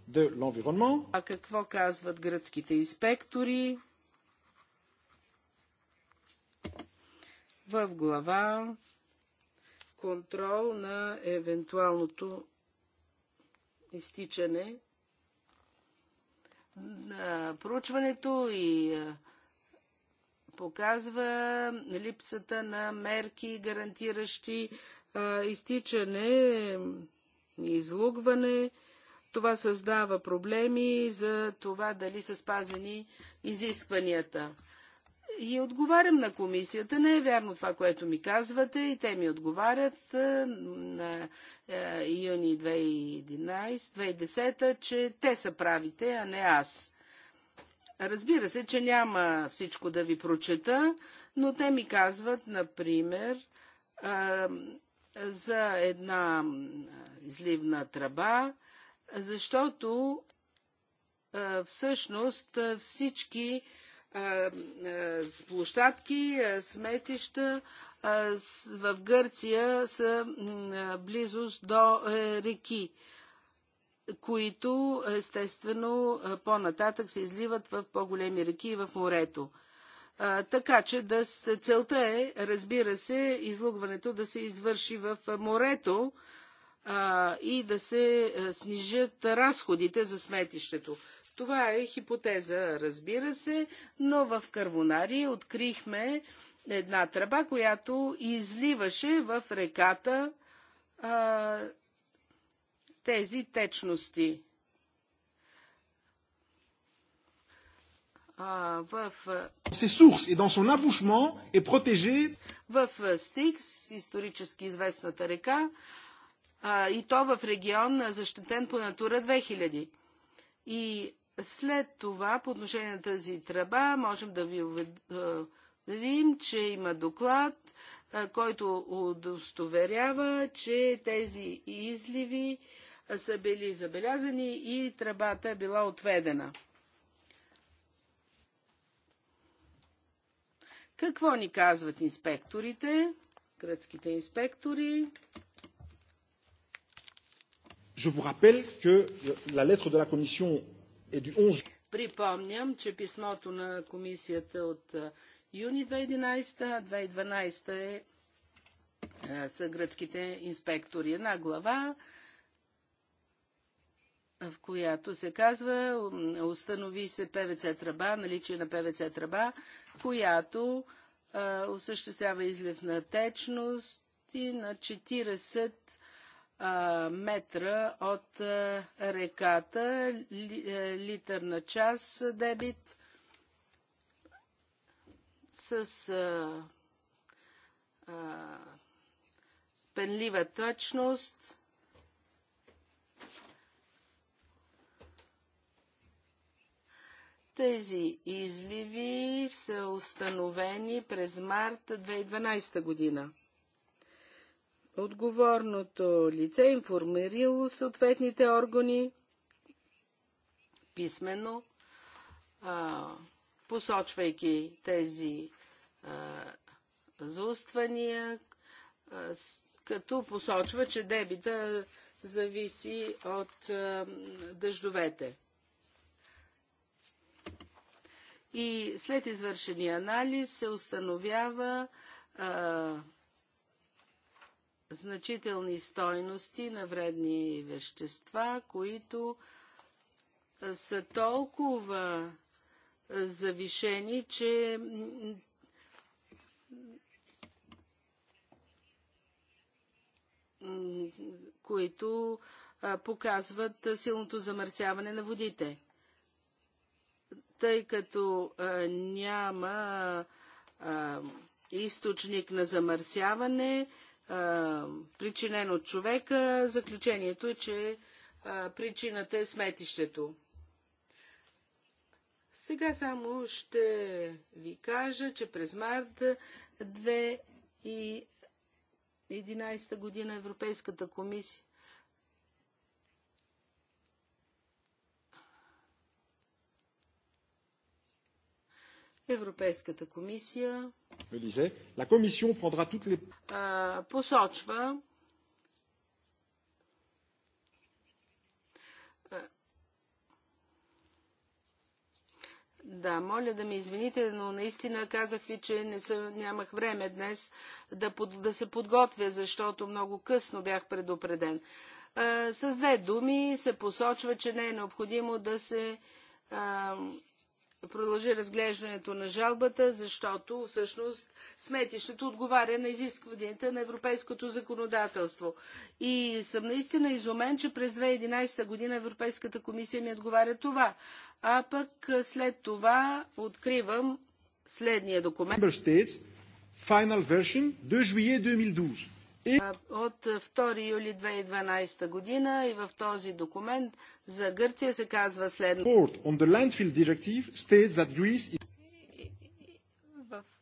de l'environnement. А какво казват гръцките инспектори? в глава контрол на евентуалното изтичане на проучването и показва липсата на мерки, гарантиращи изтичане, и излугване. Това създава проблеми за това дали са спазени изискванията. И отговарям на комисията. Не е вярно това, което ми казвате. И те ми отговарят на юни 2011, 2010, че те са правите, а не аз. Разбира се, че няма всичко да ви прочета, но те ми казват, например, за една изливна тръба, защото всъщност всички площадки, сметища в Гърция са близост до е, реки, които естествено по-нататък се изливат в по-големи реки и в морето. Така че да, целта е, разбира се, излугването да се извърши в морето и да се снижат разходите за сметището. Това е хипотеза, разбира се, но в Карвонари открихме една тръба, която изливаше в реката а, тези течности. в... Стикс, исторически известната река, а, и то в регион защитен по Натура 2000. И след това, по отношение на тази тръба, можем да ви уведомим, че има доклад, който удостоверява, че тези изливи са били забелязани и тръбата е била отведена. Какво ни казват инспекторите, гръцките инспектори? Je vous rappelle que la lettre de la Commission е Припомням, че писмото на комисията от юни 2011, 2012 е са гръцките инспектори. Една глава, в която се казва, установи се ПВЦ тръба, наличие на ПВЦ тръба, която а, осъществява излив на течност и на 40 метра от реката, литър на час дебит с а, а, пенлива точност. Тези изливи са установени през март 2012 година. Отговорното лице информирало съответните органи писменно, а, посочвайки тези а, зауствания, а, с, като посочва, че дебита зависи от а, дъждовете. И след извършения анализ се установява а, значителни стойности на вредни вещества, които са толкова завишени, че които показват силното замърсяване на водите. Тъй като няма източник на замърсяване, причинен от човека, заключението е, че а, причината е сметището. Сега само ще ви кажа, че през март 2011 година Европейската комисия Европейската комисия me disait, la Commission prendra toutes les... Е, посочва, е, Да, моля да ме извините, но наистина казах ви, че не съ, нямах време днес да, под, да се подготвя, защото много късно бях предупреден. А, е, с две думи се посочва, че не е необходимо да се продължи разглеждането на жалбата, защото всъщност сметището отговаря на изискванията на европейското законодателство. И съм наистина изумен, че през 2011 година Европейската комисия ми отговаря това. А пък след това откривам следния документ. Final version 2 juillet 2012. От 2 юли 2012 година и в този документ за Гърция се казва следното.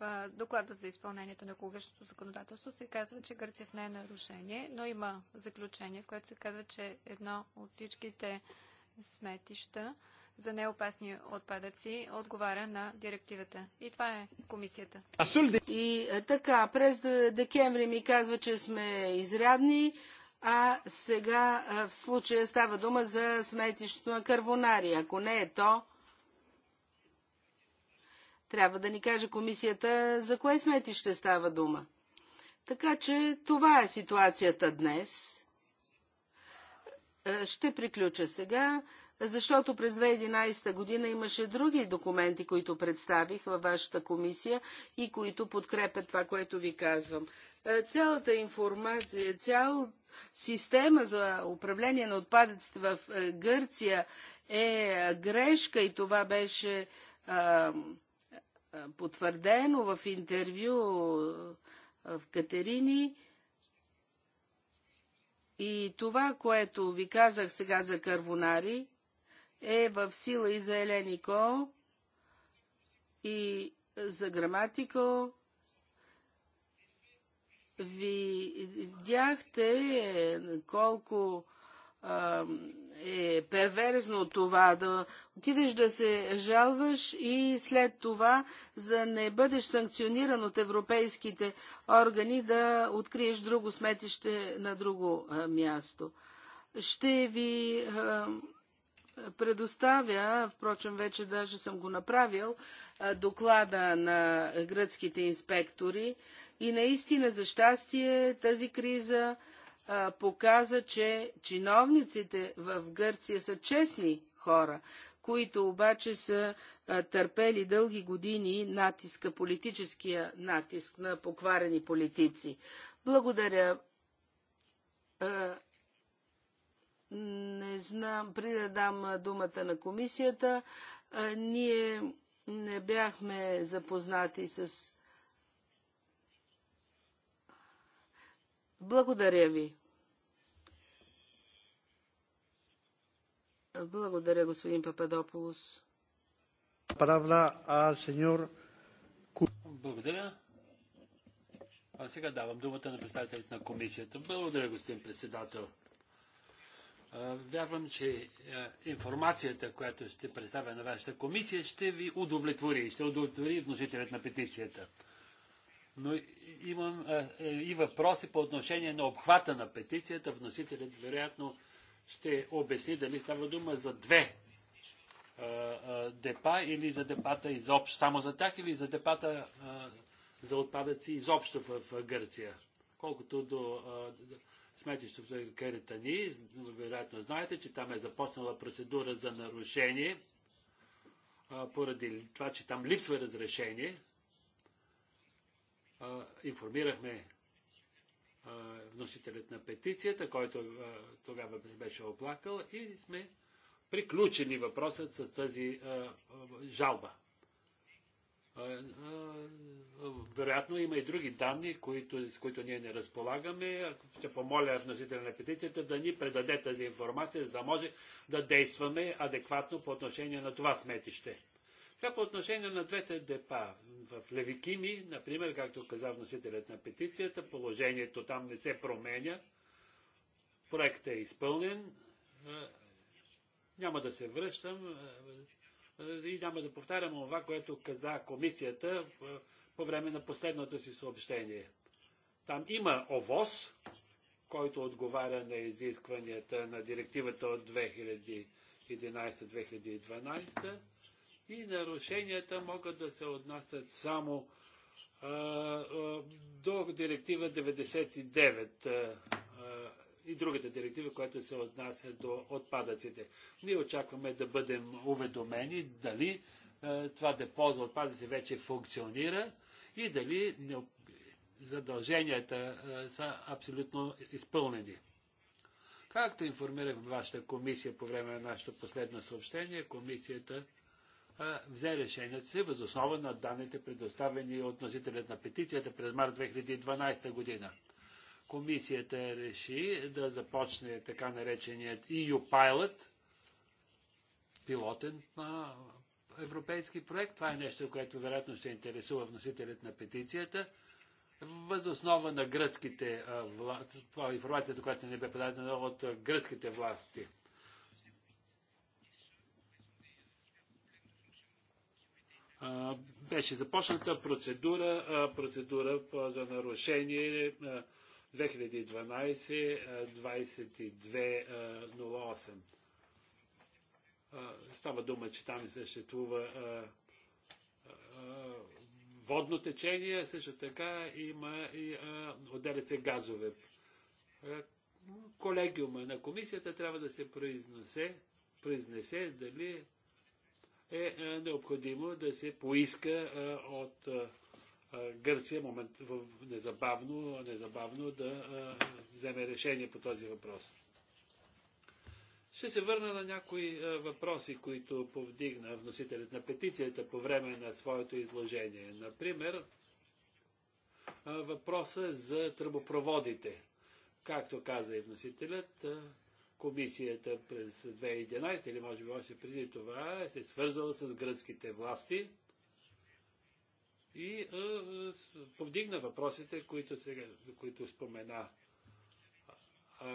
В доклада за изпълнението на екологичното законодателство се казва, че Гърция в не е нарушение, но има заключение, в което се казва, че едно от всичките сметища за неопасни отпадъци отговаря на директивата. И това е комисията. И е, така, през декември ми казва, че сме изрядни, а сега е, в случая става дума за сметището на Карвонари. Ако не е то, трябва да ни каже комисията за кое сметище става дума. Така че това е ситуацията днес. Е, ще приключа сега защото през 2011 година имаше други документи, които представих във вашата комисия и които подкрепят това, което ви казвам. Е, цялата информация, цял система за управление на отпадъците в е, Гърция е, е грешка и това беше потвърдено в интервю в Катерини. И това, което ви казах сега за карбонари е в сила и за Кол, и за граматико. видяхте е, колко а, е перверзно това да отидеш да се жалваш и след това, за да не бъдеш санкциониран от европейските органи, да откриеш друго сметище на друго а, място. Ще ви а, предоставя, впрочем вече даже съм го направил, доклада на гръцките инспектори и наистина за щастие тази криза показа, че чиновниците в Гърция са честни хора, които обаче са търпели дълги години натиска, политическия натиск на покварени политици. Благодаря не знам, при да дам думата на комисията, ние не бяхме запознати с. Благодаря ви. Благодаря, господин Пападополос. Благодаря. А сега давам думата на представителите на комисията. Благодаря, господин председател. Вярвам, че е, информацията, която ще представя на вашата комисия, ще ви удовлетвори. Ще удовлетвори вносителят на петицията. Но имам е, и въпроси по отношение на обхвата на петицията. Вносителят вероятно ще обясни дали става дума за две депа или за депата изобщо, само за тях или за депата за отпадъци изобщо в Гърция. Колкото до сметището в Керетани. Вероятно знаете, че там е започнала процедура за нарушение поради това, че там липсва разрешение. Информирахме вносителят на петицията, който тогава беше оплакал и сме приключили въпросът с тази жалба вероятно има и други данни, които, с които ние не разполагаме. Ще помоля вносителя на петицията да ни предаде тази информация, за да може да действаме адекватно по отношение на това сметище. Така по отношение на двете депа. В Левикими, например, както каза вносителят на петицията, положението там не се променя. Проектът е изпълнен. Няма да се връщам и няма да повтарям това, което каза комисията по време на последното си съобщение. Там има ОВОС, който отговаря на изискванията на директивата от 2011-2012 и нарушенията могат да се отнасят само а, а, до директива 99 а, и другата директива, която се отнася до отпадъците. Ние очакваме да бъдем уведомени дали това депо за отпадъци вече функционира и дали задълженията е, са абсолютно изпълнени. Както информирах вашата комисия по време на нашето последно съобщение, комисията е, взе решението си възоснова на данните, предоставени от носителят на петицията през март 2012 година. Комисията реши да започне така нареченият EU Pilot, пилотен европейски проект. Това е нещо, което вероятно ще интересува вносителят на петицията. Възоснова на гръцките власти, това е информацията, която не бе подадена от гръцките власти. Беше започната процедура, процедура за нарушение 2012-2208. Става дума, че там съществува водно течение, също така има и отделят се газове. Колегиума на комисията трябва да се произнесе, произнесе дали е необходимо да се поиска от Гърция момент, незабавно, незабавно да вземе решение по този въпрос. Ще се върна на някои е, въпроси, които повдигна вносителят на петицията по време на своето изложение. Например, е, въпроса за тръбопроводите. Както каза и вносителят, е, комисията през 2011 или може би още преди това се свързала с гръцките власти и повдигна въпросите, които, сега, които спомена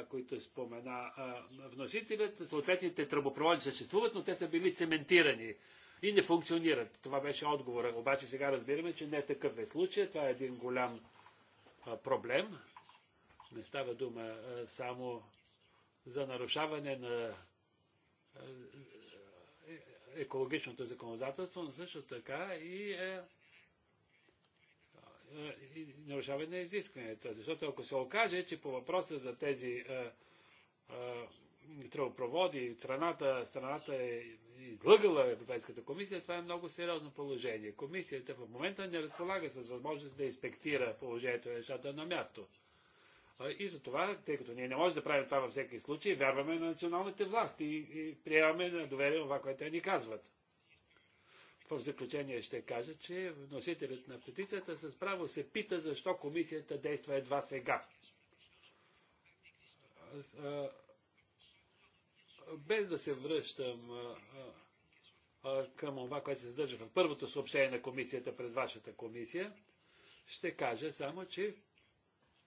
които спомена вносителят. Съответните тръбопроводи съществуват, но те са били цементирани и не функционират. Това беше отговора. Обаче сега разбираме, че не е такъв е случай. Това е един голям проблем. Не става дума само за нарушаване на е, е, екологичното законодателство, но също така и е нарушаване на изискването. Защото ако се окаже, че по въпроса за тези а, тръбопроводи страната, страната е излъгала Европейската комисия, това е много сериозно положение. Комисията в момента не разполага с възможност да инспектира положението на нещата на място. И за това, тъй като ние не можем да правим това във всеки случай, вярваме на националните власти и, и приемаме на доверие това, което те ни казват. В заключение ще кажа, че носителят на петицията с право се пита защо комисията действа едва сега. Без да се връщам към това, което се съдържа в първото съобщение на комисията пред вашата комисия, ще кажа само, че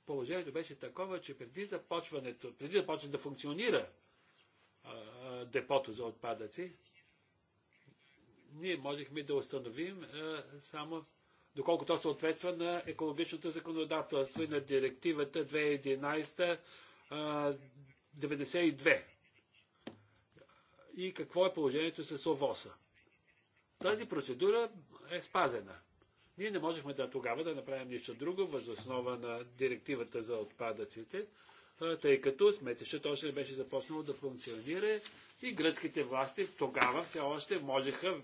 положението беше такова, че преди започването, преди да почне да функционира депото за отпадъци, ние можехме да установим само доколко то съответства на екологичното законодателство и на директивата 2011-92. И какво е положението с ОВОСа? Тази процедура е спазена. Ние не можехме да тогава да направим нищо друго основа на директивата за отпадъците, тъй като сметището още не беше започнало да функционира и гръцките власти тогава все още можеха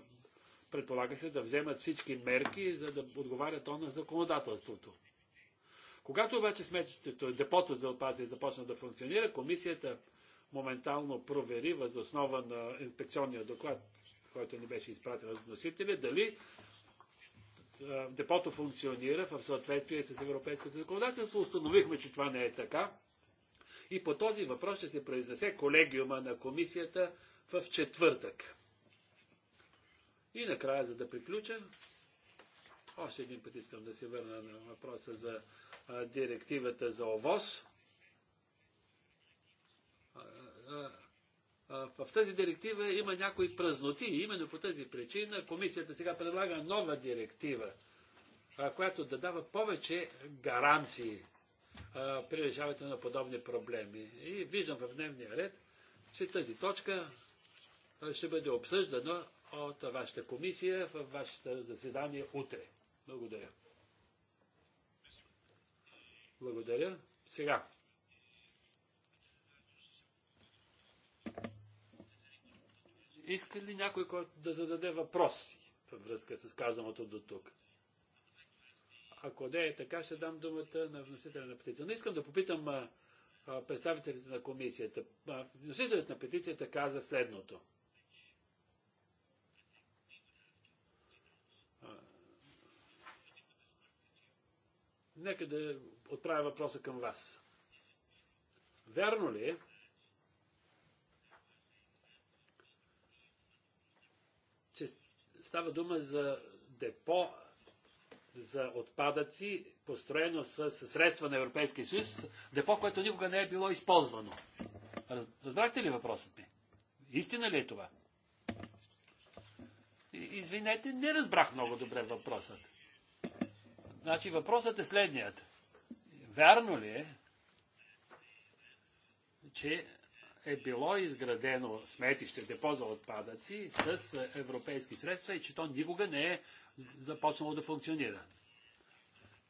предполага се да вземат всички мерки, за да отговарят то на законодателството. Когато обаче сметището, депото за отпадъци започна да функционира, комисията моментално провери въз основа на инспекционния доклад, който ни беше изпратен от носителя, дали е, депото функционира в съответствие с европейското законодателство. Установихме, че това не е така. И по този въпрос ще се произнесе колегиума на комисията в четвъртък. И накрая, за да приключа, още един път искам да се върна на въпроса за а, директивата за ОВОз. А, а, в тази директива има някои празноти. И именно по тази причина комисията сега предлага нова директива, която да дава повече гаранции при решаването на подобни проблеми. И виждам в дневния ред, че тази точка ще бъде обсъждана от вашата комисия в вашето заседание утре. Благодаря. Благодаря. Сега. Иска ли някой който да зададе въпроси във връзка с казаното до тук? Ако не е така, ще дам думата на вносителя на петицията. Но искам да попитам представителите на комисията. вносителят на петицията каза следното – нека да отправя въпроса към вас. Вярно ли е, че става дума за депо за отпадъци, построено с средства на Европейския съюз, депо, което никога не е било използвано. Разбрахте ли въпросът ми? Истина ли е това? Извинете, не разбрах много добре въпросът. Значи въпросът е следният. Вярно ли е, че е било изградено сметище, депо за отпадъци с е, европейски средства и че то никога не е започнало да функционира?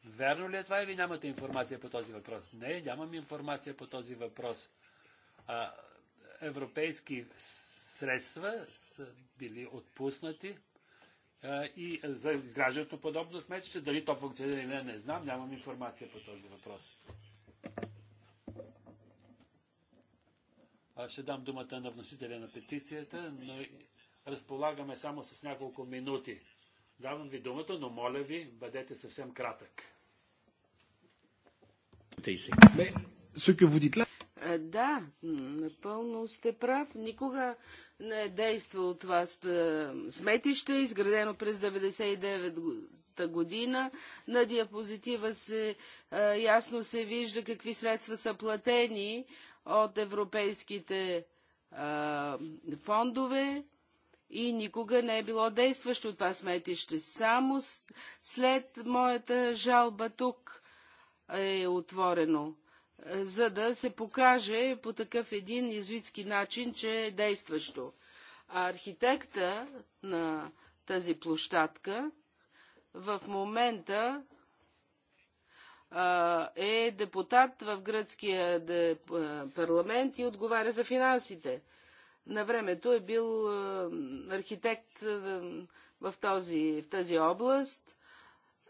Вярно ли е това или нямате информация по този въпрос? Не, нямам информация по този въпрос. А, европейски средства са били отпуснати и за изграждането подобно сметище. Дали то функционира или не, не знам. Нямам информация по този въпрос. Ще дам думата на вносителя на петицията, но разполагаме само с няколко минути. Давам ви думата, но моля ви, бъдете съвсем кратък. Е, да, напълно сте прав. Никога не е действало това сметище, изградено през 99-та година. На диапозитива се е, ясно се вижда какви средства са платени от европейските е, фондове и никога не е било действащо това сметище. Само след моята жалба тук е отворено за да се покаже по такъв един езуитски начин, че е действащо. А архитекта на тази площадка в момента е депутат в гръцкия парламент и отговаря за финансите. На времето е бил архитект в, този, в тази област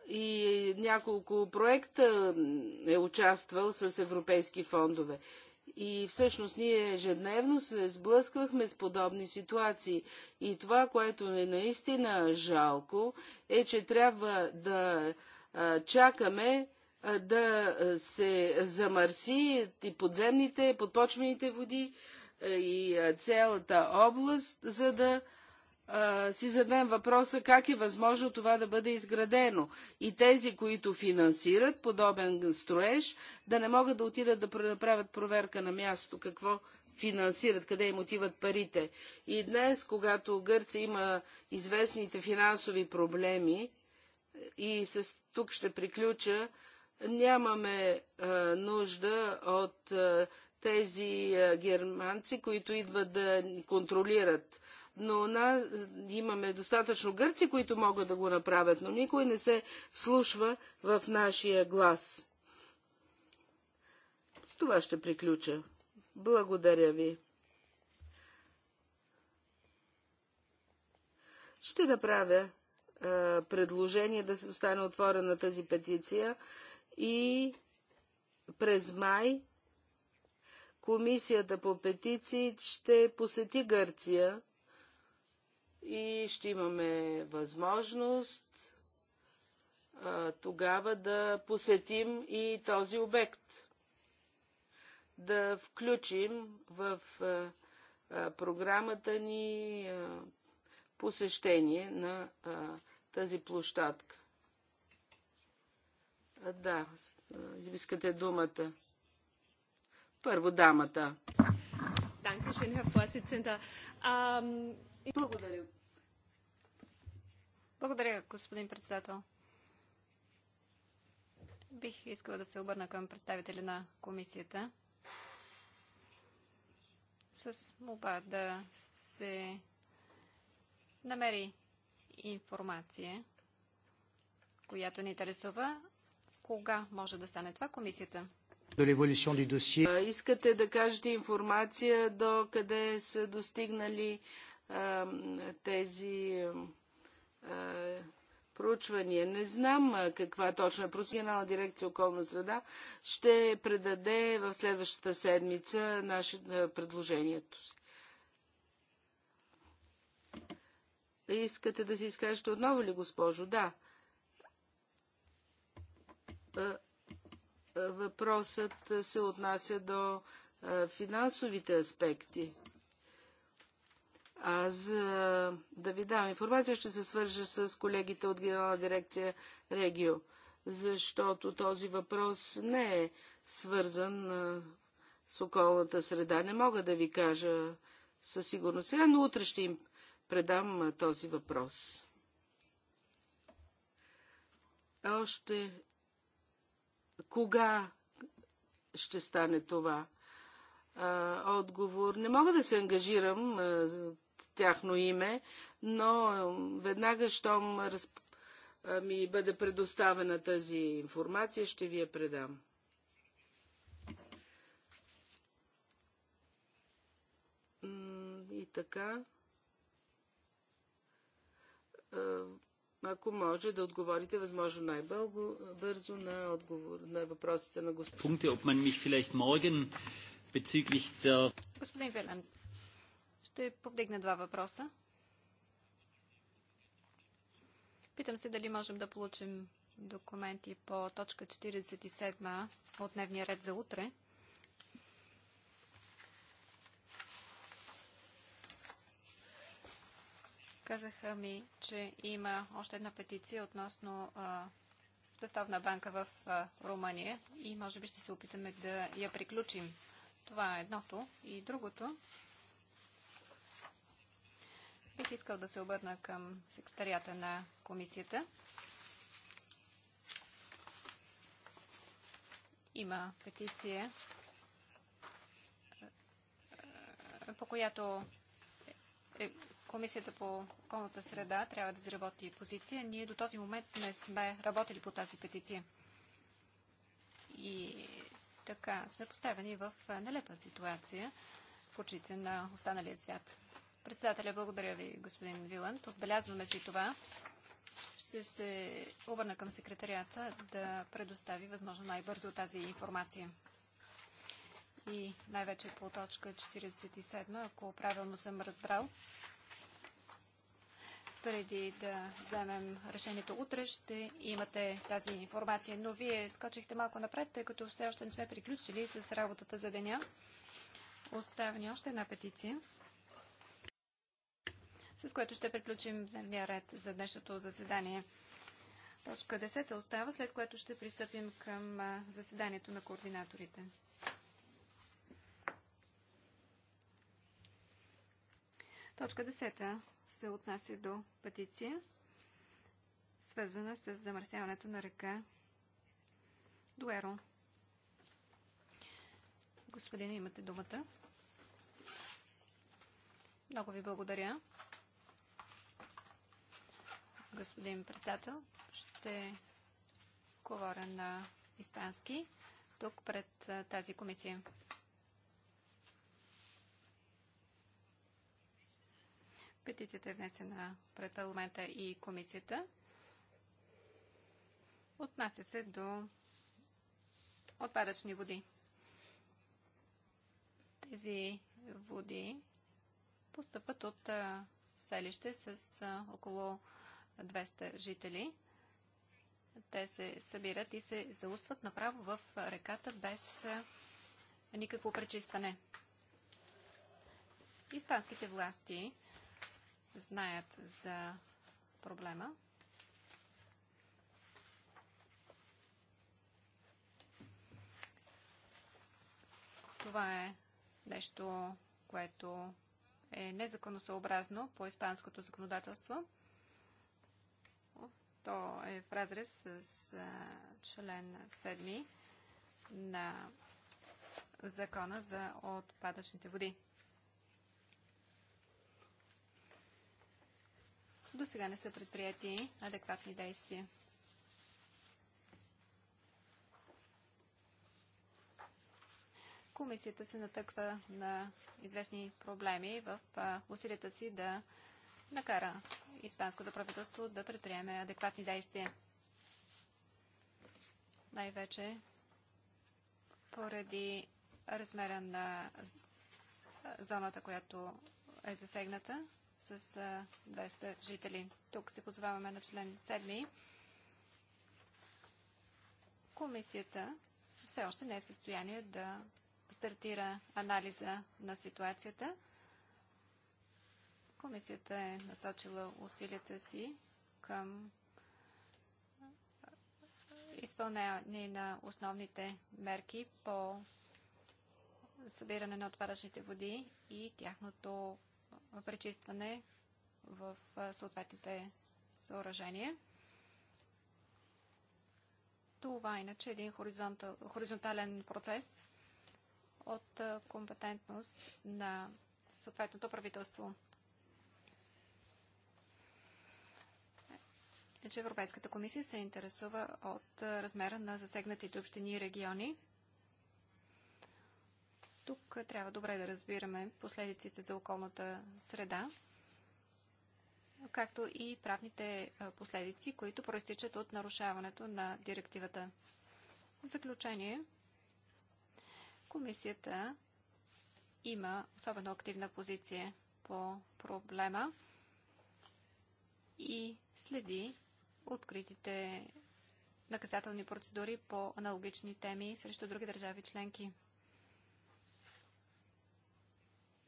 и няколко проекта е участвал с европейски фондове. И всъщност ние ежедневно се сблъсквахме с подобни ситуации. И това, което е наистина жалко, е, че трябва да чакаме да се замърси и подземните, подпочвените води и цялата област, за да си задам въпроса как е възможно това да бъде изградено и тези, които финансират подобен строеж, да не могат да отидат да направят проверка на място какво финансират, къде им отиват парите. И днес, когато Гърция има известните финансови проблеми, и с тук ще приключа, нямаме а, нужда от а, тези а, германци, които идват да контролират но на, имаме достатъчно гърци, които могат да го направят, но никой не се вслушва в нашия глас. С това ще приключа. Благодаря ви. Ще направя а, предложение да се остане отворена тази петиция и през май Комисията по петиции ще посети Гърция и ще имаме възможност а, тогава да посетим и този обект. Да включим в а, а, програмата ни а, посещение на а, тази площадка. А, да, искате думата. Първо дамата. Dankeschön, Herr Vorsitzender. Ähm, и благодаря. Благодаря, господин председател. Бих искала да се обърна към представители на комисията с молба да се намери информация, която ни интересува. Кога може да стане това комисията? Искате да кажете информация до къде са достигнали тези проучвания. Не знам каква точно е Професионална дирекция околна среда. Ще предаде в следващата седмица наше предложението си. Искате да се изкажете отново ли, госпожо? Да. Въпросът се отнася до финансовите аспекти за да ви дам информация, ще се свържа с колегите от Генерална дирекция Регио, защото този въпрос не е свързан с околната среда. Не мога да ви кажа със сигурност сега, но утре ще им предам този въпрос. още кога ще стане това? отговор. Не мога да се ангажирам тяхно име, но веднага, щом разп... ми бъде предоставена тази информация, ще ви я предам. И така. Ако може да отговорите възможно най-бързо на, отговор, на въпросите на господин. Господин Велен, ще повдигна два въпроса. Питам се дали можем да получим документи по точка 47 от дневния ред за утре. Казаха ми, че има още една петиция относно а, банка в а, Румъния и може би ще се опитаме да я приключим. Това е едното. И другото Бих искал да се обърна към секретарията на комисията. Има петиция, по която е, Комисията по околната среда трябва да заработи позиция. Ние до този момент не сме работили по тази петиция. И така сме поставени в нелепа ситуация в очите на останалия свят. Председателя, благодаря ви, господин Виланд. Отбелязваме си това. Ще се обърна към секретарията да предостави възможно най-бързо тази информация. И най-вече по точка 47, ако правилно съм разбрал, преди да вземем решението утре, ще имате тази информация. Но вие скочихте малко напред, тъй като все още не сме приключили с работата за деня. Остава ни още една петиция с което ще приключим дневния ред за днешното заседание. Точка 10 остава, след което ще пристъпим към заседанието на координаторите. Точка 10 се отнася до петиция, свързана с замърсяването на река Дуеро. Господина, имате думата. Много ви благодаря господин председател. Ще говоря на испански тук пред тази комисия. Петицията е внесена пред парламента и комисията. Отнася се до отпадъчни води. Тези води постъпват от селище с около 200 жители. Те се събират и се заустват направо в реката без никакво пречистване. Испанските власти знаят за проблема. Това е нещо, което е незаконосъобразно по испанското законодателство. То е в разрез с член 7 на закона за отпадъчните води. До сега не са предприяти адекватни действия. Комисията се натъква на известни проблеми в усилията си да накара испанското правителство да предприеме адекватни действия. Най-вече поради размера на зоната, която е засегната с 200 жители. Тук се позваваме на член 7. Комисията все още не е в състояние да стартира анализа на ситуацията. Комисията е насочила усилията си към изпълнение на основните мерки по събиране на отпадъчните води и тяхното пречистване в съответните съоръжения. Това е иначе е един хоризонтален процес от компетентност на съответното правителство. е, че Европейската комисия се интересува от размера на засегнатите общини и региони. Тук трябва добре да разбираме последиците за околната среда, както и правните последици, които проистичат от нарушаването на директивата. В заключение, комисията има особено активна позиция по проблема и следи откритите наказателни процедури по аналогични теми срещу други държави членки.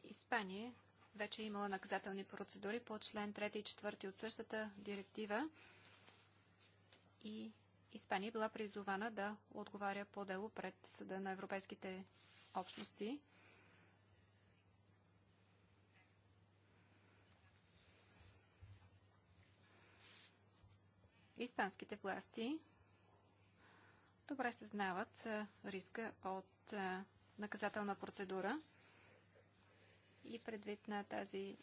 Испания вече е имала наказателни процедури по член 3 и 4 от същата директива и Испания била призована да отговаря по дело пред Съда на Европейските общности. Испанските власти добре съзнават риска от наказателна процедура и предвид на тази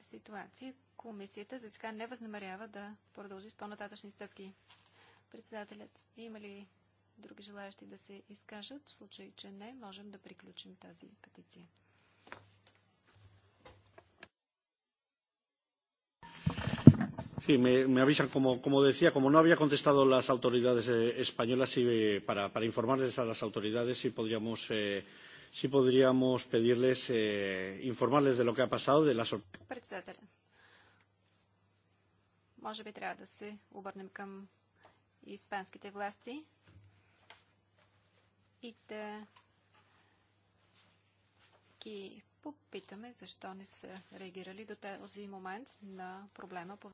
ситуация, комисията за сега не възнамерява да продължи с по-нататъчни стъпки. Председателят, има ли други желаящи да се изкажат? В случай, че не, можем да приключим тази петиция. Sí, me, me avisan, como, como decía, como no había contestado las autoridades eh, españolas, sí, para, para informarles a las autoridades si podríamos, eh, si podríamos pedirles, eh, informarles de lo que ha pasado, de la sorpresa. попитаме защо не са реагирали до този момент на проблема